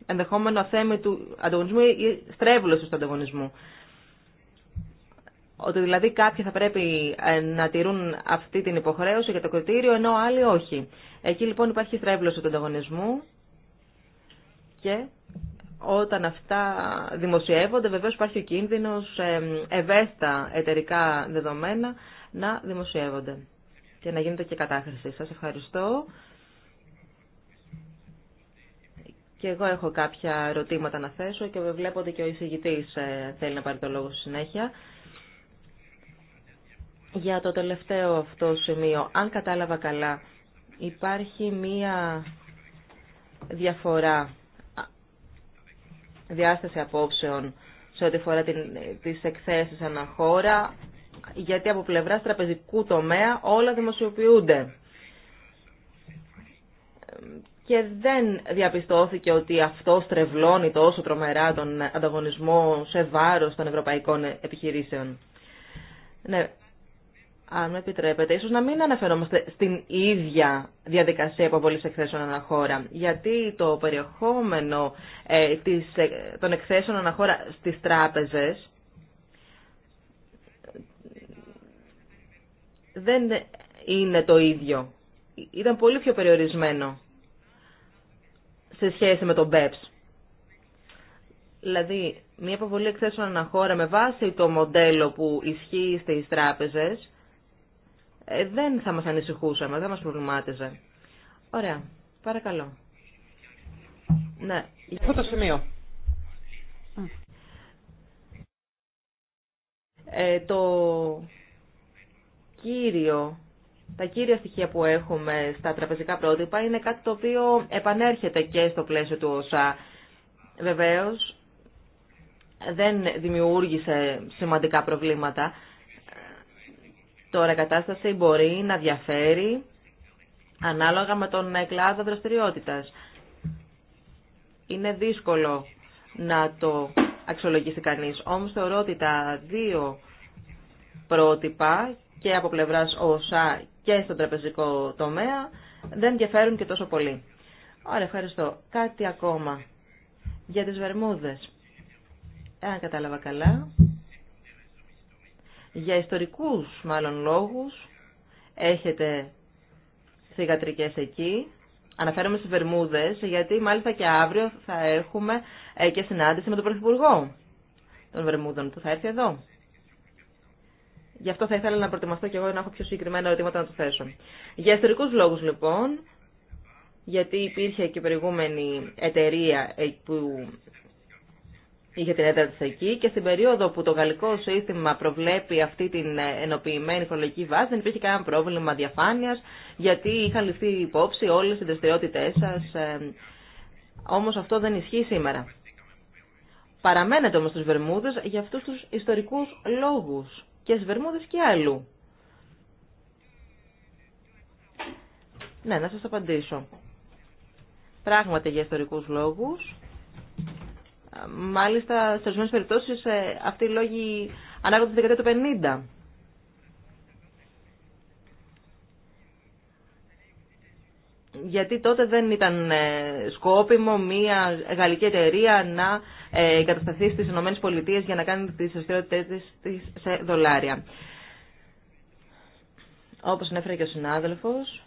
ενδεχόμενο θέμα του ανταγωνισμού ή στρέβλωση του ανταγωνισμού. Ότι δηλαδή κάποιοι θα πρέπει να τηρούν αυτή την υποχρέωση για το κριτήριο, ενώ άλλοι όχι. Εκεί λοιπόν υπάρχει στρέβλωση του ανταγωνισμού και όταν αυτά δημοσιεύονται, βεβαίως υπάρχει ο κίνδυνος ευαίσθητα εταιρικά δεδομένα να δημοσιεύονται και να γίνεται και κατάχρηση. Σας ευχαριστώ. Και εγώ έχω κάποια ερωτήματα να θέσω και βλέπω ότι και ο εισηγητής ε, θέλει να πάρει το λόγο στη συνέχεια. Για το τελευταίο αυτό σημείο, αν κατάλαβα καλά, υπάρχει μία διαφορά διάσταση απόψεων σε ό,τι αφορά τις εκθέσει αναχώρα, γιατί από πλευρά τραπεζικού τομέα όλα δημοσιοποιούνται. Και δεν διαπιστώθηκε ότι αυτό στρεβλώνει τόσο τρομερά τον ανταγωνισμό σε βάρος των ευρωπαϊκών επιχειρήσεων. Ναι, αν με επιτρέπετε, ίσως να μην αναφερόμαστε στην ίδια διαδικασία υποβολής εκθέσεων αναχώρα, γιατί το περιεχόμενο ε, ε, των εκθέσεων αναχώρα στις τράπεζες δεν είναι το ίδιο. Ήταν πολύ πιο περιορισμένο σε σχέση με τον BEPS. Δηλαδή, μια υποβολή εκθέσεων αναχώρα με βάση το μοντέλο που ισχύει στις τράπεζες, ε, δεν θα μας ανησυχούσαμε, δεν μας προβλημάτιζε. Ωραία. Παρακαλώ. Ναι. Αυτό το σημείο. Ε, το κύριο, τα κύρια στοιχεία που έχουμε στα τραπεζικά πρότυπα είναι κάτι το οποίο επανέρχεται και στο πλαίσιο του ΩΣΑ. Βεβαίως, δεν δημιούργησε σημαντικά προβλήματα. Τώρα η κατάσταση μπορεί να διαφέρει ανάλογα με τον κλάδο δραστηριότητας. Είναι δύσκολο να το αξιολογήσει κανείς. Όμως θεωρώ ότι τα δύο πρότυπα και από πλευράς ΟΣΑ και στον τραπεζικό τομέα δεν διαφέρουν και τόσο πολύ. Ωραία, ευχαριστώ. Κάτι ακόμα για τις Βερμούδες. Αν κατάλαβα καλά. Για ιστορικούς μάλλον λόγους έχετε θηγατρικές εκεί. Αναφέρομαι στις Βερμούδες γιατί μάλιστα και αύριο θα έχουμε ε, και συνάντηση με τον Πρωθυπουργό των Βερμούδων που θα έρθει εδώ. Γι' αυτό θα ήθελα να προετοιμαστώ και εγώ να έχω πιο συγκεκριμένα ερωτήματα να του θέσω. Για ιστορικού λόγου λοιπόν, γιατί υπήρχε και προηγούμενη εταιρεία ε, που Είχε την έδρα εκεί και στην περίοδο που το γαλλικό σύστημα προβλέπει αυτή την ενοποιημένη φορολογική βάση δεν υπήρχε κανένα πρόβλημα διαφάνειας γιατί είχαν ληφθεί υπόψη όλες οι δραστηριότητές σας ε, όμως αυτό δεν ισχύει σήμερα. Παραμένετε όμως στους Βερμούδες για αυτούς τους ιστορικούς λόγους και στις Βερμούδες και άλλου. Ναι, να σας απαντήσω. Πράγματι για ιστορικούς λόγους μάλιστα σε ορισμένε περιπτώσει ε, αυτοί οι λόγοι ανάγονται στη δεκαετία του 50. γιατί τότε δεν ήταν ε, σκόπιμο μία γαλλική εταιρεία να ε, εγκατασταθεί στις Ηνωμένες Πολιτείες για να κάνει τις αστριότητες της σε δολάρια. Όπως ανέφερε και ο συνάδελφος,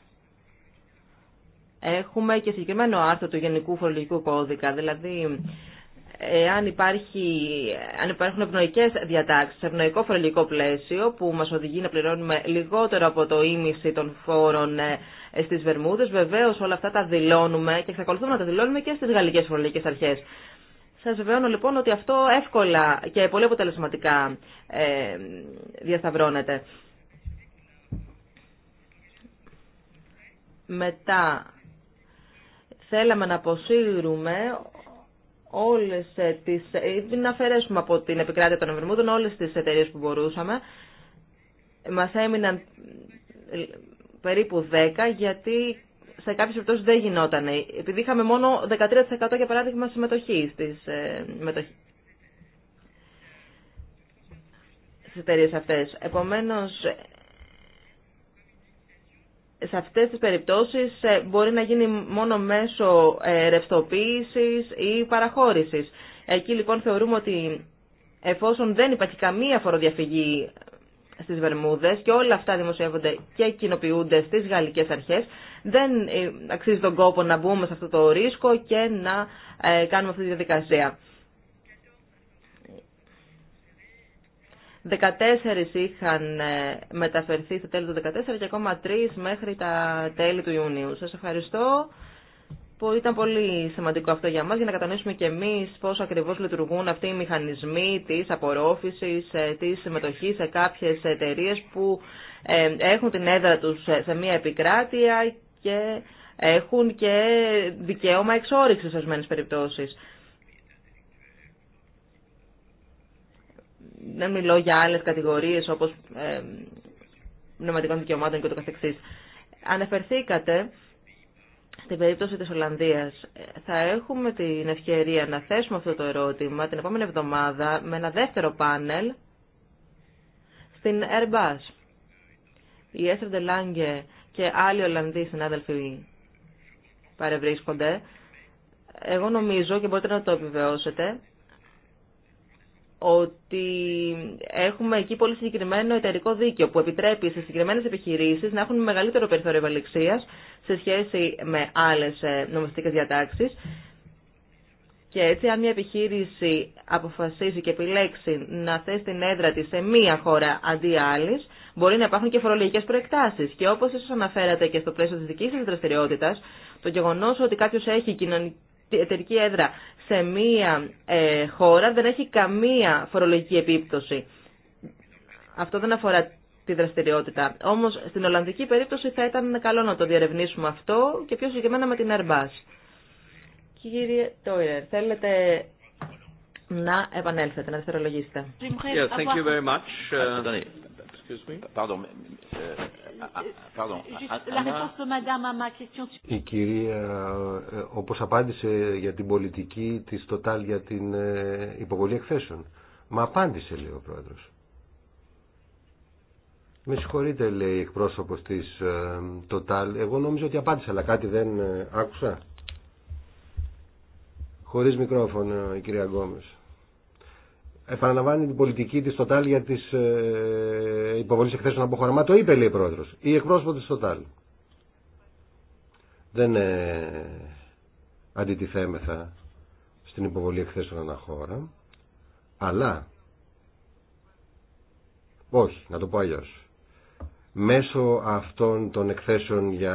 έχουμε και συγκεκριμένο άρθρο του Γενικού Φορολογικού Κώδικα, δηλαδή αν, υπάρχει, αν υπάρχουν ευνοϊκέ διατάξεις, ευνοϊκό φορολογικό πλαίσιο που μας οδηγεί να πληρώνουμε λιγότερο από το ίμιση των φόρων ε, στις Βερμούδες, Βεβαίω όλα αυτά τα δηλώνουμε και εξακολουθούμε να τα δηλώνουμε και στις γαλλικές φορολογικέ αρχές. Σας βεβαιώνω λοιπόν ότι αυτό εύκολα και πολύ αποτελεσματικά ε, διασταυρώνεται. Μετά θέλαμε να αποσύρουμε όλες ε, τις, ε, να αφαιρέσουμε από την επικράτεια των Ευρωμούδων όλες τις εταιρείες που μπορούσαμε. Μας έμειναν ε, περίπου 10 γιατί σε κάποιες περιπτώσεις δεν γινόταν. Επειδή είχαμε μόνο 13% για παράδειγμα συμμετοχή στις, ε, μετοχή, στις εταιρείες αυτές σε αυτές τις περιπτώσεις ε, μπορεί να γίνει μόνο μέσω ε, ρευστοποίησης ή παραχώρησης. Εκεί λοιπόν θεωρούμε ότι εφόσον δεν υπάρχει καμία φοροδιαφυγή στις Βερμούδες και όλα αυτά δημοσιεύονται και κοινοποιούνται στις γαλλικές αρχές, δεν ε, αξίζει τον κόπο να μπούμε σε αυτό το ρίσκο και να κάνουμε αυτή τη διαδικασία. 14 είχαν ε, μεταφερθεί στο τέλος του 2014 και ακόμα 3 μέχρι τα τέλη του Ιουνίου. Σας ευχαριστώ που ήταν πολύ σημαντικό αυτό για μας για να κατανοήσουμε και εμείς πώς ακριβώς λειτουργούν αυτοί οι μηχανισμοί της απορρόφησης, ε, της συμμετοχής σε κάποιες εταιρείες που ε, έχουν την έδρα τους σε μια επικράτεια και έχουν και δικαίωμα εξόριξης σε ορισμένες περιπτώσεις. δεν μιλώ για άλλες κατηγορίες όπως ε, πνευματικών δικαιωμάτων και το καθεξής. Αναφερθήκατε στην περίπτωση της Ολλανδίας. Θα έχουμε την ευκαιρία να θέσουμε αυτό το ερώτημα την επόμενη εβδομάδα με ένα δεύτερο πάνελ στην Airbus. Η Έστρεντε Λάγκε και άλλοι Ολλανδοί συνάδελφοι παρευρίσκονται. Εγώ νομίζω και μπορείτε να το επιβεβαιώσετε ότι έχουμε εκεί πολύ συγκεκριμένο εταιρικό δίκαιο που επιτρέπει σε συγκεκριμένε επιχειρήσει να έχουν μεγαλύτερο περιθώριο ευελιξία σε σχέση με άλλε νομιστικέ διατάξει. Και έτσι, αν μια επιχείρηση αποφασίσει και επιλέξει να θέσει την έδρα τη σε μία χώρα αντί άλλη, μπορεί να υπάρχουν και φορολογικέ προεκτάσει. Και όπω ίσω αναφέρατε και στο πλαίσιο τη δική σα δραστηριότητα, το γεγονό ότι κάποιο έχει κοινωνική εταιρική έδρα σε μία ε, χώρα δεν έχει καμία φορολογική επίπτωση. Αυτό δεν αφορά τη δραστηριότητα. Όμως στην Ολλανδική περίπτωση θα ήταν καλό να το διαρευνήσουμε αυτό και πιο συγκεκριμένα με την Airbus. Κύριε Τόιρερ, θέλετε να επανέλθετε, να δευτερολογήσετε. Η κυρία, ε, ε, όπως απάντησε για την πολιτική της Total για την ε, υποβολή εκθέσεων. Μα απάντησε, λέει ο πρόεδρος. Με συγχωρείτε, λέει εκπρόσωπος της Total. Εγώ νόμιζα ότι απάντησε, αλλά κάτι δεν άκουσα. Χωρίς μικρόφωνο, η κυρία Γκόμες επαναλαμβάνει την πολιτική της Total για τι ε, εκθέσεων από Μα Το είπε λέει η πρόεδρος. Η εκπρόσωπο της Total. Δεν ε, αντιτιθέμεθα στην υποβολή εκθέσεων χώρα. Αλλά, όχι, να το πω αλλιώ, μέσω αυτών των εκθέσεων για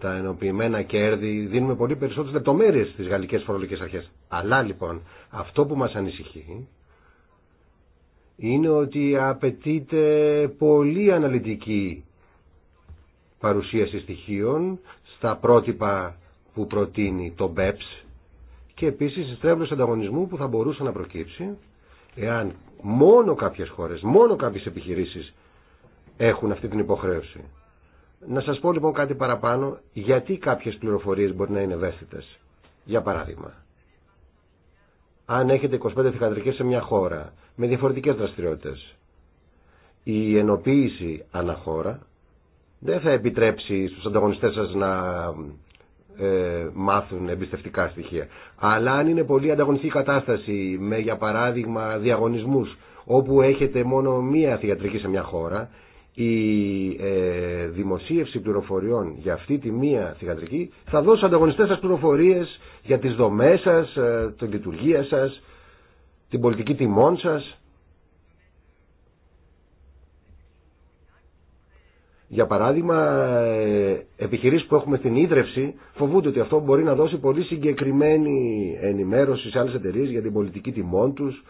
τα ενοποιημένα κέρδη δίνουμε πολύ περισσότερες λεπτομέρειες στις γαλλικές φορολογικές αρχές. Αλλά λοιπόν αυτό που μας ανησυχεί είναι ότι απαιτείται πολύ αναλυτική παρουσίαση στοιχείων στα πρότυπα που προτείνει το BEPS και επίσης στρέβλος ανταγωνισμού που θα μπορούσε να προκύψει εάν μόνο κάποιες χώρες, μόνο κάποιες επιχειρήσεις έχουν αυτή την υποχρέωση. Να σας πω λοιπόν κάτι παραπάνω γιατί κάποιες πληροφορίες μπορεί να είναι ευαίσθητες. Για παράδειγμα, αν έχετε 25 θηγατρικές σε μια χώρα με διαφορετικές δραστηριότητες η ενοποίηση αναχώρα δεν θα επιτρέψει στους ανταγωνιστές σας να ε, μάθουν εμπιστευτικά στοιχεία. Αλλά αν είναι πολύ ανταγωνιστική κατάσταση με για παράδειγμα διαγωνισμούς όπου έχετε μόνο μία θηγατρική σε μια χώρα η ε, δημοσίευση πληροφοριών για αυτή τη μία θηγατρική θα δώσει ανταγωνιστές σας πληροφορίες για τις δομές σας, ε, τη λειτουργία σας, την πολιτική τιμών σας. Για παράδειγμα, ε, επιχειρήσεις που έχουμε στην ίδρυυση φοβούνται ότι αυτό μπορεί να δώσει πολύ συγκεκριμένη ενημέρωση σε άλλες εταιρείε για την πολιτική τιμών τους,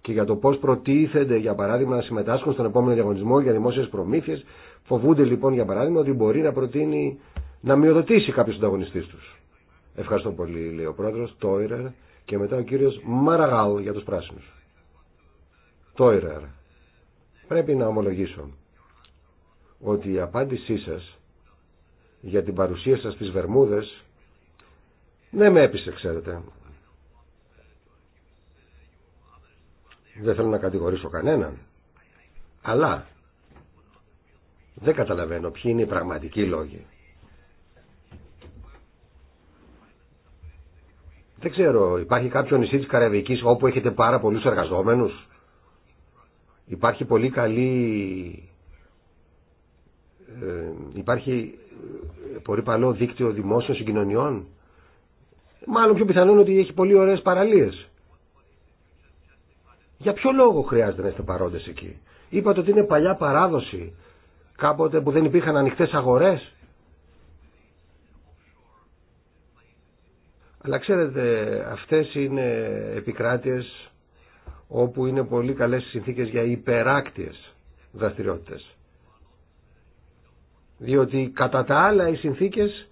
και για το πώ προτίθενται, για παράδειγμα, να συμμετάσχουν στον επόμενο διαγωνισμό για δημόσιες προμήθειε, Φοβούνται λοιπόν, για παράδειγμα, ότι μπορεί να προτείνει να μειοδοτήσει κάποιο ανταγωνιστής του. Ευχαριστώ πολύ, λέει ο πρόεδρος, Τόιρερ και μετά ο κύριο Μαραγάλ για του πράσινου. Τόιρερ. Πρέπει να ομολογήσω ότι η απάντησή σα για την παρουσία σα στι βερμούδε δεν ναι, με έπεισε, ξέρετε. Δεν θέλω να κατηγορήσω κανέναν. Αλλά δεν καταλαβαίνω ποιοι είναι οι πραγματικοί λόγοι. Δεν ξέρω, υπάρχει κάποιο νησί της Καραβικής όπου έχετε πάρα πολλούς εργαζόμενους. Υπάρχει πολύ καλή... Ε, υπάρχει ε, πολύ παλό δίκτυο δημόσιων συγκοινωνιών. Μάλλον πιο πιθανό ότι έχει πολύ ωραίες παραλίες. Για ποιο λόγο χρειάζεται να είστε παρόντες εκεί. Είπατε ότι είναι παλιά παράδοση κάποτε που δεν υπήρχαν ανοιχτέ αγορέ. Αλλά ξέρετε αυτές είναι επικράτειες όπου είναι πολύ καλές συνθήκες για υπεράκτιες δραστηριότητε. Διότι κατά τα άλλα οι συνθήκες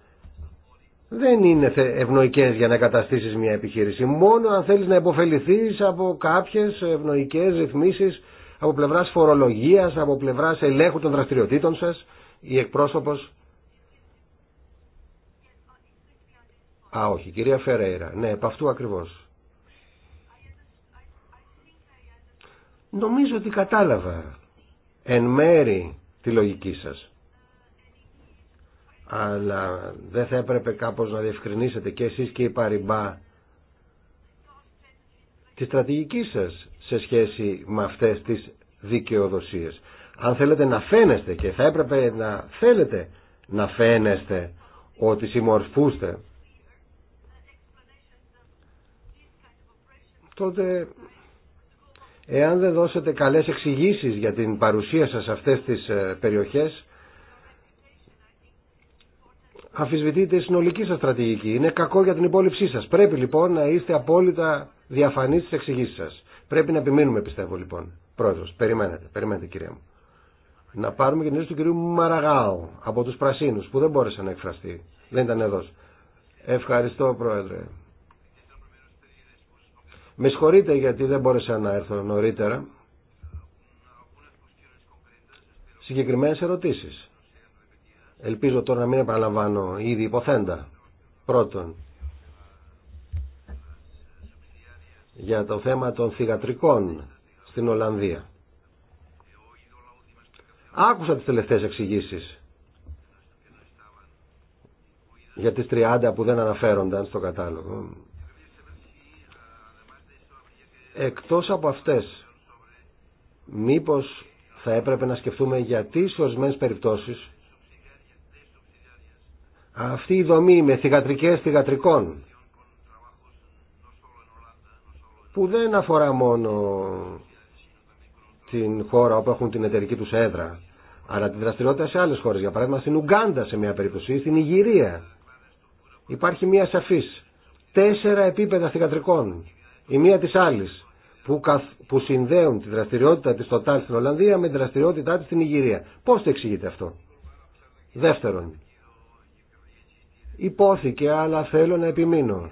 δεν είναι ευνοϊκές για να καταστήσεις μια επιχείρηση. Μόνο αν θέλεις να υποφεληθεί από κάποιες ευνοϊκές ρυθμίσεις από πλευράς φορολογίας, από πλευράς ελέγχου των δραστηριοτήτων σας, η εκπρόσωπος... Α, όχι, κυρία Φερέιρα. Ναι, επ' αυτού ακριβώς. Νομίζω ότι κατάλαβα εν μέρη τη λογική σας αλλά δεν θα έπρεπε κάπως να διευκρινίσετε και εσείς και η Παριμπά τη στρατηγική σας σε σχέση με αυτές τις δικαιοδοσίες. Αν θέλετε να φαίνεστε και θα έπρεπε να θέλετε να φαίνεστε ότι συμμορφούστε τότε εάν δεν δώσετε καλές εξηγήσεις για την παρουσία σας σε αυτές τις ε, περιοχές Αφισβητείτε η συνολική σα στρατηγική. Είναι κακό για την υπόλοιψή σας. Πρέπει λοιπόν να είστε απόλυτα διαφανείς στις εξηγήσει σα. Πρέπει να επιμείνουμε πιστεύω λοιπόν. Πρόεδρος, περιμένετε, περιμένετε κυρία μου. Να πάρουμε και την του κυρίου Μαραγάου από τους Πρασίνους που δεν μπόρεσε να εκφραστεί. Δεν ήταν εδώ. Ευχαριστώ πρόεδρε. Με συγχωρείτε γιατί δεν μπόρεσα να έρθω νωρίτερα. Συγκεκριμένες ερωτήσεις. Ελπίζω τώρα να μην επαναλαμβάνω ήδη υποθέντα. Πρώτον, για το θέμα των θηγατρικών στην Ολλανδία. Άκουσα τις τελευταίες εξηγήσεις για τις 30 που δεν αναφέρονταν στο κατάλογο. Εκτός από αυτές, μήπως θα έπρεπε να σκεφτούμε γιατί σε ορισμένε περιπτώσεις αυτή η δομή με θυγατρικές θυγατρικών που δεν αφορά μόνο την χώρα όπου έχουν την εταιρική τους έδρα αλλά τη δραστηριότητα σε άλλες χώρες για παράδειγμα στην Ουγκάντα σε μια περίπτωση στην Ιγυρία υπάρχει μια σαφής τέσσερα επίπεδα θυγατρικών η μία της άλλης που, καθ, που συνδέουν τη δραστηριότητα της Total στην Ολλανδία με τη δραστηριότητά της στην Ιγυρία. Πώς το εξηγείτε αυτό. Δεύτερον, υπόθηκε αλλά θέλω να επιμείνω.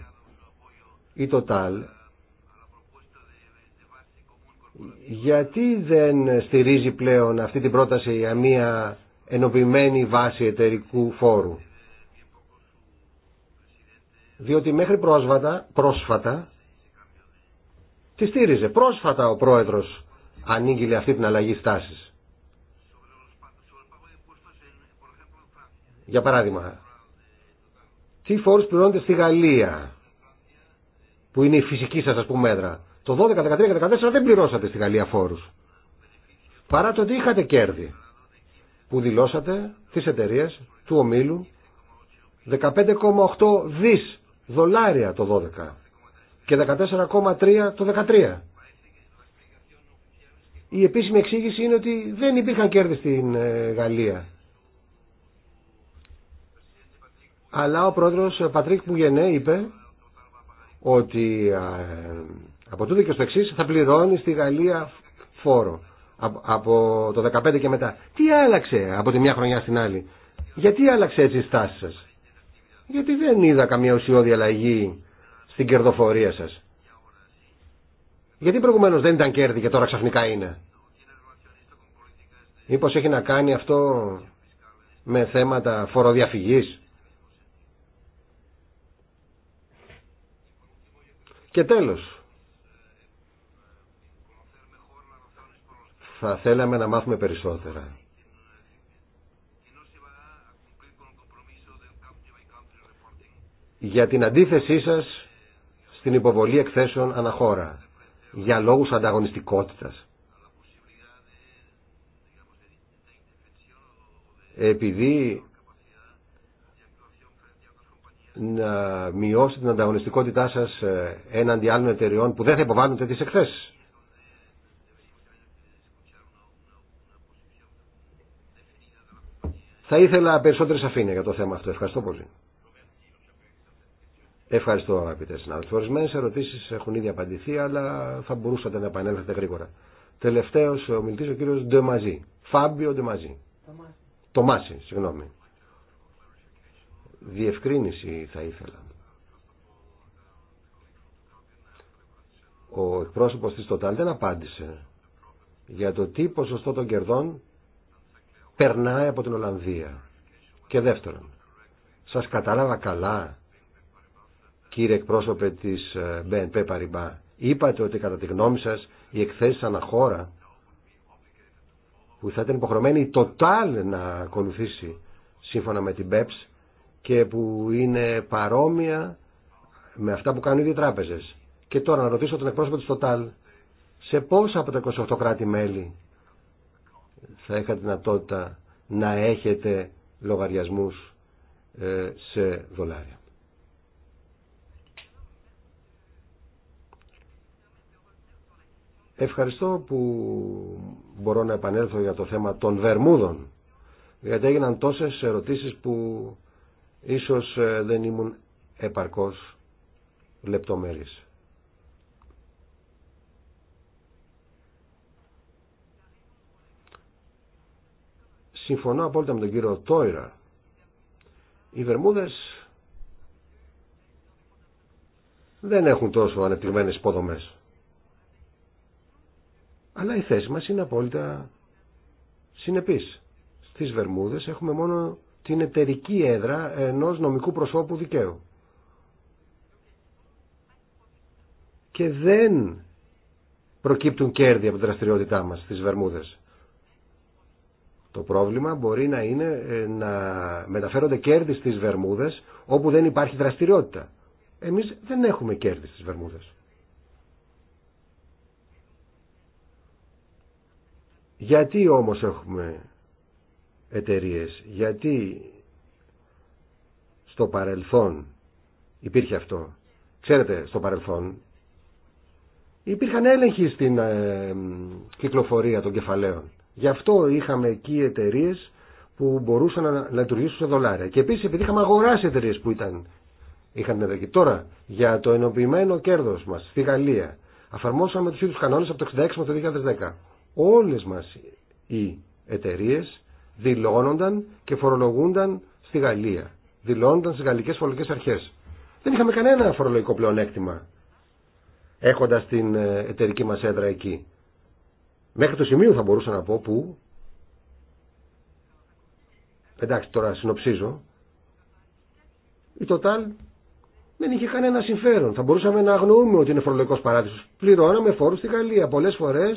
Η Total γιατί δεν στηρίζει πλέον αυτή την πρόταση για μια ενοποιημένη βάση εταιρικού φόρου. Διότι μέχρι πρόσφατα, πρόσφατα τη στήριζε. Πρόσφατα ο πρόεδρος ανήγγειλε αυτή την αλλαγή στάσης. Για παράδειγμα, τι φόρους πληρώνετε στη Γαλλία, που είναι η φυσική σα α πούμε μέτρα. Το 12, 13 και 14 δεν πληρώσατε στη Γαλλία φόρους. Παρά το ότι είχατε κέρδη που δηλώσατε τι εταιρείε του ομίλου 15,8 δι δολάρια το 12 και 14,3 το 13. Η επίσημη εξήγηση είναι ότι δεν υπήρχαν κέρδη στην ε, Γαλλία. αλλά ο πρόεδρος ε, Πατρίκ Μπουγενέ είπε ότι ε, από τούτο και στο εξή θα πληρώνει στη Γαλλία φόρο από το 2015 και μετά. Τι άλλαξε από τη μια χρονιά στην άλλη. Γιατί άλλαξε έτσι η στάση σας. Γιατί δεν είδα καμία ουσιώδη αλλαγή στην κερδοφορία σας. Γιατί προηγουμένως δεν ήταν κέρδη και τώρα ξαφνικά είναι. Μήπως έχει να κάνει αυτό με θέματα φοροδιαφυγής. Και τέλος, θα θέλαμε να μάθουμε περισσότερα. Για την αντίθεσή σας στην υποβολή εκθέσεων αναχώρα, για λόγους ανταγωνιστικότητας. Επειδή να μειώσετε την ανταγωνιστικότητά σα ε, έναντι άλλων εταιριών που δεν θα υποβάλλουν τις εκθέσει. Θα ήθελα περισσότερη σαφήνεια για το θέμα αυτό. Ευχαριστώ πολύ. Ευχαριστώ αγαπητέ συνάδελφοι. Ορισμένε ερωτήσει έχουν ήδη απαντηθεί, αλλά θα μπορούσατε να επανέλθετε γρήγορα. Τελευταίο ο μιλητή ο κύριο Ντεμαζή. Φάμπιο Ντεμαζή. Τομάση, συγγνώμη διευκρίνηση θα ήθελα. Ο εκπρόσωπος της Total δεν απάντησε για το τι ποσοστό των κερδών περνάει από την Ολλανδία. Και δεύτερον, σας κατάλαβα καλά, κύριε εκπρόσωπε της BNP ε, Paribas, είπατε ότι κατά τη γνώμη σας οι εκθέσεις αναχώρα που θα ήταν υποχρεωμένη η Total να ακολουθήσει σύμφωνα με την BEPS και που είναι παρόμοια με αυτά που κάνουν οι τράπεζες. Και τώρα να ρωτήσω τον εκπρόσωπο της Total, σε πόσα από τα 28 κράτη-μέλη θα είχατε δυνατότητα να έχετε λογαριασμούς ε, σε δολάρια. Ευχαριστώ που μπορώ να επανέλθω για το θέμα των Βερμούδων, γιατί έγιναν τόσες ερωτήσεις που Ίσως ε, δεν ήμουν επαρκώς λεπτομέρης. Συμφωνώ απόλυτα με τον κύριο Τόιρα. Οι Βερμούδες δεν έχουν τόσο ανεπτυγμένες υποδομές. Αλλά η θέση μας είναι απόλυτα συνεπής. Στις Βερμούδες έχουμε μόνο την εταιρική έδρα ενός νομικού προσώπου δικαίου. Και δεν προκύπτουν κέρδη από τη δραστηριότητά μας στις Βερμούδες. Το πρόβλημα μπορεί να είναι ε, να μεταφέρονται κέρδη στις Βερμούδες όπου δεν υπάρχει δραστηριότητα. Εμείς δεν έχουμε κέρδη στις Βερμούδες. Γιατί όμως έχουμε εταιρείες. Γιατί στο παρελθόν υπήρχε αυτό. Ξέρετε, στο παρελθόν υπήρχαν έλεγχοι στην ε, κυκλοφορία των κεφαλαίων. Γι' αυτό είχαμε εκεί εταιρείε που μπορούσαν να λειτουργήσουν σε δολάρια. Και επίση επειδή είχαμε αγοράσει εταιρείε που ήταν, είχαν εδώ Τώρα, για το ενοποιημένο κέρδο μα στη Γαλλία, αφαρμόσαμε του ίδιου κανόνε από το 1966 με το 2010. Όλε μα οι εταιρείε δηλώνονταν και φορολογούνταν στη Γαλλία. Δηλώνονταν στι γαλλικέ φορολογικέ αρχέ. Δεν είχαμε κανένα φορολογικό πλεονέκτημα έχοντα την ε, εταιρική μα έδρα εκεί. Μέχρι το σημείο θα μπορούσα να πω που. Εντάξει, τώρα συνοψίζω. Η Total δεν είχε κανένα συμφέρον. Θα μπορούσαμε να αγνοούμε ότι είναι φορολογικό παράδεισο. Πληρώναμε φόρου στη Γαλλία. Πολλέ φορέ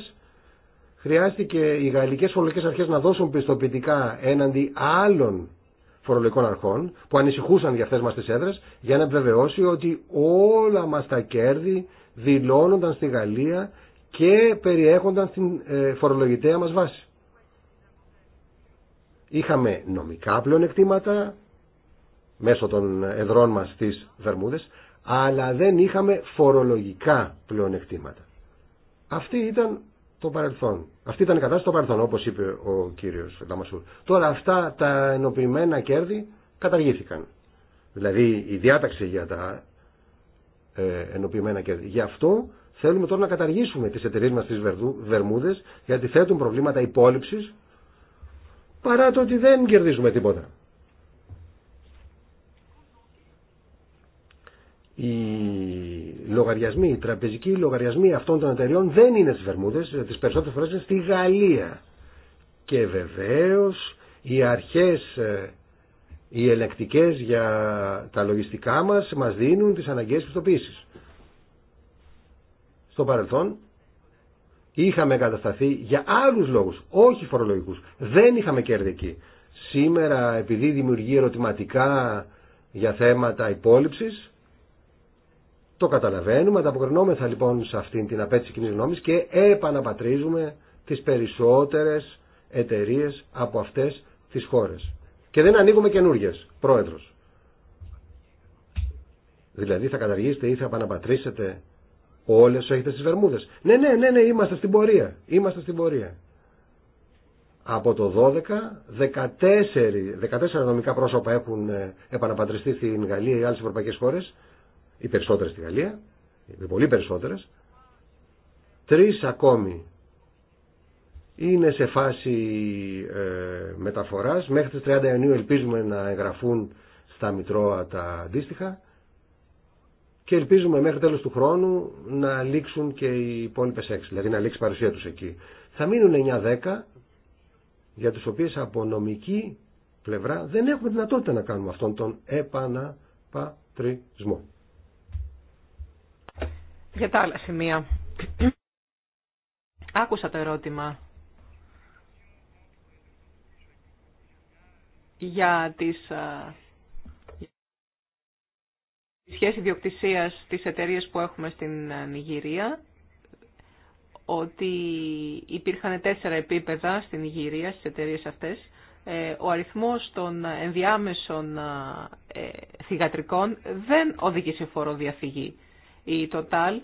χρειάστηκε οι γαλλικές φορολογικές αρχές να δώσουν πιστοποιητικά έναντι άλλων φορολογικών αρχών που ανησυχούσαν για αυτές μας τις έδρες για να επιβεβαιώσει ότι όλα μας τα κέρδη δηλώνονταν στη Γαλλία και περιέχονταν στην ε, φορολογητέα μας βάση. Είχαμε νομικά πλεονεκτήματα μέσω των εδρών μας στις Βερμούδες, αλλά δεν είχαμε φορολογικά πλεονεκτήματα. Αυτή ήταν το παρελθόν. Αυτή ήταν η κατάσταση στο παρελθόν, όπως είπε ο κύριος Λαμασούρ. Τώρα αυτά τα ενοποιημένα κέρδη καταργήθηκαν. Δηλαδή η διάταξη για τα ε, ενοποιημένα κέρδη. Γι' αυτό θέλουμε τώρα να καταργήσουμε τις εταιρείες μας τις Βερμούδες γιατί θέτουν προβλήματα υπόλοιψη παρά το ότι δεν κερδίζουμε τίποτα. Η λογαριασμοί, οι τραπεζικοί λογαριασμοί αυτών των εταιριών δεν είναι στις Βερμούδες, ε, τις περισσότερες φορές είναι στη Γαλλία. Και βεβαίως οι αρχές, ε, οι ελεκτικές για τα λογιστικά μας μας δίνουν τις αναγκαίες πιστοποίησεις. Στο παρελθόν είχαμε κατασταθεί για άλλους λόγους, όχι φορολογικούς. Δεν είχαμε κέρδη εκεί. Σήμερα επειδή δημιουργεί ερωτηματικά για θέματα υπόλοιψης, το καταλαβαίνουμε, ανταποκρινόμεθα λοιπόν σε αυτήν την απέτηση κοινή γνώμη και επαναπατρίζουμε τι περισσότερε εταιρείε από αυτέ τι χώρε. Και δεν ανοίγουμε καινούριε, πρόεδρο. Δηλαδή θα καταργήσετε ή θα επαναπατρίσετε όλε όσε έχετε στι Βερμούδε. Ναι, ναι, ναι, ναι, είμαστε στην πορεία. Είμαστε στην πορεία. Από το 12, 14, 14 νομικά πρόσωπα έχουν ε, επαναπατριστεί στην Γαλλία ή άλλε ευρωπαϊκέ χώρε οι περισσότερες στη Γαλλία, οι πολύ περισσότερες. Τρεις ακόμη είναι σε φάση ε, μεταφοράς. Μέχρι τις 30 Ιουνίου ελπίζουμε να εγγραφούν στα Μητρώα τα αντίστοιχα και ελπίζουμε μέχρι τέλος του χρόνου να λήξουν και οι υπόλοιπε έξι, δηλαδή να λήξει η παρουσία τους εκεί. Θα μείνουν 9-10 για τους οποίες από νομική πλευρά δεν έχουμε δυνατότητα να κάνουμε αυτόν τον επαναπατρισμό. Για τα άλλα σημεία. Άκουσα το ερώτημα για τις σχέση διοκτησίας της εταιρείας που έχουμε στην ε, Νιγηρία, ότι υπήρχαν τέσσερα επίπεδα στην Νιγηρία, στις εταιρείες αυτές. Ε, ο αριθμός των ενδιάμεσων ε, θυγατρικών δεν οδηγεί σε φοροδιαφυγή η Total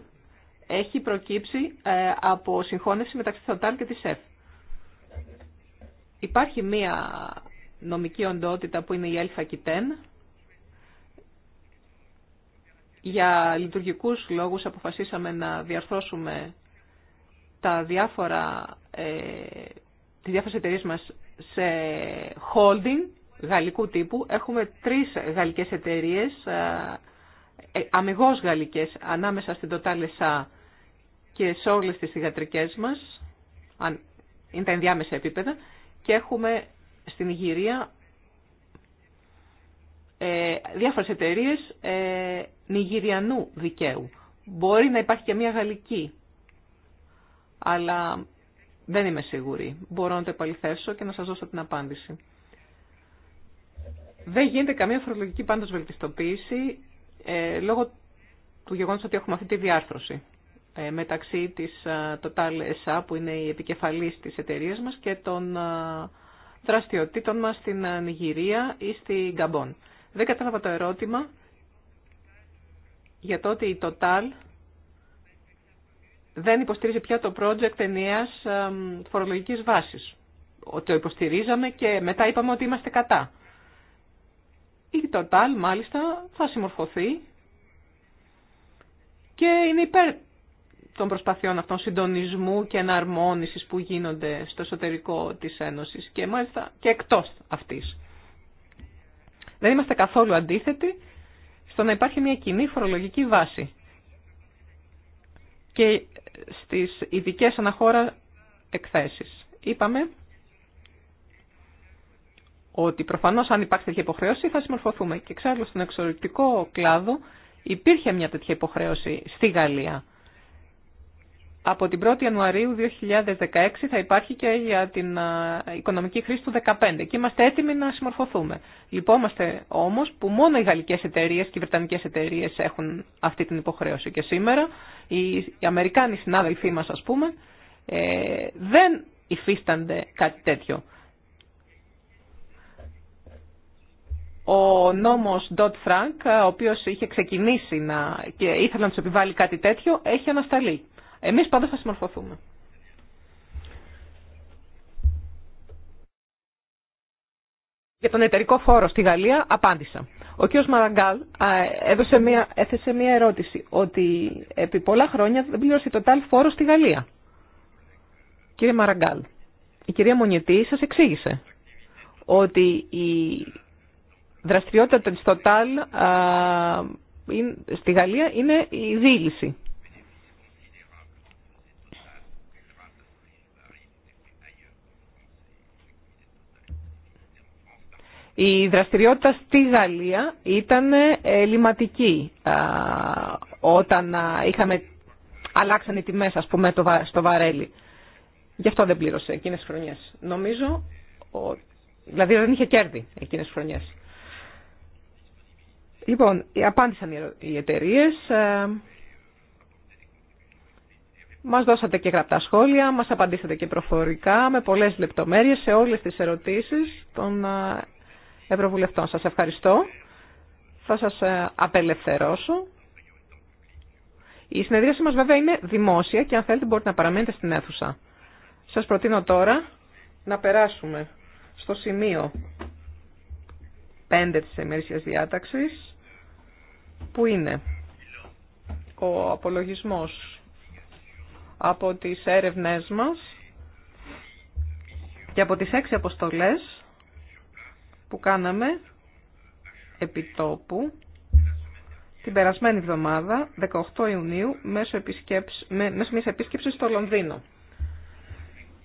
έχει προκύψει ε, από συγχώνευση μεταξύ Total και της ΕΦ. Υπάρχει μία νομική οντότητα που είναι η ΑΛΦΑ Κιτέν. Για λειτουργικούς λόγους αποφασίσαμε να διαρθώσουμε τα διάφορα, ε, τις διάφορες μας σε holding γαλλικού τύπου. Έχουμε τρεις γαλλικές εταιρείες ε, ε, αμυγός γαλλικές ανάμεσα στην Τοτάλεσσα και σε όλες τις θηγατρικές μας, είναι τα ενδιάμεσα επίπεδα, και έχουμε στην Ιγυρία ε, διάφορες εταιρείε ε, νιγηριανού δικαίου. Μπορεί να υπάρχει και μια γαλλική, αλλά δεν είμαι σίγουρη. Μπορώ να το επαληθέσω και να σας δώσω την απάντηση. Δεν γίνεται καμία φορολογική πάντως βελτιστοποίηση ε, λόγω του γεγονός ότι έχουμε αυτή τη διάρθρωση ε, μεταξύ της ε, Total SA που είναι η επικεφαλής της εταιρείας μας και των δραστηριοτήτων μας στην Νιγηρία ή στην Καμπών. Δεν κατάλαβα το ερώτημα για το ότι η Total δεν υποστηρίζει πια το project ενιαίας φορολογικής βάσης. Το υποστηρίζαμε και μετά είπαμε ότι είμαστε κατά. Η Total μάλιστα θα συμμορφωθεί και είναι υπέρ των προσπαθειών αυτών συντονισμού και εναρμόνισης που γίνονται στο εσωτερικό της Ένωσης και μάλιστα και εκτός αυτής. Δεν είμαστε καθόλου αντίθετοι στο να υπάρχει μια κοινή φορολογική βάση και στις ειδικέ αναχώρα εκθέσεις. Είπαμε ότι προφανώς αν υπάρχει τέτοια υποχρέωση θα συμμορφωθούμε. Και ξέρω στον εξωτερικό κλάδο υπήρχε μια τέτοια υποχρέωση στη Γαλλία. Από την 1η Ιανουαρίου 2016 θα υπάρχει και για την οικονομική χρήση του 2015 και είμαστε έτοιμοι να συμμορφωθούμε. Λυπόμαστε όμως που μόνο οι γαλλικές εταιρείε και οι βρετανικέ εταιρείε έχουν αυτή την υποχρέωση και σήμερα οι Αμερικάνοι συνάδελφοί μα, α πούμε ε, δεν υφίστανται κάτι τέτοιο. ο νόμος Dodd-Frank, ο οποίος είχε ξεκινήσει να, και ήθελε να του επιβάλλει κάτι τέτοιο, έχει ανασταλεί. Εμείς πάντως θα συμμορφωθούμε. Για τον εταιρικό φόρο στη Γαλλία απάντησα. Ο κ. Μαραγκάλ έδωσε μια, έθεσε μια ερώτηση ότι επί πολλά χρόνια δεν πλήρωσε το τάλ φόρο στη Γαλλία. Κύριε Μαραγκάλ, η κυρία Μονιετή σας εξήγησε ότι η δραστηριότητα της Total στη Γαλλία είναι η δίληση. Η δραστηριότητα στη Γαλλία ήταν ελληματική όταν είχαμε, αλλάξαν οι τιμές ας πούμε, στο βαρέλι. Γι' αυτό δεν πλήρωσε εκείνες τις χρονιές. Νομίζω, δηλαδή δεν είχε κέρδη εκείνες τις χρονιές. Λοιπόν, απάντησαν οι εταιρείε. Ε, μας δώσατε και γραπτά σχόλια, μας απαντήσατε και προφορικά με πολλές λεπτομέρειες σε όλες τις ερωτήσεις των ε, Ευρωβουλευτών. Σας ευχαριστώ. Θα σας ε, απελευθερώσω. Η συνεδρίαση μας βέβαια είναι δημόσια και αν θέλετε μπορείτε να παραμένετε στην αίθουσα. Σας προτείνω τώρα να περάσουμε στο σημείο 5 της ημερησίας διάταξης που είναι ο απολογισμός από τις έρευνές μας και από τις έξι αποστολές που κάναμε επιτόπου την περασμένη εβδομάδα, 18 Ιουνίου, μέσω, επισκέψη, μέσω μιας επίσκεψης στο Λονδίνο.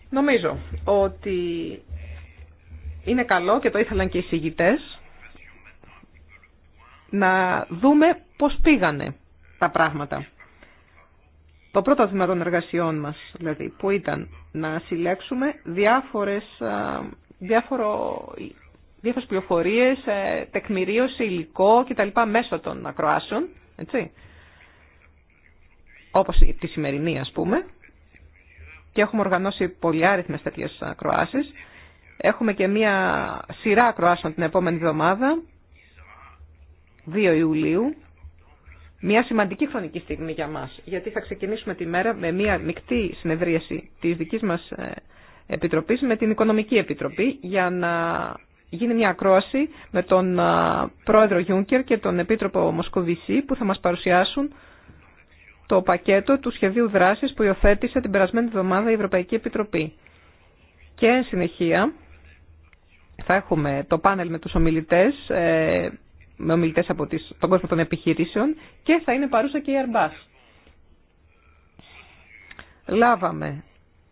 Νομίζω ότι είναι καλό και το ήθελαν και οι συγητές να δούμε πώς πήγανε τα πράγματα. Το πρώτο τμήμα των εργασιών μας, δηλαδή, που ήταν να συλλέξουμε διάφορες, διάφορο, διάφορες πληροφορίες, ε, τεκμηρίωση, υλικό κτλ. μέσω των ακροάσεων, έτσι, όπως τη σημερινή ας πούμε, και έχουμε οργανώσει πολλοί άριθμες τέτοιες ακροάσεις. Έχουμε και μία σειρά ακροάσεων την επόμενη εβδομάδα 2 Ιουλίου, μια σημαντική χρονική στιγμή για μας, γιατί θα ξεκινήσουμε τη μέρα με μια μεικτή συνεδρίαση της δικής μας ε, Επιτροπής με την Οικονομική Επιτροπή για να γίνει μια ακρόαση με τον ε, πρόεδρο Γιούνκερ και τον επίτροπο Μοσκοβισή που θα μας παρουσιάσουν το πακέτο του σχεδίου δράσης που υιοθέτησε την περασμένη εβδομάδα η Ευρωπαϊκή Επιτροπή. Και εν συνεχεία θα έχουμε το πάνελ με τους ομιλητές ε, με ομιλητέ από τις, τον κόσμο των επιχειρήσεων και θα είναι παρούσα και η Airbus. Λάβαμε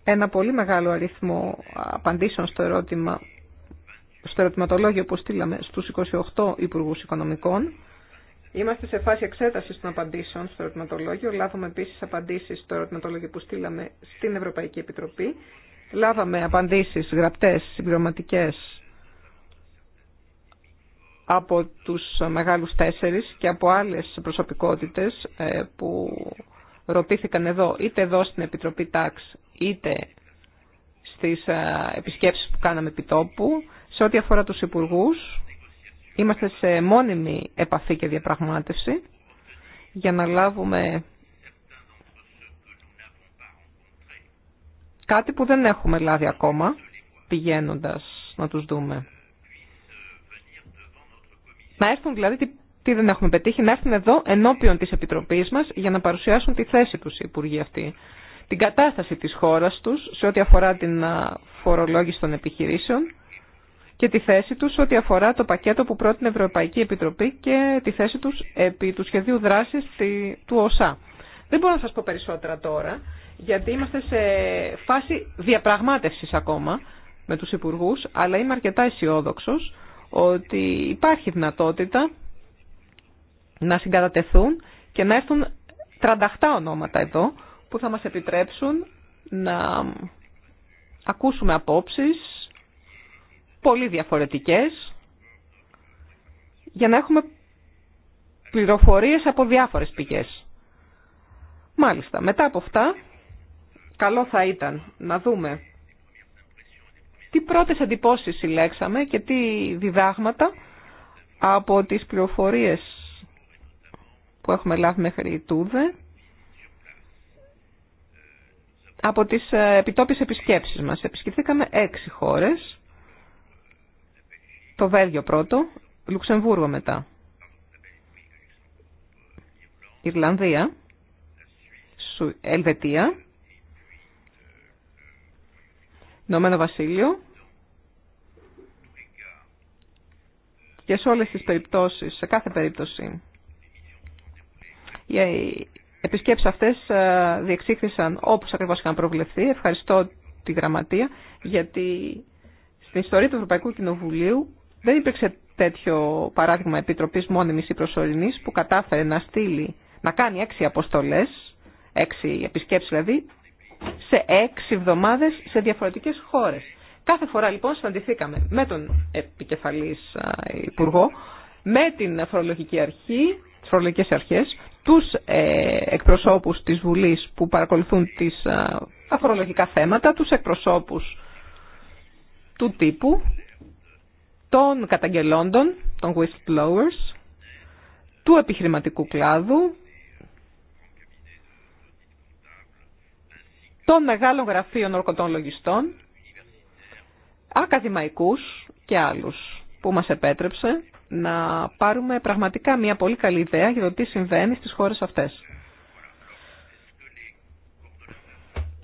ένα πολύ μεγάλο αριθμό απαντήσεων στο ερώτημα στο ερωτηματολόγιο που στείλαμε στους 28 υπουργου Οικονομικών. Είμαστε σε φάση εξέτασης των απαντήσεων στο ερωτηματολόγιο. Λάβαμε επίσης απαντήσεις στο ερωτηματολόγιο που στείλαμε στην Ευρωπαϊκή Επιτροπή. Λάβαμε απαντήσεις γραπτές, συμπληρωματικέ από τους μεγάλους τέσσερις και από άλλες προσωπικότητες ε, που ρωτήθηκαν εδώ, είτε εδώ στην Επιτροπή Τάξ, είτε στις ε, επισκέψεις που κάναμε τόπου. σε ό,τι αφορά τους υπουργούς, είμαστε σε μόνιμη επαφή και διαπραγμάτευση για να λάβουμε κάτι που δεν έχουμε λάβει ακόμα, πηγαίνοντας να τους δούμε. Να έρθουν δηλαδή τι, δεν έχουμε πετύχει, να έρθουν εδώ ενώπιον τη επιτροπή μα για να παρουσιάσουν τη θέση του οι υπουργοί αυτοί. Την κατάσταση τη χώρα του σε ό,τι αφορά την φορολόγηση των επιχειρήσεων και τη θέση τους ό,τι αφορά το πακέτο που πρότεινε η Ευρωπαϊκή Επιτροπή και τη θέση του επί του σχεδίου δράση του ΟΣΑ. Δεν μπορώ να σα πω περισσότερα τώρα, γιατί είμαστε σε φάση διαπραγμάτευση ακόμα με τους υπουργού, αλλά είμαι αρκετά αισιόδοξο ότι υπάρχει δυνατότητα να συγκατατεθούν και να έρθουν 38 ονόματα εδώ που θα μας επιτρέψουν να ακούσουμε απόψεις πολύ διαφορετικές για να έχουμε πληροφορίες από διάφορες πηγές. Μάλιστα, μετά από αυτά, καλό θα ήταν να δούμε τι πρώτες εντυπώσεις συλλέξαμε και τι διδάγματα από τις πληροφορίες που έχουμε λάβει μέχρι τούδε, από τις ε, επιτόπιες επισκέψεις μας. Επισκεφθήκαμε έξι χώρες, το Βέλγιο πρώτο, Λουξεμβούργο μετά, Ιρλανδία, Ελβετία, Ηνωμένο Βασίλειο και σε όλες τις περιπτώσεις, σε κάθε περίπτωση, οι επισκέψεις αυτές ε, διεξήχθησαν όπως ακριβώς είχαν προβλεφθεί. Ευχαριστώ τη Γραμματεία γιατί στην ιστορία του Ευρωπαϊκού Κοινοβουλίου δεν υπήρξε τέτοιο παράδειγμα επιτροπής μόνιμης ή προσωρινής που κατάφερε να στείλει, να κάνει έξι αποστολές, έξι επισκέψεις δηλαδή, σε έξι εβδομάδες σε διαφορετικές χώρες. Κάθε φορά λοιπόν συναντηθήκαμε με τον επικεφαλής υπουργό, με την φορολογική αρχή, τις φορολογικές αρχές, τους ε, εκπροσώπους της Βουλής που παρακολουθούν τις, τα φορολογικά θέματα, τους εκπροσώπους του τύπου, των καταγγελόντων, των whistleblowers, του επιχειρηματικού κλάδου, των μεγάλων γραφείων ορκωτών λογιστών, ακαδημαϊκούς και άλλους που μας επέτρεψε να πάρουμε πραγματικά μια πολύ καλή ιδέα για το τι συμβαίνει στις χώρες αυτές.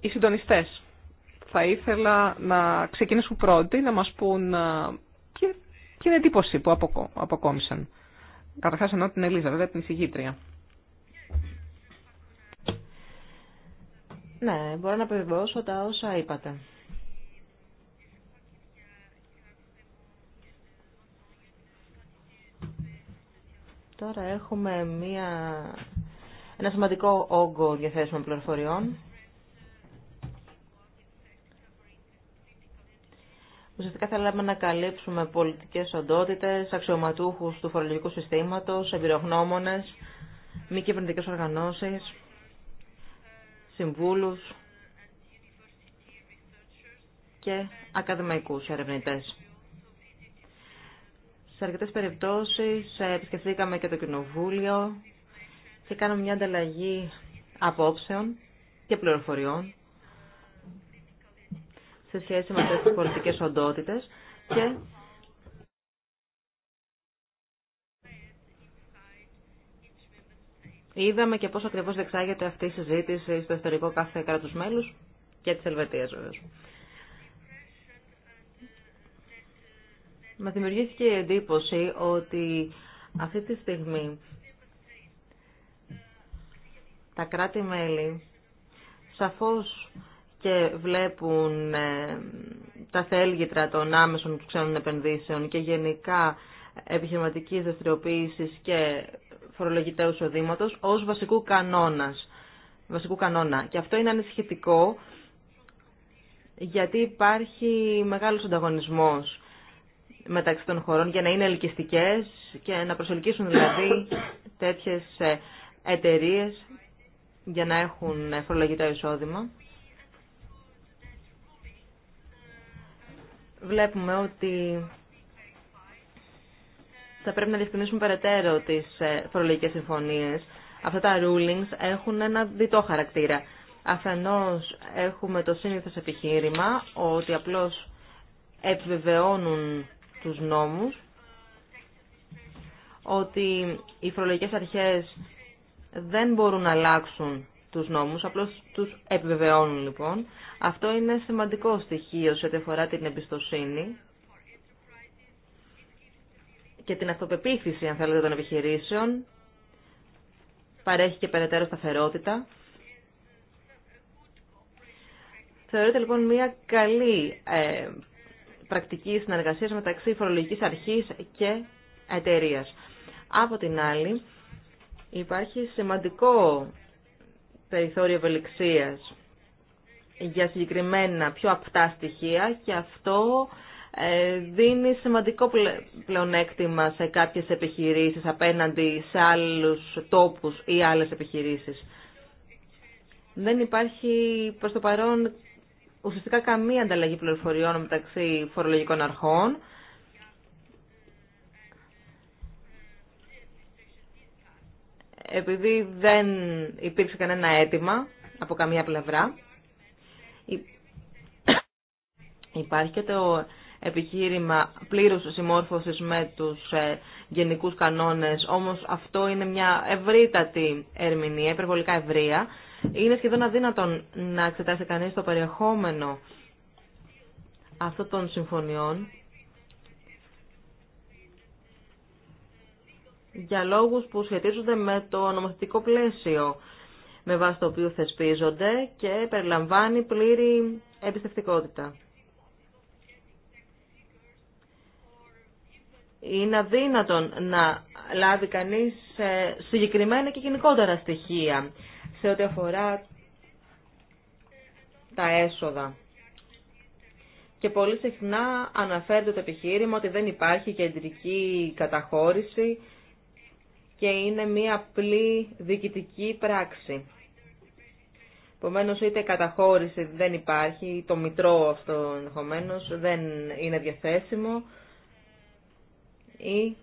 Οι συντονιστές θα ήθελα να ξεκινήσουν πρώτοι να μας πούν και είναι εντύπωση που αποκόμισαν. Καταρχάς εννοώ την Ελίζα, βέβαια την εισηγήτρια. Ναι, μπορώ να επιβεβαιώσω τα όσα είπατε. Τώρα έχουμε μία, ένα σημαντικό όγκο διαθέσιμων πληροφοριών. Ουσιαστικά θέλαμε να καλύψουμε πολιτικές οντότητες, αξιωματούχους του φορολογικού συστήματος, εμπειρογνώμονες, μη κυβερνητικές οργανώσεις συμβούλους και ακαδημαϊκούς ερευνητές. Σε αρκετές περιπτώσεις ε, επισκεφθήκαμε και το Κοινοβούλιο και κάναμε μια ανταλλαγή απόψεων και πληροφοριών σε σχέση με αυτές τις πολιτικές οντότητες και Είδαμε και πώ ακριβώ δεξάγεται αυτή η συζήτηση στο ιστορικό κάθε κράτου μέλους και τη Ελβετία, βέβαια. Μα δημιουργήθηκε η εντύπωση ότι αυτή τη στιγμή τα κράτη-μέλη σαφώς και βλέπουν ε, τα θέλγητρα των άμεσων ξένων επενδύσεων και γενικά επιχειρηματικής δραστηριοποίηση και φορολογητέου εισόδηματο ως βασικού, κανόνας, βασικού κανόνα. Και αυτό είναι ανησυχητικό γιατί υπάρχει μεγάλος ανταγωνισμός μεταξύ των χωρών για να είναι ελκυστικές και να προσελκύσουν δηλαδή τέτοιες ε, εταιρείε για να έχουν φορολογητό εισόδημα. Βλέπουμε ότι θα πρέπει να διευκρινίσουμε περαιτέρω τι ε, φορολογικέ συμφωνίες. Αυτά τα rulings έχουν ένα διτό χαρακτήρα. Αφενό έχουμε το σύνηθες επιχείρημα ότι απλώς επιβεβαιώνουν τους νόμους ότι οι φορολογικές αρχές δεν μπορούν να αλλάξουν τους νόμους, απλώς τους επιβεβαιώνουν λοιπόν. Αυτό είναι σημαντικό στοιχείο σε ό,τι αφορά την εμπιστοσύνη και την αυτοπεποίθηση, αν θέλετε, των επιχειρήσεων, παρέχει και περαιτέρω σταθερότητα. Θεωρείται λοιπόν μια καλή ε, πρακτική συνεργασία μεταξύ φορολογικής αρχής και εταιρεία. Από την άλλη, υπάρχει σημαντικό περιθώριο ευελιξίας για συγκεκριμένα πιο απτά στοιχεία και αυτό ε, δίνει σημαντικό πλεονέκτημα σε κάποιες επιχειρήσεις απέναντι σε άλλους τόπους ή άλλες επιχειρήσεις. Δεν υπάρχει προς το παρόν ουσιαστικά καμία ανταλλαγή πληροφοριών μεταξύ φορολογικών αρχών. Επειδή δεν υπήρξε κανένα αίτημα από καμία πλευρά, υπάρχει και το επιχείρημα πλήρους συμμόρφωσης με τους ε, γενικούς κανόνες, όμως αυτό είναι μια ευρύτατη ερμηνεία, υπερβολικά ευρεία. Είναι σχεδόν αδύνατον να εξετάσει κανείς το περιεχόμενο αυτών των συμφωνιών για λόγους που σχετίζονται με το νομοθετικό πλαίσιο με βάση το οποίο θεσπίζονται και περιλαμβάνει πλήρη εμπιστευτικότητα. είναι αδύνατον να λάβει κανείς ε, συγκεκριμένα και γενικότερα στοιχεία σε ό,τι αφορά τα έσοδα. Και πολύ συχνά αναφέρεται το επιχείρημα ότι δεν υπάρχει κεντρική καταχώρηση και είναι μία απλή διοικητική πράξη. Επομένω, είτε καταχώρηση δεν υπάρχει, το μητρό αυτό ενδεχομένω δεν είναι διαθέσιμο, ή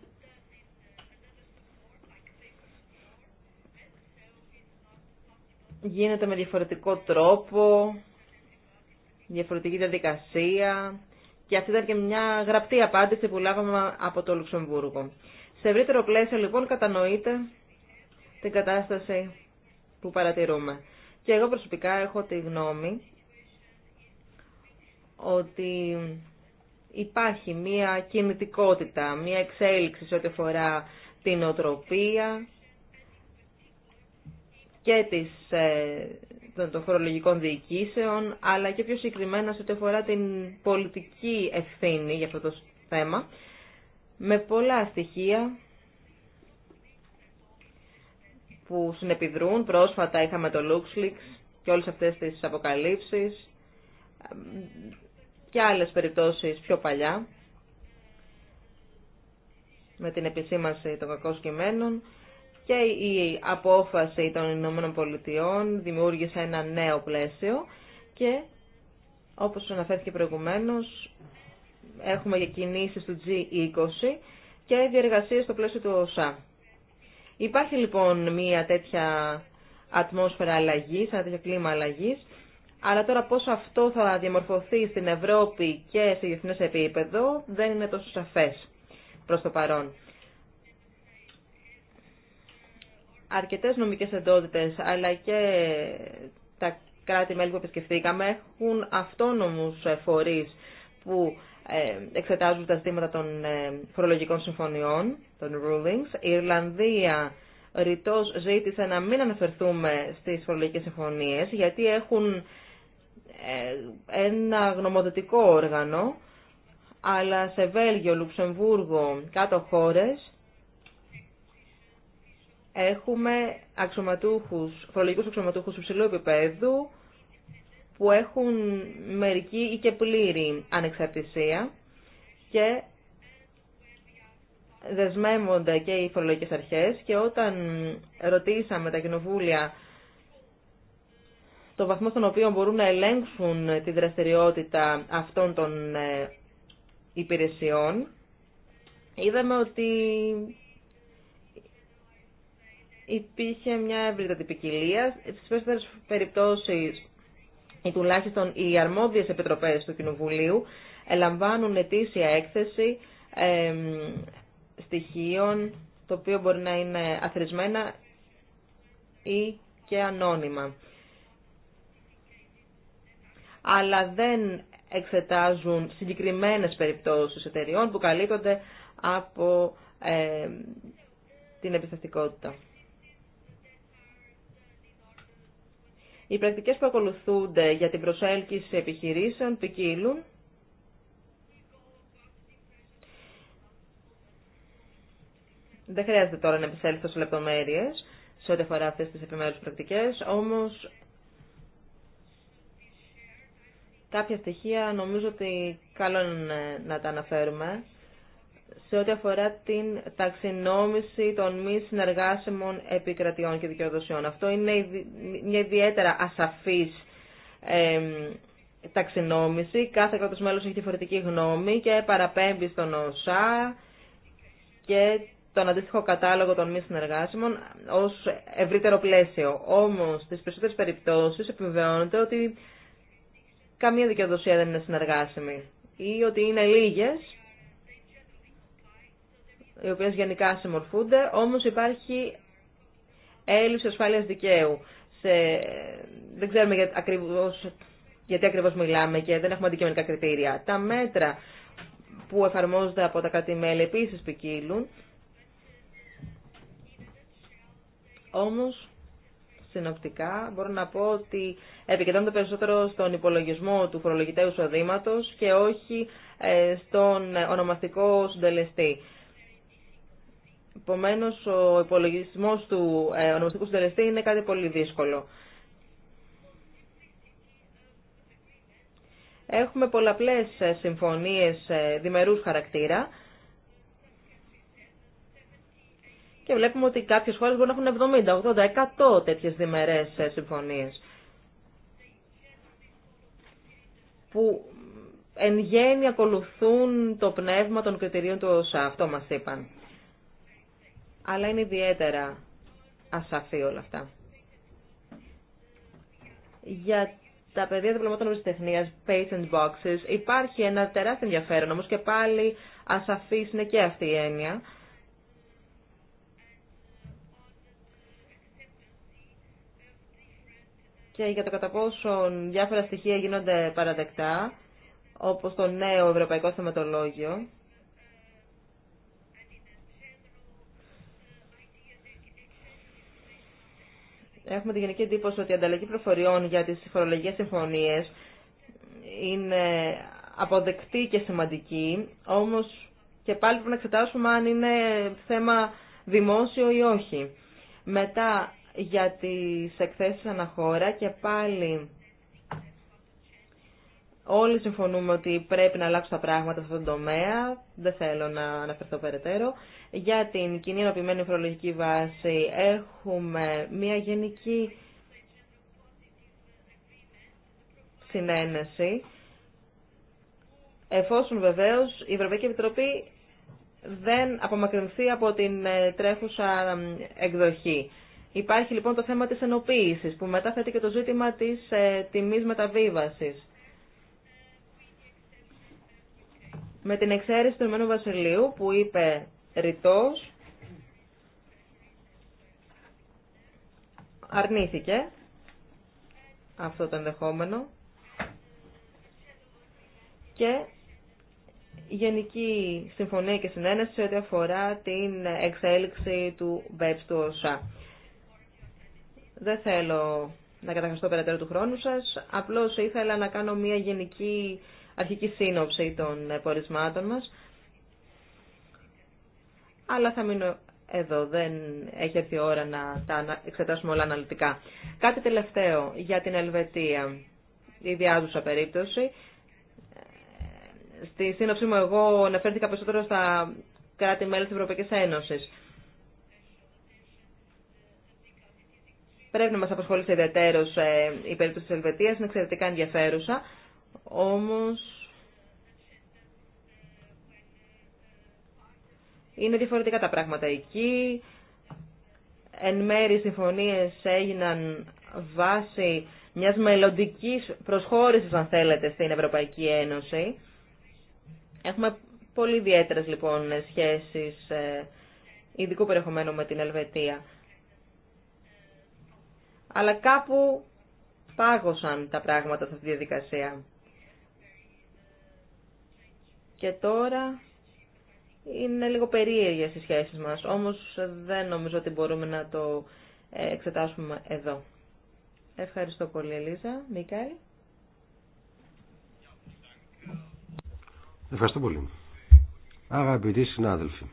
γίνεται με διαφορετικό τρόπο, διαφορετική διαδικασία και αυτή ήταν και μια γραπτή απάντηση που λάβαμε από το Λουξεμβούργο. Σε ευρύτερο πλαίσιο λοιπόν κατανοείται την κατάσταση που παρατηρούμε. Και εγώ προσωπικά έχω τη γνώμη ότι υπάρχει μία κινητικότητα, μία εξέλιξη σε ό,τι αφορά την οτροπία και τις, ε, των φορολογικών διοικήσεων, αλλά και πιο συγκεκριμένα σε ό,τι αφορά την πολιτική ευθύνη για αυτό το θέμα, με πολλά στοιχεία που συνεπιδρούν. Πρόσφατα είχαμε το LuxLeaks και όλες αυτές τις αποκαλύψεις και άλλες περιπτώσεις πιο παλιά με την επισήμαση των κακών κειμένων και η απόφαση των Ηνωμένων Πολιτειών δημιούργησε ένα νέο πλαίσιο και όπως αναφέρθηκε προηγουμένως έχουμε και κινήσεις του G20 και διεργασίες στο πλαίσιο του ΩΣΑ. Υπάρχει λοιπόν μια τέτοια ατμόσφαιρα αλλαγής, ένα τέτοιο κλίμα αλλαγής αλλά τώρα πόσο αυτό θα διαμορφωθεί στην Ευρώπη και σε διεθνές επίπεδο δεν είναι τόσο σαφές προς το παρόν. Αρκετές νομικές εντότητες αλλά και τα κράτη-μέλη που επισκεφθήκαμε έχουν αυτόνομους ε, φορείς που ε, εξετάζουν τα ζητήματα των ε, φορολογικών συμφωνιών, των rulings. Η Ιρλανδία ρητός ζήτησε να μην αναφερθούμε στις φορολογικές συμφωνίες γιατί έχουν ε, ένα γνωμοδοτικό όργανο, αλλά σε Βέλγιο, Λουξεμβούργο, κάτω χώρες, έχουμε αξιωματούχους, φορολογικούς αξιωματούχους υψηλού επίπεδου, που έχουν μερική ή και πλήρη ανεξαρτησία και δεσμεύονται και οι φορολογικές αρχές και όταν ρωτήσαμε τα κοινοβούλια στο βαθμό στον οποίο μπορούν να ελέγξουν τη δραστηριότητα αυτών των ε, υπηρεσιών, είδαμε ότι υπήρχε μια ευρύτατη ποικιλία. Στις περισσότερες περιπτώσεις, ή τουλάχιστον οι αρμόδιες επιτροπές του Κοινοβουλίου, ελαμβάνουν ετήσια έκθεση ε, στοιχείων, το οποίο μπορεί να είναι αθροισμένα ή και ανώνυμα αλλά δεν εξετάζουν συγκεκριμένες περιπτώσεις εταιριών που καλύπτονται από ε, την επιστατικότητα. Οι πρακτικές που ακολουθούνται για την προσέλκυση επιχειρήσεων ποικίλουν Δεν χρειάζεται τώρα να επισέλθω σε λεπτομέρειε σε ό,τι αφορά αυτές τις επιμέρους πρακτικές, όμω Κάποια στοιχεία νομίζω ότι καλό είναι να τα αναφέρουμε σε ό,τι αφορά την ταξινόμηση των μη συνεργάσιμων επικρατιών και δικαιοδοσιών. Αυτό είναι μια ιδιαίτερα ασαφής ταξινόμηση. Κάθε κράτος μέλος έχει διαφορετική γνώμη και παραπέμπει στον ΩΣΑ και τον αντίστοιχο κατάλογο των μη συνεργάσιμων ως ευρύτερο πλαίσιο. Όμως, στις περισσότερες περιπτώσεις επιβεβαιώνεται ότι καμία δικαιοδοσία δεν είναι συνεργάσιμη ή ότι είναι λίγες οι οποίες γενικά συμμορφούνται, όμως υπάρχει έλλειψη ασφάλειας δικαίου. Σε... Δεν ξέρουμε για... ακριβώς... γιατί ακριβώς μιλάμε και δεν έχουμε αντικειμενικά κριτήρια. Τα μέτρα που εφαρμόζονται από τα κράτη-μέλη επίσης ποικίλουν, όμως συνοπτικά μπορώ να πω ότι επικεντρώνεται περισσότερο στον υπολογισμό του φορολογητέου εισοδήματο και όχι ε, στον ονομαστικό συντελεστή. Επομένω, ο υπολογισμό του ε, ονομαστικού συντελεστή είναι κάτι πολύ δύσκολο. Έχουμε πολλαπλές ε, συμφωνίες διμερούς χαρακτήρα και βλέπουμε ότι κάποιες χώρες μπορούν να έχουν 70, 80, 100 τέτοιες διμερές ε, συμφωνίες. Που εν γέννη ακολουθούν το πνεύμα των κριτηρίων του ΩΣΑ, αυτό μας είπαν. Αλλά είναι ιδιαίτερα ασαφή όλα αυτά. Για τα παιδιά διπλωμάτων ευρεσιτεχνίας, patent boxes, υπάρχει ένα τεράστιο ενδιαφέρον, όμως και πάλι ασαφής είναι και αυτή η έννοια. για το κατά πόσον διάφορα στοιχεία γίνονται παραδεκτά, όπως το νέο Ευρωπαϊκό Θεματολόγιο. Έχουμε τη γενική εντύπωση ότι η ανταλλαγή προφοριών για τις φορολογικές συμφωνίες είναι αποδεκτή και σημαντική, όμως και πάλι πρέπει να εξετάσουμε αν είναι θέμα δημόσιο ή όχι. Μετά, για τις εκθέσεις αναχώρα και πάλι όλοι συμφωνούμε ότι πρέπει να αλλάξουν τα πράγματα σε αυτόν τον τομέα, δεν θέλω να αναφερθώ περαιτέρω. Για την κοινή ενωπημένη φορολογική βάση έχουμε μια γενική συνένεση, εφόσον βεβαίως η Ευρωπαϊκή Επιτροπή δεν απομακρυνθεί από την ε, τρέχουσα εκδοχή. Υπάρχει λοιπόν το θέμα της ενοποίησης που θέτει και το ζήτημα της ε, τιμής μεταβίβασης. Με την εξαίρεση του Ηνωμένου Βασιλείου που είπε ρητός, αρνήθηκε αυτό το ενδεχόμενο και γενική συμφωνία και συνένεση ό,τι αφορά την εξέλιξη του ΒΕΠΣ του ΩΣΑ. Δεν θέλω να καταχαστώ περαιτέρω του χρόνου σας. Απλώς ήθελα να κάνω μια γενική αρχική σύνοψη των πορισμάτων μας. Αλλά θα μείνω εδώ. Δεν έχει έρθει ώρα να τα εξετάσουμε όλα αναλυτικά. Κάτι τελευταίο για την Ελβετία. Η διάδουσα περίπτωση. Στη σύνοψή μου εγώ αναφέρθηκα περισσότερο στα κράτη-μέλη της Ευρωπαϊκής Ένωσης. Πρέπει να μας απασχολήσει ιδιαίτερως ε, η περίπτωση της Ελβετίας, είναι εξαιρετικά ενδιαφέρουσα. Όμως είναι διαφορετικά τα πράγματα εκεί. Εν μέρει οι συμφωνίες έγιναν βάσει μιας μελλοντική προσχώρησης, αν θέλετε, στην Ευρωπαϊκή Ένωση. Έχουμε πολύ ιδιαίτερε λοιπόν σχέσεις ε, ειδικού περιεχομένου με την Ελβετία αλλά κάπου πάγωσαν τα πράγματα σε αυτή τη διαδικασία. Και τώρα είναι λίγο περίεργες οι σχέσεις μας, όμως δεν νομίζω ότι μπορούμε να το ε, εξετάσουμε εδώ. Ευχαριστώ πολύ Ελίζα. Μικάλ. Ευχαριστώ πολύ. Αγαπητοί συνάδελφοι,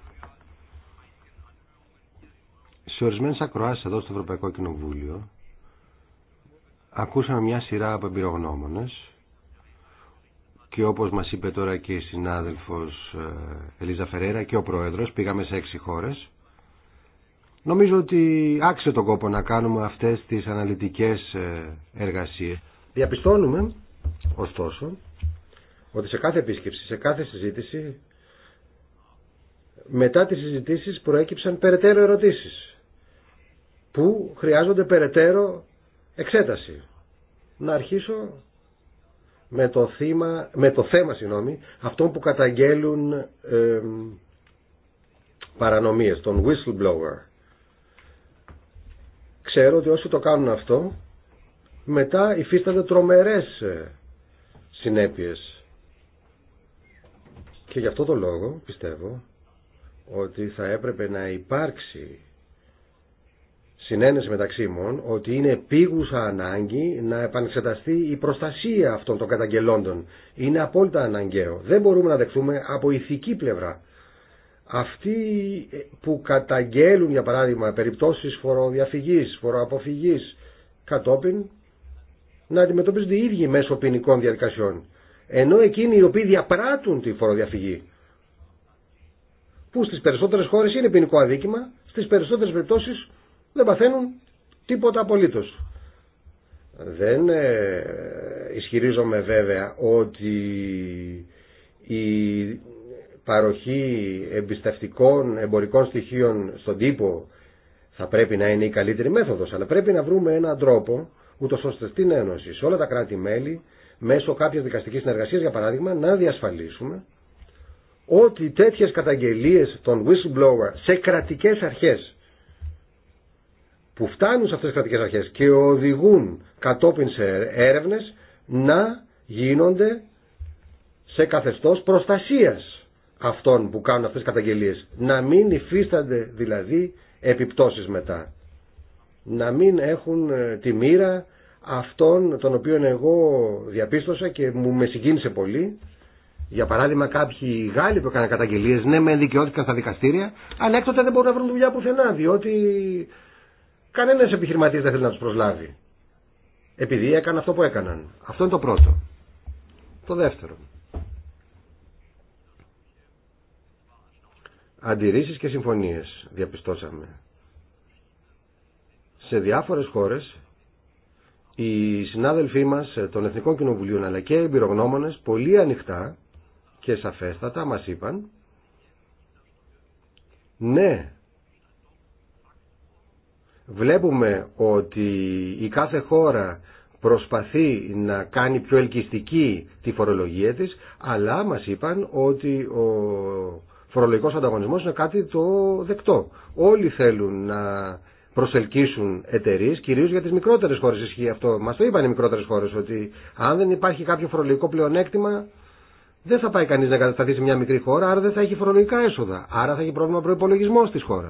σε ορισμένε ακροάσει εδώ στο Ευρωπαϊκό Κοινοβούλιο Ακούσαμε μια σειρά από εμπειρογνώμονες και όπως μας είπε τώρα και η συνάδελφος ε, Ελίζα Φερέρα και ο Πρόεδρος, πήγαμε σε έξι χώρες. Νομίζω ότι άξιζε τον κόπο να κάνουμε αυτές τις αναλυτικές ε, εργασίες. Διαπιστώνουμε, ωστόσο, ότι σε κάθε επίσκεψη, σε κάθε συζήτηση, μετά τις συζητήσεις προέκυψαν περαιτέρω ερωτήσεις που χρειάζονται περαιτέρω εξέταση. Να αρχίσω με το, με το θέμα συγγνώμη, αυτό που καταγγέλουν ε, παρανομίες, τον whistleblower. Ξέρω ότι όσοι το κάνουν αυτό, μετά υφίστανται τρομερές ε, συνέπειες. Και γι' αυτό το λόγο πιστεύω ότι θα έπρεπε να υπάρξει συνένεση μεταξύ μου ότι είναι επίγουσα ανάγκη να επανεξεταστεί η προστασία αυτών των καταγγελόντων. Είναι απόλυτα αναγκαίο. Δεν μπορούμε να δεχθούμε από ηθική πλευρά. Αυτοί που καταγγέλουν, για παράδειγμα, περιπτώσεις φοροδιαφυγής, φοροαποφυγής, κατόπιν, να αντιμετωπίζονται οι ίδιοι μέσω ποινικών διαδικασιών. Ενώ εκείνοι οι οποίοι διαπράττουν τη φοροδιαφυγή, που στις περισσότερες χώρες είναι ποινικό αδίκημα, στις περισσότερες περιπτώσεις δεν παθαίνουν τίποτα απολύτως. Δεν ε, ισχυρίζομαι βέβαια ότι η παροχή εμπιστευτικών εμπορικών στοιχείων στον τύπο θα πρέπει να είναι η καλύτερη μέθοδος, αλλά πρέπει να βρούμε έναν τρόπο ούτω ώστε στην Ένωση, σε όλα τα κράτη-μέλη, μέσω κάποιας δικαστικής συνεργασίας, για παράδειγμα, να διασφαλίσουμε ότι τέτοιες καταγγελίες των whistleblower σε κρατικές αρχές που φτάνουν σε αυτές τις κρατικές αρχές και οδηγούν κατόπιν σε έρευνες να γίνονται σε καθεστώς προστασίας αυτών που κάνουν αυτές τις καταγγελίες. Να μην υφίστανται δηλαδή επιπτώσεις μετά. Να μην έχουν ε, τη μοίρα αυτών των οποίο εγώ διαπίστωσα και μου με συγκίνησε πολύ. Για παράδειγμα κάποιοι Γάλλοι που έκαναν καταγγελίες, ναι με δικαιώθηκαν στα δικαστήρια, αλλά έκτοτε δεν μπορούν να βρουν δουλειά πουθενά, διότι Κανένα επιχειρηματίας δεν θέλει να του προσλάβει. Επειδή έκανε αυτό που έκαναν. Αυτό είναι το πρώτο. Το δεύτερο. Αντιρρήσεις και συμφωνίες διαπιστώσαμε. Σε διάφορες χώρες οι συνάδελφοί μας των Εθνικών Κοινοβουλίων αλλά και οι εμπειρογνώμονες πολύ ανοιχτά και σαφέστατα μας είπαν ναι, βλέπουμε ότι η κάθε χώρα προσπαθεί να κάνει πιο ελκυστική τη φορολογία της, αλλά μας είπαν ότι ο φορολογικός ανταγωνισμός είναι κάτι το δεκτό. Όλοι θέλουν να προσελκύσουν εταιρείε, κυρίω για τι μικρότερε χώρε ισχύει αυτό. Μα το είπαν οι μικρότερε χώρε ότι αν δεν υπάρχει κάποιο φορολογικό πλεονέκτημα, δεν θα πάει κανεί να κατασταθεί σε μια μικρή χώρα, άρα δεν θα έχει φορολογικά έσοδα. Άρα θα έχει πρόβλημα προπολογισμό τη χώρα.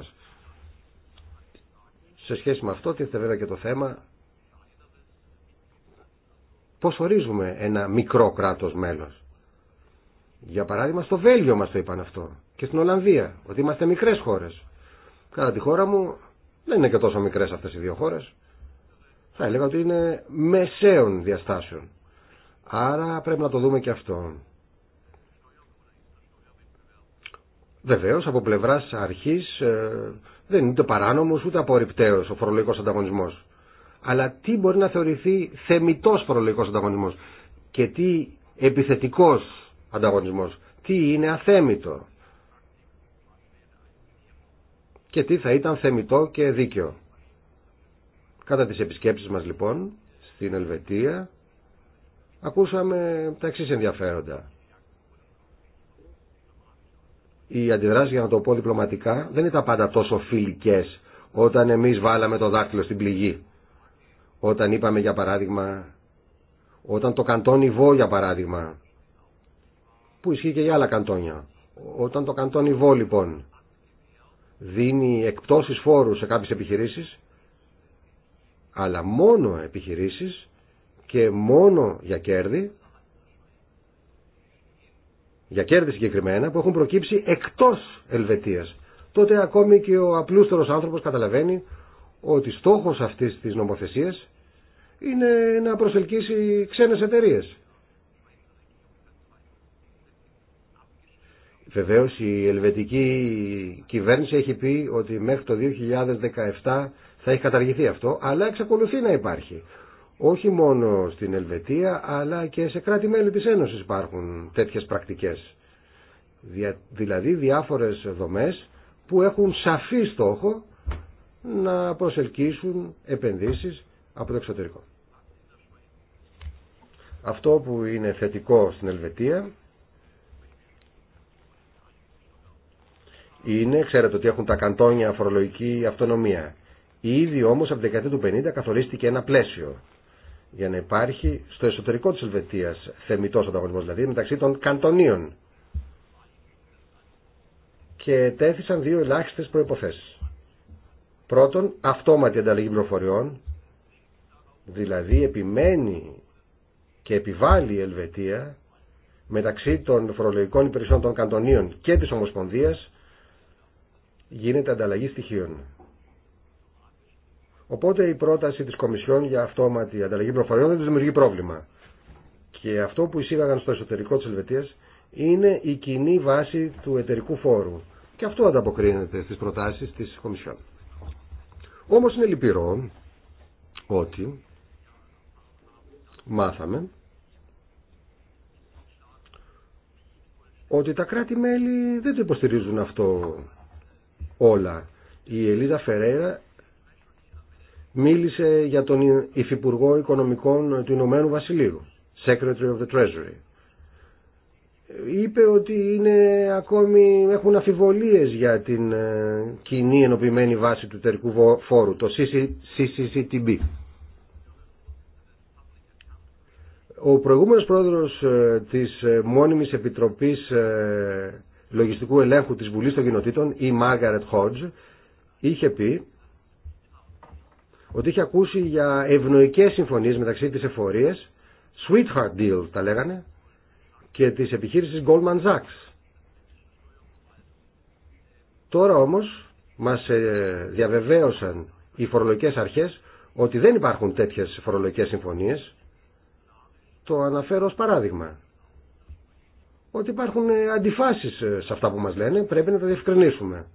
Σε σχέση με αυτό τίθεται βέβαια και το θέμα πώς ορίζουμε ένα μικρό κράτος μέλος. Για παράδειγμα στο Βέλγιο μας το είπαν αυτό και στην Ολλανδία, ότι είμαστε μικρές χώρες. Κατά τη χώρα μου δεν είναι και τόσο μικρές αυτές οι δύο χώρες. Θα έλεγα ότι είναι μεσαίων διαστάσεων. Άρα πρέπει να το δούμε και αυτό. Βεβαίως από πλευράς αρχής ε, δεν είναι ούτε παράνομο ούτε απορριπταίο ο φορολογικό ανταγωνισμό. Αλλά τι μπορεί να θεωρηθεί θεμητό φορολογικό ανταγωνισμό και τι επιθετικό ανταγωνισμό. Τι είναι αθέμητο. Και τι θα ήταν θεμητό και δίκαιο. Κατά τις επισκέψεις μας λοιπόν στην Ελβετία ακούσαμε τα εξής ενδιαφέροντα οι αντιδράσει, για να το πω διπλωματικά, δεν ήταν πάντα τόσο φιλικέ όταν εμεί βάλαμε το δάκτυλο στην πληγή. Όταν είπαμε, για παράδειγμα, όταν το καντόνι Βό, για παράδειγμα, που ισχύει και για άλλα καντόνια, όταν το καντόνι Βό, λοιπόν, δίνει εκπτώσεις φόρου σε κάποιες επιχειρήσεις, αλλά μόνο επιχειρήσει και μόνο για κέρδη, για κέρδη συγκεκριμένα, που έχουν προκύψει εκτός Ελβετίας. Τότε ακόμη και ο απλούστερος άνθρωπο καταλαβαίνει ότι στόχος αυτής της νομοθεσίας είναι να προσελκύσει ξένες εταιρείε. Βεβαίω η ελβετική κυβέρνηση έχει πει ότι μέχρι το 2017 θα έχει καταργηθεί αυτό, αλλά εξακολουθεί να υπάρχει όχι μόνο στην Ελβετία αλλά και σε κράτη-μέλη της Ένωσης υπάρχουν τέτοιες πρακτικές. Δηλαδή διάφορες δομές που έχουν σαφή στόχο να προσελκύσουν επενδύσεις από το εξωτερικό. Αυτό που είναι θετικό στην Ελβετία είναι, ξέρετε ότι έχουν τα καντόνια φορολογική αυτονομία. Ήδη όμως από την δεκαετία του 50 καθορίστηκε ένα πλαίσιο για να υπάρχει στο εσωτερικό της Ελβετίας θεμητός ανταγωνισμός, δηλαδή μεταξύ των καντονίων. Και τέθησαν δύο ελάχιστες προϋποθέσεις. Πρώτον, αυτόματη ανταλλαγή πληροφοριών, δηλαδή επιμένει και επιβάλλει η Ελβετία μεταξύ των φορολογικών υπηρεσιών των καντονίων και της Ομοσπονδίας γίνεται ανταλλαγή στοιχείων. Οπότε η πρόταση της Κομισιόν για αυτόματη ανταλλαγή προφοριών δεν δημιουργεί πρόβλημα. Και αυτό που εισήγαγαν στο εσωτερικό τη Ελβετίας είναι η κοινή βάση του εταιρικού φόρου. Και αυτό ανταποκρίνεται στις προτάσεις της Κομισιόν. Όμως είναι λυπηρό ότι μάθαμε ότι τα κράτη-μέλη δεν το υποστηρίζουν αυτό όλα. Η Ελίδα Φερέρα μίλησε για τον Υφυπουργό Οικονομικών του Ηνωμένου Βασιλείου, Secretary of the Treasury. Είπε ότι είναι ακόμη, έχουν αφιβολίες για την ε, κοινή ενοποιημένη βάση του εταιρικού φόρου, το CCCTB. Ο προηγούμενος πρόεδρος ε, της ε, Μόνιμης Επιτροπής Λογιστικού Ελέγχου της Βουλής των Κοινοτήτων, η Μάργαρετ Χότζ, είχε πει ότι είχε ακούσει για ευνοικέ συμφωνίε μεταξύ της εφορίας, sweetheart deal τα λέγανε, και της επιχείρησης Goldman Sachs. Τώρα όμως μας ε, διαβεβαίωσαν οι φορολογικές αρχές ότι δεν υπάρχουν τέτοιες φορολογικές συμφωνίε, Το αναφέρω ως παράδειγμα. Ότι υπάρχουν ε, αντιφάσεις ε, σε αυτά που μας λένε, πρέπει να τα διευκρινίσουμε.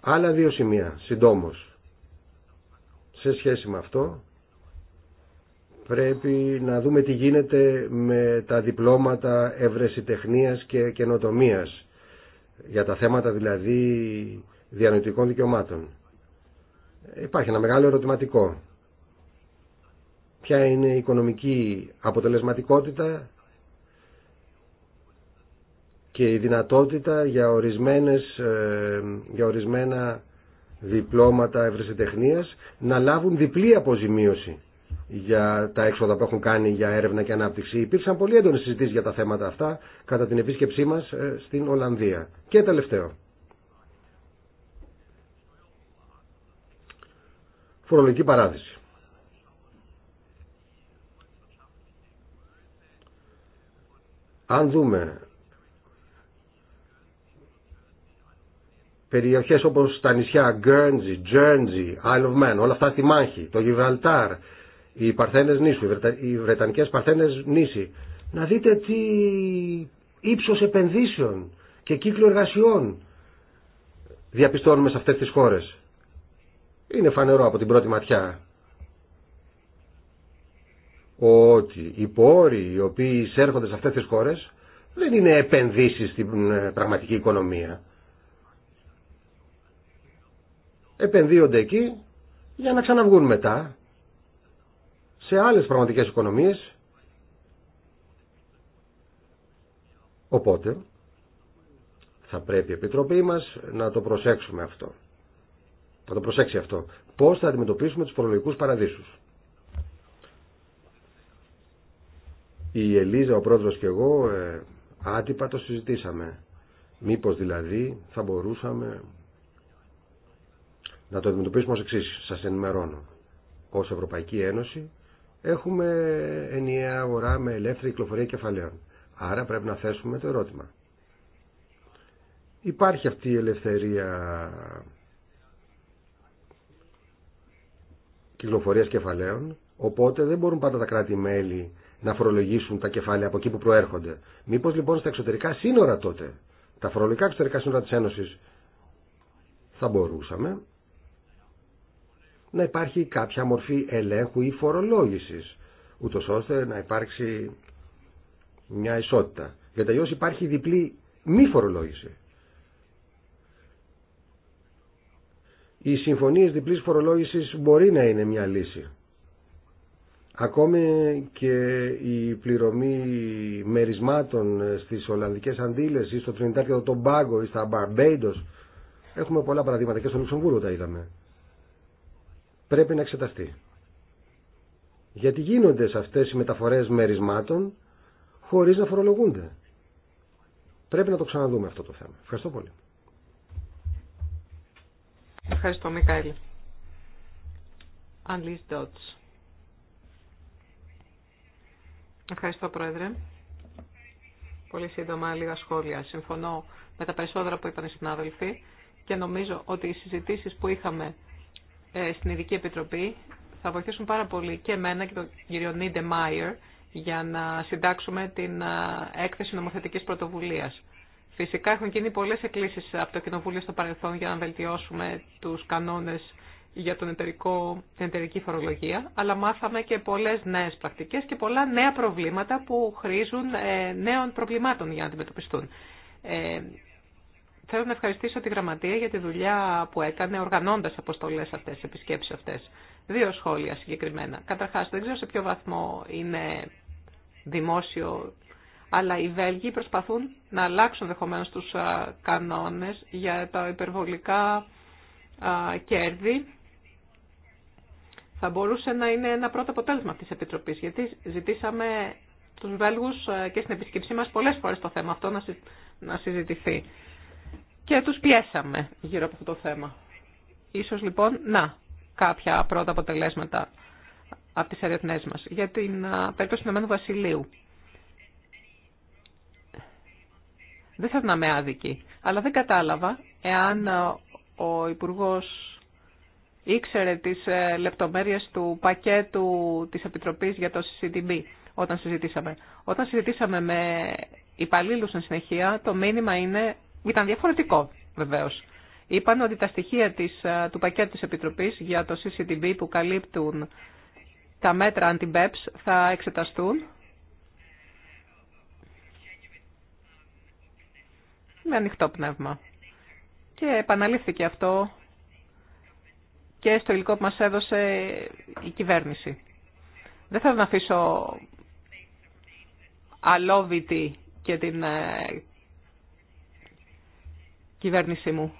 Άλλα δύο σημεία, συντόμως σε σχέση με αυτό πρέπει να δούμε τι γίνεται με τα διπλώματα ευρεσιτεχνίας και καινοτομίας για τα θέματα δηλαδή διανοητικών δικαιωμάτων. Υπάρχει ένα μεγάλο ερωτηματικό. Ποια είναι η οικονομική αποτελεσματικότητα και η δυνατότητα για, ορισμένες, ε, για ορισμένα διπλώματα ευρεσιτεχνίας να λάβουν διπλή αποζημίωση για τα έξοδα που έχουν κάνει για έρευνα και ανάπτυξη. Υπήρξαν πολύ έντονε συζητήσει για τα θέματα αυτά κατά την επίσκεψή μα ε, στην Ολλανδία. Και τελευταίο. Φορολογική παράδειση. Αν δούμε περιοχές όπως τα νησιά Guernsey, Jersey, Isle of Man, όλα αυτά στη μάχη, το Γιβραλτάρ, οι Παρθένες νήσου, οι, Βρετανικές Παρθένες νήσοι. Να δείτε τι ύψος επενδύσεων και κύκλου εργασιών διαπιστώνουμε σε αυτές τις χώρες. Είναι φανερό από την πρώτη ματιά ότι οι πόροι οι οποίοι εισέρχονται σε αυτές τις χώρες δεν είναι επενδύσεις στην ε, πραγματική οικονομία επενδύονται εκεί για να ξαναβγούν μετά σε άλλες πραγματικές οικονομίες. Οπότε θα πρέπει η Επιτροπή μας να το προσέξουμε αυτό. Να το προσέξει αυτό. Πώς θα αντιμετωπίσουμε τους προλογικούς παραδείσους. Η Ελίζα, ο πρόεδρος και εγώ, ε, άτυπα το συζητήσαμε. Μήπως δηλαδή θα μπορούσαμε να το αντιμετωπίσουμε ως εξή σας ενημερώνω. Ως Ευρωπαϊκή Ένωση έχουμε ενιαία αγορά με ελεύθερη κυκλοφορία κεφαλαίων. Άρα πρέπει να θέσουμε το ερώτημα. Υπάρχει αυτή η ελευθερία κυκλοφορίας κεφαλαίων, οπότε δεν μπορούν πάντα τα κράτη-μέλη να φορολογήσουν τα κεφάλαια από εκεί που προέρχονται. Μήπως λοιπόν στα εξωτερικά σύνορα τότε, τα φορολογικά εξωτερικά σύνορα της Ένωσης, θα μπορούσαμε να υπάρχει κάποια μορφή ελέγχου ή φορολόγησης, ούτως ώστε να υπάρξει μια ισότητα. Γιατί όσοι υπάρχει διπλή μη φορολόγηση. Οι συμφωνίες διπλής φορολόγησης μπορεί να είναι μια λύση. Ακόμη και η πληρωμή μερισμάτων στις Ολλανδικές Αντίλες ή στο Τρινιτάρκετο και τον Τομπάγκο ή στα Μπαρμπέιντος έχουμε πολλά παραδείγματα και στο Λουξεμβούργο τα είδαμε πρέπει να εξεταστεί. Γιατί γίνονται σε αυτές οι μεταφορές μερισμάτων χωρίς να φορολογούνται. Πρέπει να το ξαναδούμε αυτό το θέμα. Ευχαριστώ πολύ. Ευχαριστώ Μικαήλ. Ανλής Ντότς. Ευχαριστώ Πρόεδρε. Πολύ σύντομα λίγα σχόλια. Συμφωνώ με τα περισσότερα που είπαν οι συνάδελφοι και νομίζω ότι οι συζητήσεις που είχαμε ε, στην Ειδική Επιτροπή θα βοηθήσουν πάρα πολύ και εμένα και τον κύριο Νίντε Μάιερ για να συντάξουμε την ε, έκθεση νομοθετικής πρωτοβουλίας. Φυσικά έχουν γίνει πολλές εκκλήσεις από το Κοινοβούλιο στο παρελθόν για να βελτιώσουμε τους κανόνες για τον εταιρικό, την εταιρική φορολογία, αλλά μάθαμε και πολλές νέες πρακτικές και πολλά νέα προβλήματα που χρήζουν ε, νέων προβλημάτων για να αντιμετωπιστούν. Θέλω να ευχαριστήσω τη Γραμματεία για τη δουλειά που έκανε οργανώντα αποστολέ αυτέ, επισκέψει αυτέ. Δύο σχόλια συγκεκριμένα. Καταρχά, δεν ξέρω σε ποιο βαθμό είναι δημόσιο, αλλά οι Βέλγοι προσπαθούν να αλλάξουν δεχομένω του κανόνε για τα υπερβολικά κέρδη. Θα μπορούσε να είναι ένα πρώτο αποτέλεσμα αυτή τη Επιτροπή, γιατί ζητήσαμε του Βέλγου και στην επίσκεψή μα πολλέ φορέ το θέμα αυτό να συζητηθεί και τους πιέσαμε γύρω από αυτό το θέμα. Ίσως λοιπόν, να, κάποια πρώτα αποτελέσματα από τις ερευνές μας. Για την περίπτωση του Βασιλείου. Δεν θα να είμαι άδικη, αλλά δεν κατάλαβα εάν ο Υπουργός ήξερε τις ε, λεπτομέρειες του πακέτου της Επιτροπής για το CDB όταν συζητήσαμε. Όταν συζητήσαμε με υπαλλήλους στην συνεχεία, το μήνυμα είναι ήταν διαφορετικό βεβαίως. Είπαν ότι τα στοιχεία της, του πακέτου της Επιτροπής για το CCTB που καλύπτουν τα μέτρα αντιμπέψ θα εξεταστούν με ανοιχτό πνεύμα. Και επαναλήφθηκε αυτό και στο υλικό που μας έδωσε η κυβέρνηση. Δεν θέλω να αφήσω αλόβητη και την ε, κυβέρνησή μου.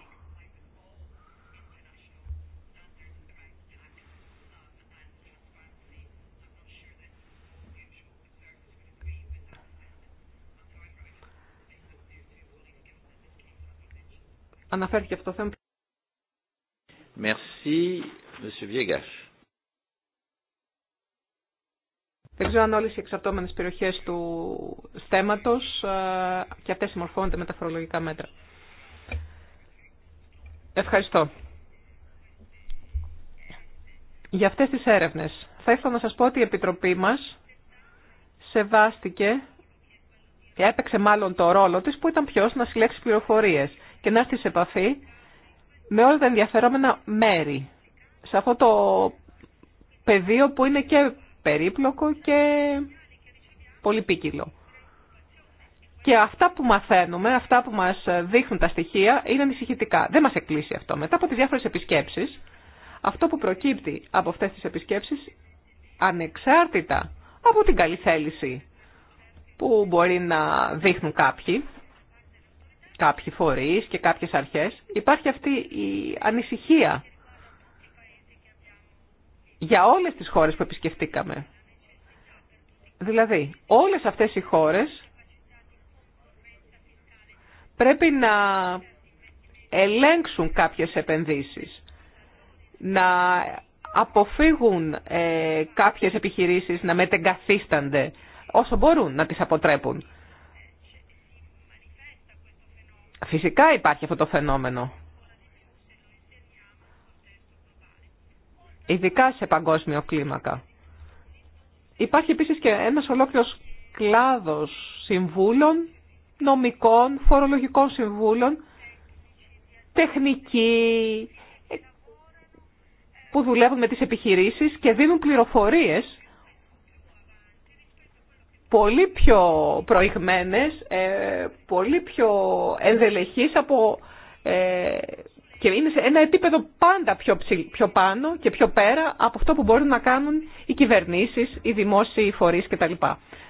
Αναφέρθηκε αυτό το θέμα. Merci, Monsieur Viegas. Δεν ξέρω αν όλε οι εξαρτώμενε περιοχέ του θέματο ε, και αυτέ συμμορφώνονται με τα φορολογικά μέτρα. Ευχαριστώ. Για αυτές τις έρευνες θα ήθελα να σας πω ότι η Επιτροπή μας σεβάστηκε και έπαιξε μάλλον το ρόλο της που ήταν ποιος να συλλέξει πληροφορίες και να έρθει σε επαφή με όλα τα ενδιαφερόμενα μέρη σε αυτό το πεδίο που είναι και περίπλοκο και πολυπίκυλο. Και αυτά που μαθαίνουμε, αυτά που μα δείχνουν τα στοιχεία είναι ανησυχητικά. Δεν μας εκκλείσει αυτό. Μετά από τι διάφορε επισκέψει, αυτό που προκύπτει από αυτέ τι επισκέψει ανεξάρτητα από την καλή θέληση που μπορεί να δείχνουν κάποιοι, κάποιοι φορείς και κάποιες αρχές, υπάρχει αυτή η ανησυχία για όλες τις χώρες που επισκεφτήκαμε. Δηλαδή, όλες αυτές οι χώρες πρέπει να ελέγξουν κάποιες επενδύσεις, να αποφύγουν ε, κάποιες επιχειρήσεις να μετεγκαθίστανται όσο μπορούν να τις αποτρέπουν. Φυσικά υπάρχει αυτό το φαινόμενο. Ειδικά σε παγκόσμιο κλίμακα. Υπάρχει επίσης και ένας ολόκληρος κλάδος συμβούλων νομικών, φορολογικών συμβούλων, τεχνικοί ε, που δουλεύουν με τις επιχειρήσεις και δίνουν πληροφορίες πολύ πιο προηγμένες, ε, πολύ πιο ενδελεχείς από, ε, και είναι σε ένα επίπεδο πάντα πιο, πιο πάνω και πιο πέρα από αυτό που μπορούν να κάνουν οι κυβερνήσεις, οι δημόσιοι φορείς κτλ.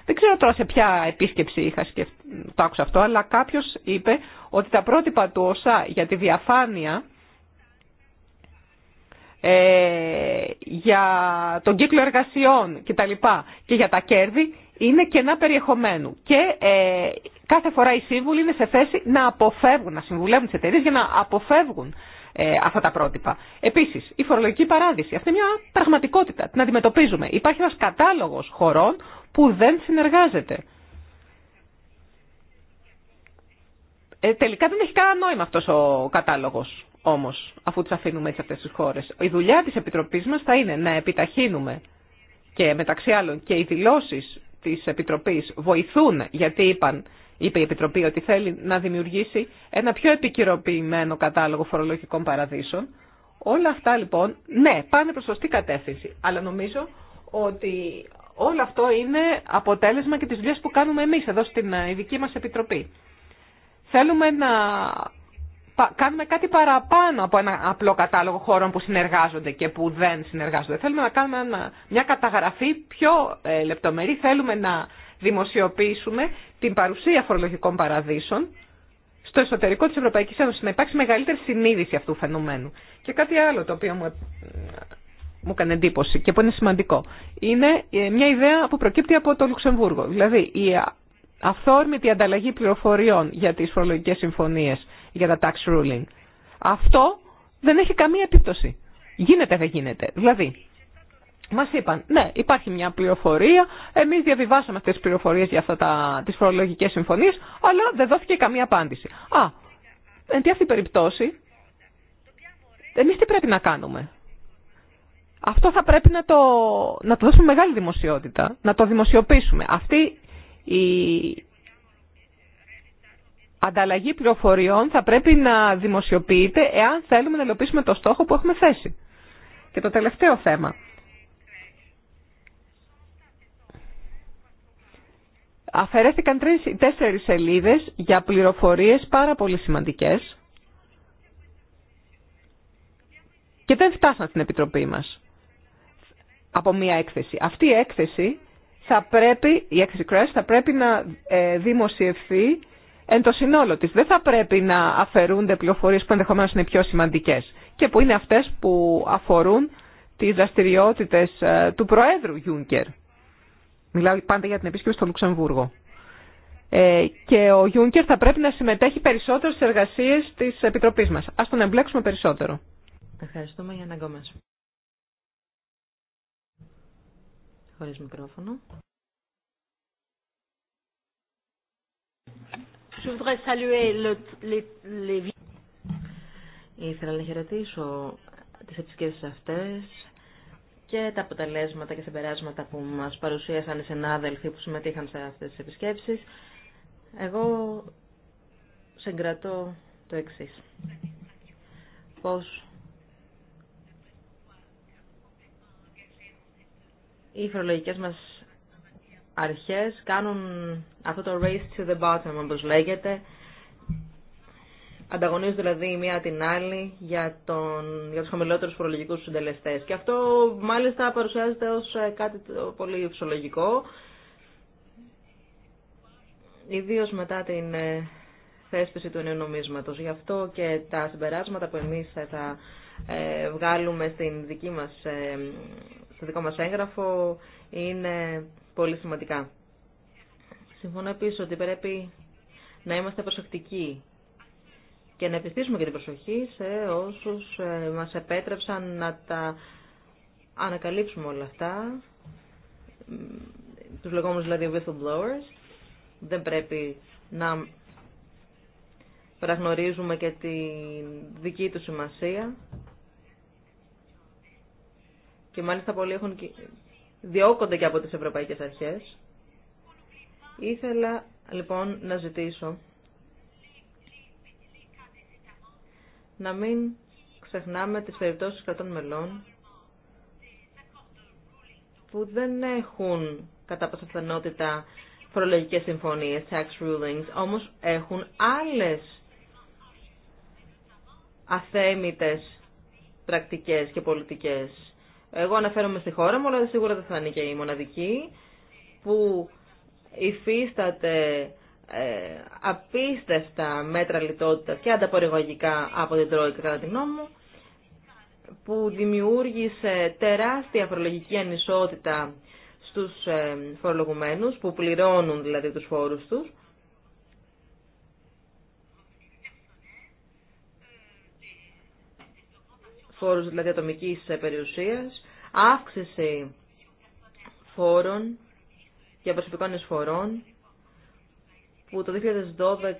Δεν ξέρω τώρα σε ποια επίσκεψη είχα σκεφτεί, το άκουσα αυτό, αλλά κάποιο είπε ότι τα πρότυπα του ΩΣΑ για τη διαφάνεια ε, για τον κύκλο εργασιών και τα λοιπά και για τα κέρδη είναι κενά περιεχομένου. Και ε, κάθε φορά οι σύμβουλοι είναι σε θέση να αποφεύγουν, να συμβουλεύουν τις εταιρείε για να αποφεύγουν ε, αυτά τα πρότυπα. Επίσης, η φορολογική παράδειση. Αυτή είναι μια πραγματικότητα. Την αντιμετωπίζουμε. Υπάρχει ένας κατάλογος χωρών που δεν συνεργάζεται. Ε, τελικά δεν έχει κανένα νόημα αυτός ο κατάλογος όμως, αφού τις αφήνουμε έτσι αυτές τις χώρες. Η δουλειά της Επιτροπής μας θα είναι να επιταχύνουμε και μεταξύ άλλων και οι δηλώσεις της Επιτροπής βοηθούν γιατί είπαν, είπε η Επιτροπή ότι θέλει να δημιουργήσει ένα πιο επικυροποιημένο κατάλογο φορολογικών παραδείσων. Όλα αυτά λοιπόν, ναι, πάνε προς σωστή κατεύθυνση, αλλά νομίζω ότι Όλο αυτό είναι αποτέλεσμα και τη δουλειά που κάνουμε εμείς εδώ στην ε, ειδική μας επιτροπή. Θέλουμε να κάνουμε κάτι παραπάνω από ένα απλό κατάλογο χώρων που συνεργάζονται και που δεν συνεργάζονται. Θέλουμε να κάνουμε μια καταγραφή πιο ε, λεπτομερή. Θέλουμε να δημοσιοποιήσουμε την παρουσία φορολογικών παραδείσων στο εσωτερικό της Ευρωπαϊκής Ένωσης, να υπάρξει μεγαλύτερη συνείδηση αυτού του φαινομένου. Και κάτι άλλο το οποίο μου ε, μου έκανε εντύπωση και που είναι σημαντικό, είναι ε, μια ιδέα που προκύπτει από το Λουξεμβούργο. Δηλαδή η αυθόρμητη ανταλλαγή πληροφοριών για τις φορολογικές συμφωνίες, για τα tax ruling. Αυτό δεν έχει καμία επίπτωση. Γίνεται δεν γίνεται. Δηλαδή, μας είπαν, ναι, υπάρχει μια πληροφορία, εμείς διαβιβάσαμε αυτές τις πληροφορίες για αυτά τα, τις φορολογικές συμφωνίες, αλλά δεν δόθηκε καμία απάντηση. Α, εν αυτή περιπτώσει, εμείς τι πρέπει να κάνουμε. Αυτό θα πρέπει να το, να το δώσουμε μεγάλη δημοσιότητα, να το δημοσιοποιήσουμε. Αυτή η ανταλλαγή πληροφοριών θα πρέπει να δημοσιοποιείται εάν θέλουμε να ελοπίσουμε το στόχο που έχουμε θέσει. Και το τελευταίο θέμα. Αφαιρέθηκαν τρεις ή τέσσερις σελίδες για πληροφορίες πάρα πολύ σημαντικές και δεν φτάσαν στην Επιτροπή μας από μία έκθεση. Αυτή η έκθεση θα πρέπει, η έκθεση θα πρέπει να ε, δημοσιευθεί εν το συνόλο της. Δεν θα πρέπει να αφαιρούνται πληροφορίες που ενδεχομένως είναι πιο σημαντικές και που είναι αυτές που αφορούν τις δραστηριότητε ε, του Προέδρου Γιούνκερ. Μιλάω πάντα για την επίσκεψη στο Λουξεμβούργο. Ε, και ο Γιούνκερ θα πρέπει να συμμετέχει περισσότερο στις εργασίες της Επιτροπής μας. Ας τον εμπλέξουμε περισσότερο. Ευχαριστούμε για να χωρίς μικρόφωνο. Ήθελα να χαιρετήσω τις επισκέψεις αυτές και τα αποτελέσματα και συμπεράσματα που μας παρουσίασαν οι συνάδελφοι που συμμετείχαν σε αυτές τις επισκέψεις. Εγώ συγκρατώ το εξής. Πώς οι φορολογικές μας αρχές κάνουν αυτό το race to the bottom, όπως λέγεται. Ανταγωνίζονται δηλαδή η μία την άλλη για, τον, για τους χαμηλότερους φορολογικούς συντελεστές. Και αυτό μάλιστα παρουσιάζεται ως ε, κάτι πολύ φυσιολογικό. Ιδίως μετά την ε, θέσπιση του νέου νομίσματος. Γι' αυτό και τα συμπεράσματα που εμείς θα ε, βγάλουμε στην δική μας στο δικό μας έγγραφο είναι πολύ σημαντικά. Συμφωνώ επίσης ότι πρέπει να είμαστε προσεκτικοί και να επιστήσουμε και την προσοχή σε όσους ε, μας επέτρεψαν να τα ανακαλύψουμε όλα αυτά, τους λεγόμενους δηλαδή whistleblowers. Δεν πρέπει να παραγνωρίζουμε και τη δική του σημασία και μάλιστα πολλοί έχουν διώκονται και από τις ευρωπαϊκές αρχές. Ήθελα λοιπόν να ζητήσω να μην ξεχνάμε τις περιπτώσεις κρατών μελών που δεν έχουν κατά πάσα πιθανότητα φορολογικές συμφωνίες, tax rulings, όμως έχουν άλλες αθέμητες πρακτικές και πολιτικές εγώ αναφέρομαι στη χώρα μου, αλλά σίγουρα δεν θα είναι και η μοναδική που υφίσταται ε, απίστευτα μέτρα λιτότητας και ανταπορριγωγικά από την Τρόικα κατά τη γνώμη μου, που δημιούργησε τεράστια φορολογική ανισότητα στους ε, φορολογουμένους, που πληρώνουν δηλαδή τους φόρους τους. Φόρους δηλαδή ατομικής ε, περιουσίας αύξηση φόρων για προσωπικών εισφορών που το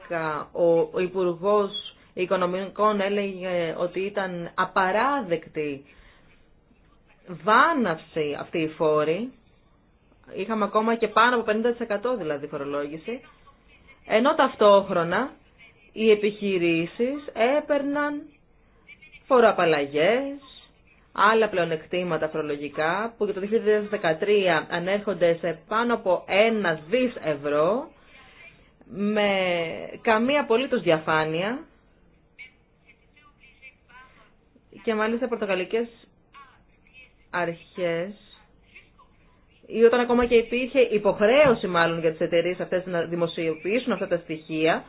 2012 ο Υπουργός Οικονομικών έλεγε ότι ήταν απαράδεκτη βάναυση αυτή η φόρη. Είχαμε ακόμα και πάνω από 50% δηλαδή φορολόγηση. Ενώ ταυτόχρονα οι επιχειρήσεις έπαιρναν φοροαπαλλαγές, άλλα πλεονεκτήματα φορολογικά που για το 2013 ανέρχονται σε πάνω από ένα δις ευρώ με καμία απολύτως διαφάνεια και μάλιστα πορτογαλικές αρχές ή όταν ακόμα και υπήρχε υποχρέωση μάλλον για τις εταιρείες αυτές να δημοσιοποιήσουν αυτά τα στοιχεία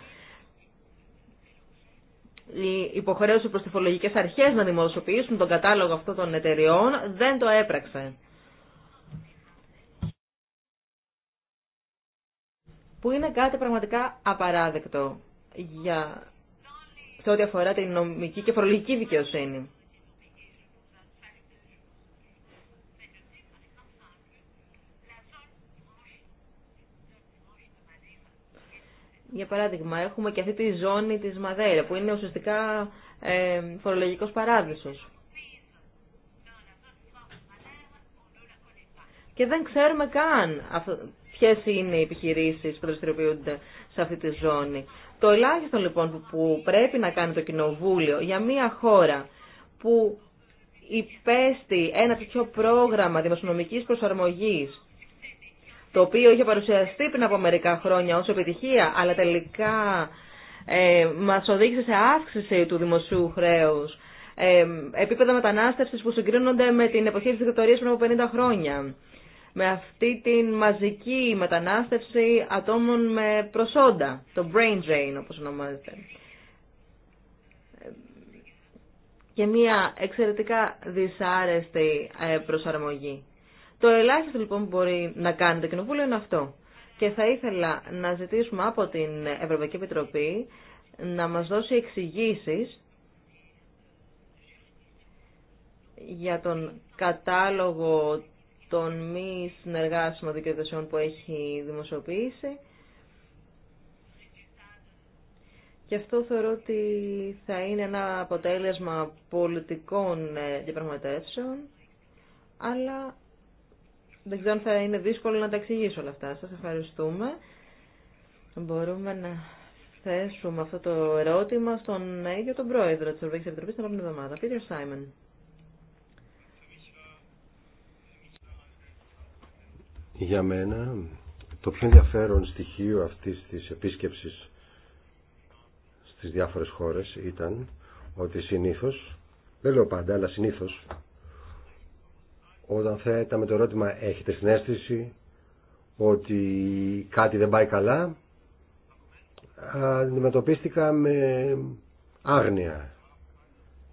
η υποχρέωση προς φορολογικές αρχές να δημοσιοποιήσουν τον κατάλογο αυτών των εταιριών δεν το έπραξε. Που είναι κάτι πραγματικά απαράδεκτο για... σε ό,τι αφορά την νομική και φορολογική δικαιοσύνη. Για παράδειγμα, έχουμε και αυτή τη ζώνη της Μαδέρα, που είναι ουσιαστικά ε, φορολογικός παράδεισος. Και δεν ξέρουμε καν ποιε είναι οι επιχειρήσει που δραστηριοποιούνται σε αυτή τη ζώνη. Το ελάχιστο λοιπόν που πρέπει να κάνει το Κοινοβούλιο για μια χώρα που υπέστη ένα τέτοιο πρόγραμμα δημοσιονομικής προσαρμογής το οποίο είχε παρουσιαστεί πριν από μερικά χρόνια ως επιτυχία, αλλά τελικά ε, μας οδήγησε σε αύξηση του δημοσίου χρέους, ε, επίπεδα μετανάστευσης που συγκρίνονται με την εποχή της δικτατορίας πριν από 50 χρόνια, με αυτή την μαζική μετανάστευση ατόμων με προσόντα, το brain drain όπως ονομάζεται. Και μια εξαιρετικά δυσάρεστη ε, προσαρμογή. Το ελάχιστο λοιπόν που μπορεί να κάνει το Κοινοβούλιο είναι αυτό. Και θα ήθελα να ζητήσουμε από την Ευρωπαϊκή Επιτροπή να μας δώσει εξηγήσει για τον κατάλογο των μη συνεργάσιμων δικαιοδοσιών που έχει δημοσιοποιήσει. Και αυτό θεωρώ ότι θα είναι ένα αποτέλεσμα πολιτικών ε, διαπραγματεύσεων, αλλά δεν ξέρω αν θα είναι δύσκολο να τα εξηγήσω όλα αυτά. Σας ευχαριστούμε. Μπορούμε να θέσουμε αυτό το ερώτημα στον ίδιο τον πρόεδρο της Ευρωπαϊκής Επιτροπής την επόμενη εβδομάδα, Peter Simon. Για μένα το πιο ενδιαφέρον στοιχείο αυτής της επίσκεψης στις διάφορες χώρες ήταν ότι συνήθως, δεν λέω πάντα, αλλά συνήθως όταν θέταμε το ερώτημα έχετε συνέστηση ότι κάτι δεν πάει καλά αντιμετωπίστηκα με άγνοια.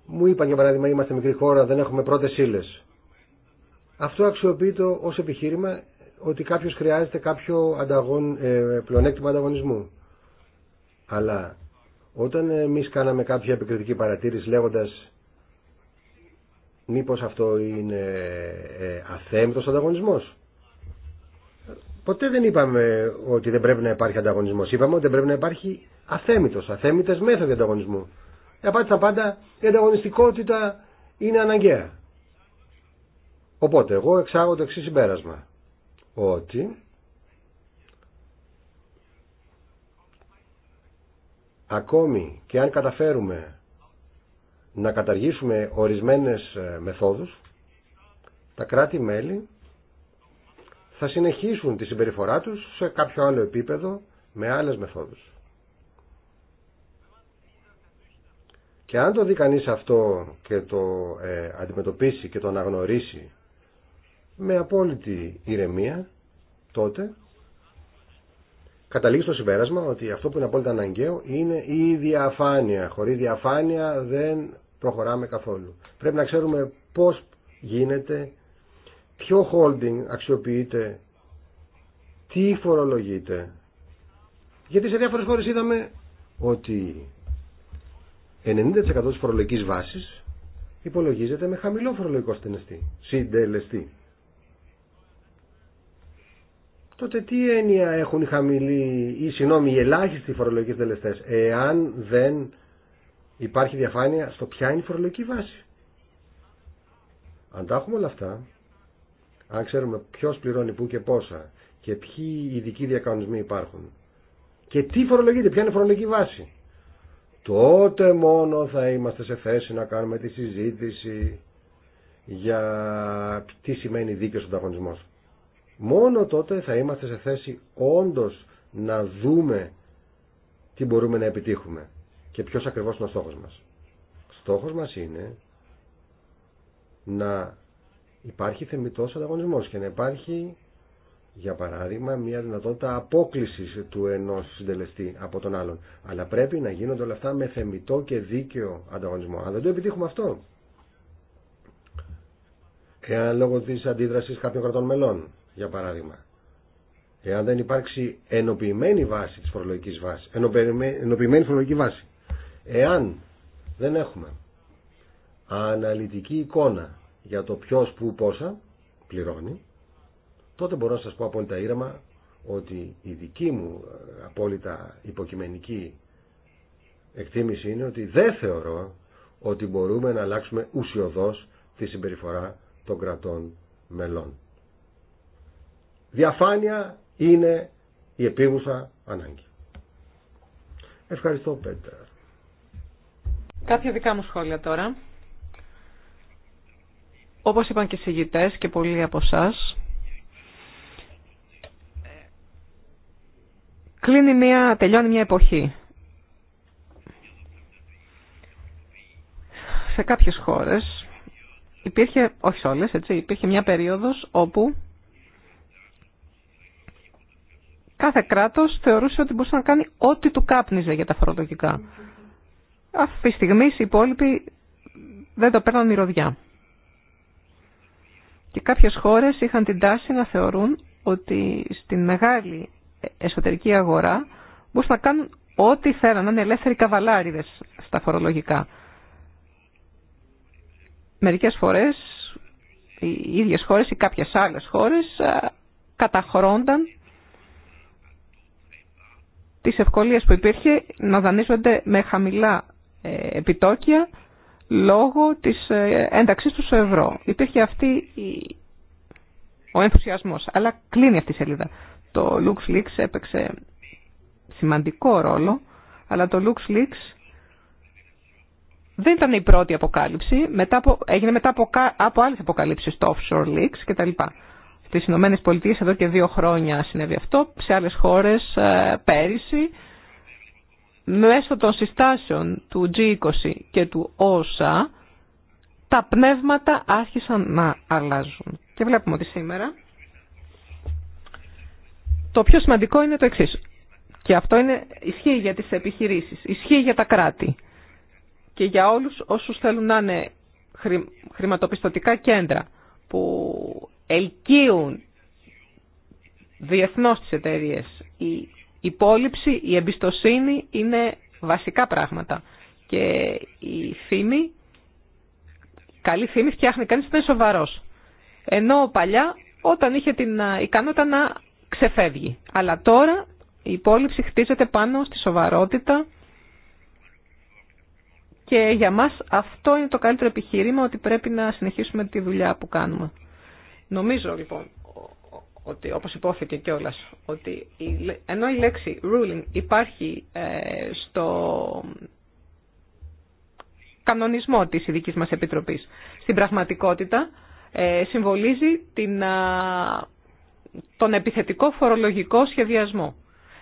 Μου είπαν για παράδειγμα είμαστε μικρή χώρα, δεν έχουμε πρώτες ύλες. Αυτό αξιοποιείται ως επιχείρημα ότι κάποιος χρειάζεται κάποιο ανταγων, ε, πλεονέκτημα ανταγωνισμού. Αλλά όταν εμείς κάναμε κάποια επικριτική παρατήρηση λέγοντας Μήπως αυτό είναι ε, αθέμητος ανταγωνισμός. Ποτέ δεν είπαμε ότι δεν πρέπει να υπάρχει ανταγωνισμός. Είπαμε ότι δεν πρέπει να υπάρχει αθέμητος, αθέμητες μέθοδοι ανταγωνισμού. Ε, απάντησα πάντα η ανταγωνιστικότητα είναι αναγκαία. Οπότε εγώ εξάγω το εξή συμπέρασμα. Ότι ακόμη και αν καταφέρουμε να καταργήσουμε ορισμένες ε, μεθόδους, τα κράτη-μέλη θα συνεχίσουν τη συμπεριφορά τους σε κάποιο άλλο επίπεδο με άλλες μεθόδους. Και αν το δει κανείς αυτό και το ε, αντιμετωπίσει και το αναγνωρίσει με απόλυτη ηρεμία, τότε καταλήγει στο συμπέρασμα ότι αυτό που είναι απόλυτα αναγκαίο είναι η διαφάνεια. Χωρίς διαφάνεια δεν προχωράμε καθόλου. Πρέπει να ξέρουμε πώς γίνεται, ποιο holding αξιοποιείται, τι φορολογείται. Γιατί σε διάφορε χώρες είδαμε ότι 90% τη φορολογική βάσης υπολογίζεται με χαμηλό φορολογικό συντελεστή τότε τι έννοια έχουν οι χαμηλοί ή συγγνώμη οι ελάχιστοι φορολογικοί συντελεστέ, εάν δεν υπάρχει διαφάνεια στο ποια είναι η φορολογική βάση. Αν τα έχουμε όλα αυτά, αν ξέρουμε ποιο πληρώνει πού και πόσα και ποιοι ειδικοί διακανονισμοί υπάρχουν και τι φορολογείται, ποια είναι η φορολογική βάση, τότε μόνο θα είμαστε σε θέση να κάνουμε τη συζήτηση για τι σημαίνει δίκαιος ανταγωνισμός. Μόνο τότε θα είμαστε σε θέση όντως να δούμε τι μπορούμε να επιτύχουμε και ποιος ακριβώς είναι ο στόχος μας. Στόχος μας είναι να υπάρχει θεμητός ανταγωνισμός και να υπάρχει για παράδειγμα μια δυνατότητα απόκλησης του ενός συντελεστή από τον άλλον. Αλλά πρέπει να γίνονται όλα αυτά με θεμητό και δίκαιο ανταγωνισμό. Αν δεν το επιτύχουμε αυτό, εάν λόγω της αντίδρασης κάποιων κρατών μελών για παράδειγμα. Εάν δεν υπάρξει ενοποιημένη βάση της φορολογικής βάσης, ενοποιημένη φορολογική βάση, εάν δεν έχουμε αναλυτική εικόνα για το ποιος που πόσα πληρώνει, τότε μπορώ να σας πω απόλυτα ήρεμα ότι η δική μου ε, απόλυτα υποκειμενική εκτίμηση είναι ότι δεν θεωρώ ότι μπορούμε να αλλάξουμε ουσιοδός τη συμπεριφορά των κρατών μελών. Διαφάνεια είναι η επίγουσα ανάγκη. Ευχαριστώ Πέτρα. Κάποια δικά μου σχόλια τώρα. Όπως είπαν και οι συγητές και πολλοί από εσά. κλείνει μια, τελειώνει μια εποχή. Σε κάποιες χώρες υπήρχε, όχι σε όλες, έτσι, υπήρχε μια περίοδος όπου κάθε κράτος θεωρούσε ότι μπορούσε να κάνει ό,τι του κάπνιζε για τα φορολογικά. Αυτή τη στιγμή οι υπόλοιποι δεν το παίρναν η ροδιά. Και κάποιες χώρες είχαν την τάση να θεωρούν ότι στην μεγάλη εσωτερική αγορά μπορούσαν να κάνουν ό,τι θέλαν, να είναι ελεύθεροι καβαλάριδες στα φορολογικά. Μερικές φορές οι ίδιε χώρες ή κάποιε άλλε χώρε καταχρώνταν της ευκολίας που υπήρχε να δανείζονται με χαμηλά ε, επιτόκια λόγω της ε, ένταξής του στο ευρώ. Υπήρχε αυτή ο ενθουσιασμός, αλλά κλείνει αυτή η σελίδα. Το LuxLeaks έπαιξε σημαντικό ρόλο, αλλά το LuxLeaks δεν ήταν η πρώτη αποκάλυψη, μετά από, έγινε μετά από, από άλλες αποκαλύψεις, το offshore leaks κτλ τις Ηνωμένε Πολιτείε εδώ και δύο χρόνια συνέβη αυτό, σε άλλε χώρε ε, πέρυσι. Μέσω των συστάσεων του G20 και του ΩΣΑ, τα πνεύματα άρχισαν να αλλάζουν. Και βλέπουμε ότι σήμερα το πιο σημαντικό είναι το εξής. Και αυτό είναι, ισχύει για τις επιχειρήσεις, ισχύει για τα κράτη και για όλους όσους θέλουν να είναι χρηματοπιστωτικά κέντρα που ελκύουν διεθνώς τις εταιρείε. Η υπόλοιψη, η εμπιστοσύνη είναι βασικά πράγματα. Και η φήμη, καλή φήμη φτιάχνει κανείς να είναι σοβαρός. Ενώ παλιά όταν είχε την ικανότητα να ξεφεύγει. Αλλά τώρα η υπόλοιψη χτίζεται πάνω στη σοβαρότητα και για μας αυτό είναι το καλύτερο επιχείρημα ότι πρέπει να συνεχίσουμε τη δουλειά που κάνουμε. Νομίζω λοιπόν ότι όπως υπόθηκε κιόλας ότι ενώ η λέξη ruling υπάρχει ε, στο κανονισμό της ειδικής μας επιτροπής στην πραγματικότητα ε, συμβολίζει την, τον επιθετικό φορολογικό σχεδιασμό.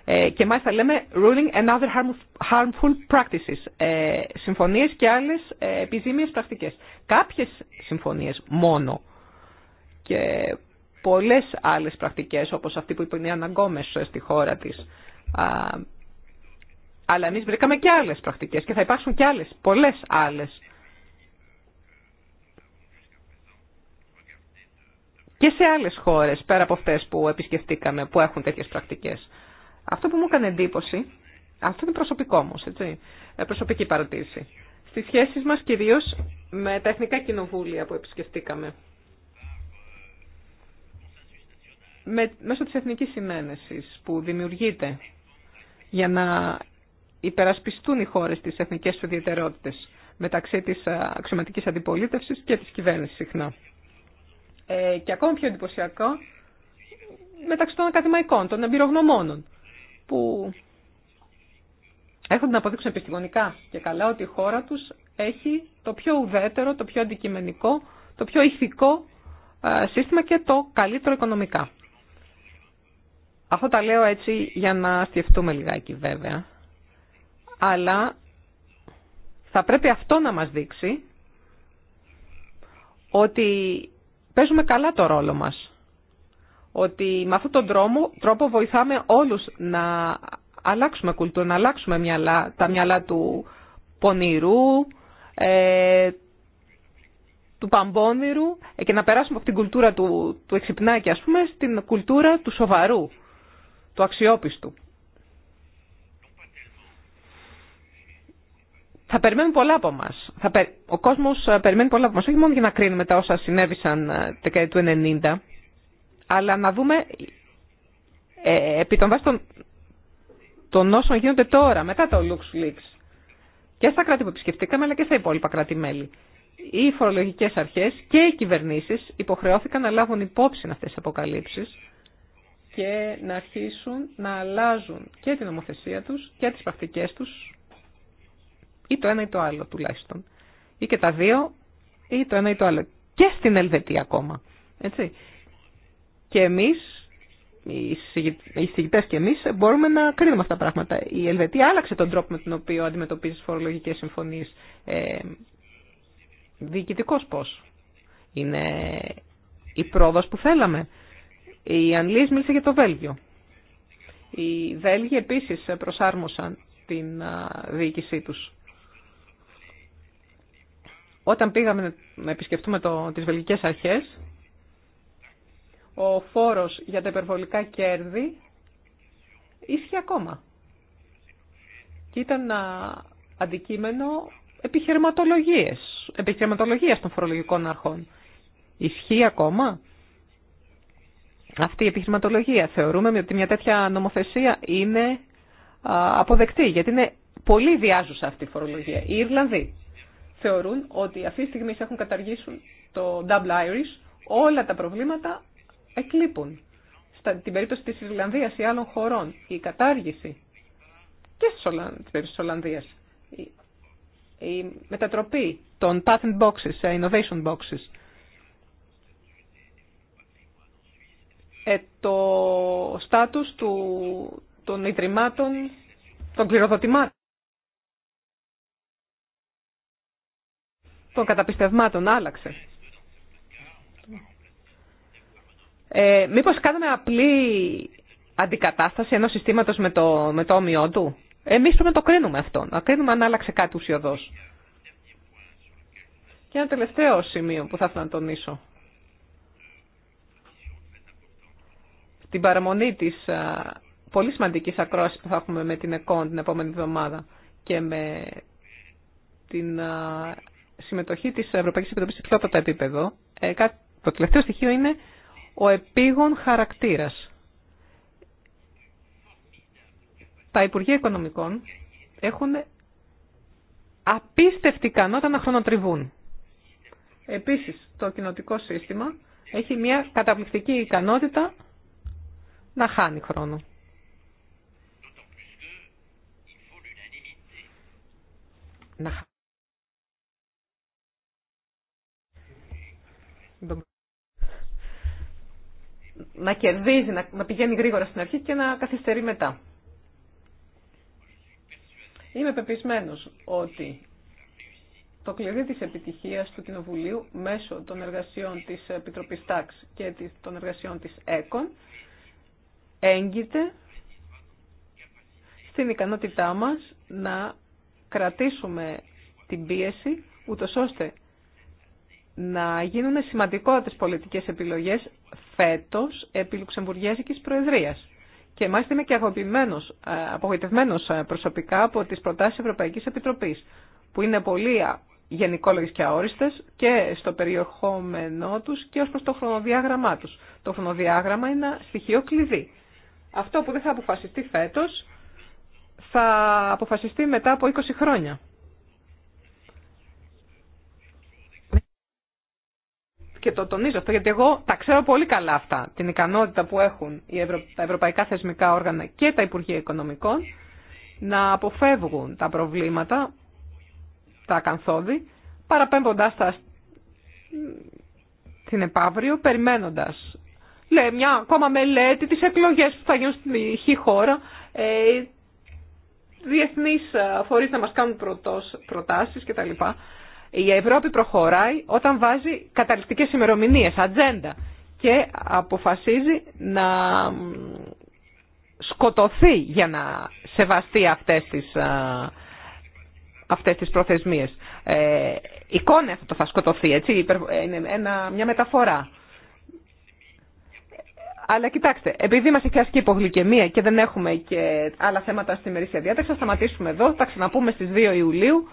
Ε, και μάλιστα λέμε ruling and other harmful practices, ε, συμφωνίες και άλλες επιζήμιες πρακτικές. Κάποιες συμφωνίες μόνο και πολλές άλλες πρακτικές όπως αυτή που είπε η Αναγκόμες στη χώρα της. αλλά εμείς βρήκαμε και άλλες πρακτικές και θα υπάρξουν και άλλες, πολλές άλλες. Και σε άλλες χώρες, πέρα από αυτές που επισκεφτήκαμε, που έχουν τέτοιες πρακτικές. Αυτό που μου έκανε εντύπωση, αυτό είναι προσωπικό μου, έτσι, ε, προσωπική παρατήρηση. Στις σχέσεις μας κυρίως με τα εθνικά κοινοβούλια που επισκεφτήκαμε. με, μέσω της εθνικής συνένεσης που δημιουργείται για να υπερασπιστούν οι χώρες τις εθνικές του ιδιαιτερότητες μεταξύ της ε, αξιωματικής αντιπολίτευσης και της κυβέρνησης συχνά. Ε, και ακόμα πιο εντυπωσιακό μεταξύ των ακαδημαϊκών, των εμπειρογνωμόνων που έχουν να αποδείξουν επιστημονικά και καλά ότι η χώρα τους έχει το πιο ουδέτερο, το πιο αντικειμενικό, το πιο ηθικό ε, σύστημα και το καλύτερο οικονομικά. Αυτό τα λέω έτσι για να σκεφτούμε λιγάκι βέβαια. Αλλά θα πρέπει αυτό να μας δείξει ότι παίζουμε καλά το ρόλο μας. Ότι με αυτόν τον τρόπο, τρόπο βοηθάμε όλους να αλλάξουμε κουλτούρα, να αλλάξουμε τα μυαλά του πονηρού, ε, του παμπόνηρου ε, και να περάσουμε από την κουλτούρα του, του ας πούμε, στην κουλτούρα του σοβαρού, του αξιόπιστου. Θα περιμένουν πολλά από εμά. Ο κόσμο ε, περιμένει πολλά από εμά, όχι μόνο για να κρίνουμε τα όσα συνέβησαν ε, τη δεκαετία 90, αλλά να δούμε ε, επί των βάσεων των όσων γίνονται τώρα, μετά το LuxLeaks, και στα κράτη που επισκεφτήκαμε, αλλά και στα υπόλοιπα κράτη-μέλη. Οι φορολογικέ αρχέ και οι κυβερνήσει υποχρεώθηκαν να λάβουν υπόψη αυτέ τι αποκαλύψει και να αρχίσουν να αλλάζουν και την νομοθεσία τους και τις πρακτικές τους ή το ένα ή το άλλο τουλάχιστον ή και τα δύο ή το ένα ή το άλλο και στην Ελβετία ακόμα. Έτσι. Και εμείς, οι συγητές και εμείς μπορούμε να κρίνουμε αυτά τα πράγματα. Η Ελβετία άλλαξε τον τρόπο με τον οποίο αντιμετωπίζει τις φορολογικές συμφωνίες. Ε, διοικητικός πώς. Είναι η πρόοδος που θέλαμε. Η Ανλής μίλησε για το Βέλγιο. Οι Βέλγοι επίσης προσάρμοσαν την διοίκησή τους. Όταν πήγαμε να επισκεφτούμε το, τις βελγικές αρχές, ο φόρος για τα υπερβολικά κέρδη ίσχυε ακόμα. Και ήταν αντικείμενο επιχειρηματολογίες, επιχειρηματολογίας των φορολογικών αρχών. Ισχύει ακόμα αυτή η επιχειρηματολογία. Θεωρούμε ότι μια τέτοια νομοθεσία είναι αποδεκτή, γιατί είναι πολύ διάζουσα αυτή η φορολογία. Οι Ιρλανδοί θεωρούν ότι αυτή τη στιγμή έχουν καταργήσουν το Double Irish, όλα τα προβλήματα εκλείπουν. Στην περίπτωση της Ιρλανδίας ή άλλων χωρών, η κατάργηση και στην περίπτωση της Ολλανδίας, η μετατροπή των patent boxes σε innovation boxes Ε, το στάτους του, των ιδρυμάτων, των κληροδοτημάτων. των καταπιστευμάτων άλλαξε. Ε, μήπως κάναμε απλή αντικατάσταση ενός συστήματος με το, με όμοιό του. Εμείς πρέπει να το κρίνουμε αυτό, να κρίνουμε αν άλλαξε κάτι ουσιοδός. Και ένα τελευταίο σημείο που θα ήθελα να τονίσω. την παραμονή της πολύ σημαντικής ακρόασης που θα έχουμε με την ΕΚΟΝ την επόμενη εβδομάδα και με την συμμετοχή της Ευρωπαϊκής Επιτροπής σε πιο επίπεδο, ε, το τελευταίο στοιχείο είναι ο επίγον χαρακτήρας. Τα Υπουργεία Οικονομικών έχουν απίστευτη ικανότητα να χρονοτριβούν. Επίσης, το κοινοτικό σύστημα έχει μια καταπληκτική ικανότητα να χάνει χρόνο. Να κερδίζει, να, πηγαίνει γρήγορα στην αρχή και να καθυστερεί μετά. Είμαι πεπισμένος ότι το κλειδί της επιτυχίας του Κοινοβουλίου μέσω των εργασιών της Επιτροπής Τάξ και των εργασιών της ΕΚΟΝ έγκυται στην ικανότητά μας να κρατήσουμε την πίεση, ούτω ώστε να γίνουν σημαντικότερες πολιτικές επιλογές φέτος επί Λουξεμβουργέζικης Προεδρίας. Και μάλιστα είμαι και αγωπημένος, ε, απογοητευμένος ε, προσωπικά από τις προτάσεις Ευρωπαϊκής Επιτροπής, που είναι πολύ γενικόλογες και αόριστες και στο περιεχόμενό τους και ως προς το χρονοδιάγραμμά τους. Το χρονοδιάγραμμα είναι ένα στοιχείο κλειδί. Αυτό που δεν θα αποφασιστεί φέτος θα αποφασιστεί μετά από 20 χρόνια. Και το τονίζω αυτό γιατί εγώ τα ξέρω πολύ καλά αυτά, την ικανότητα που έχουν τα ευρωπαϊκά θεσμικά όργανα και τα Υπουργεία Οικονομικών να αποφεύγουν τα προβλήματα, τα ακαθόδη, παραπέμποντάς τα στην επαύριο, περιμένοντας λέει ναι, μια ακόμα μελέτη, τις εκλογές που θα γίνουν στην ηχή χώρα, ε, διεθνείς ε, φορείς να μας κάνουν προτάσει προτάσεις κτλ. Η Ευρώπη προχωράει όταν βάζει καταληκτικέ ημερομηνίες, ατζέντα και αποφασίζει να σκοτωθεί για να σεβαστεί αυτές τις, ε, αυτές τις προθεσμίες. Ε, αυτό θα σκοτωθεί, έτσι, ε, είναι μια μεταφορά. Αλλά κοιτάξτε, επειδή μας έχει ασκεί υπογλυκαιμία και δεν έχουμε και άλλα θέματα στη μερίσια διάταξη, θα σταματήσουμε εδώ, θα ξαναπούμε στις 2 Ιουλίου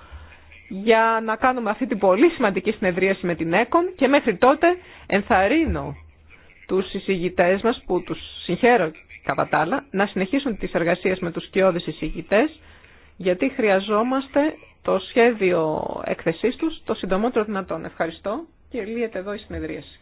για να κάνουμε αυτή την πολύ σημαντική συνεδρίαση με την ΕΚΟΝ και μέχρι τότε ενθαρρύνω τους εισηγητές μας που τους συγχαίρω κατά τα άλλα να συνεχίσουν τις εργασίες με τους σκιώδεις εισηγητές γιατί χρειαζόμαστε το σχέδιο έκθεσή τους το συντομότερο δυνατόν. Ευχαριστώ και λύεται εδώ η συνεδρίαση.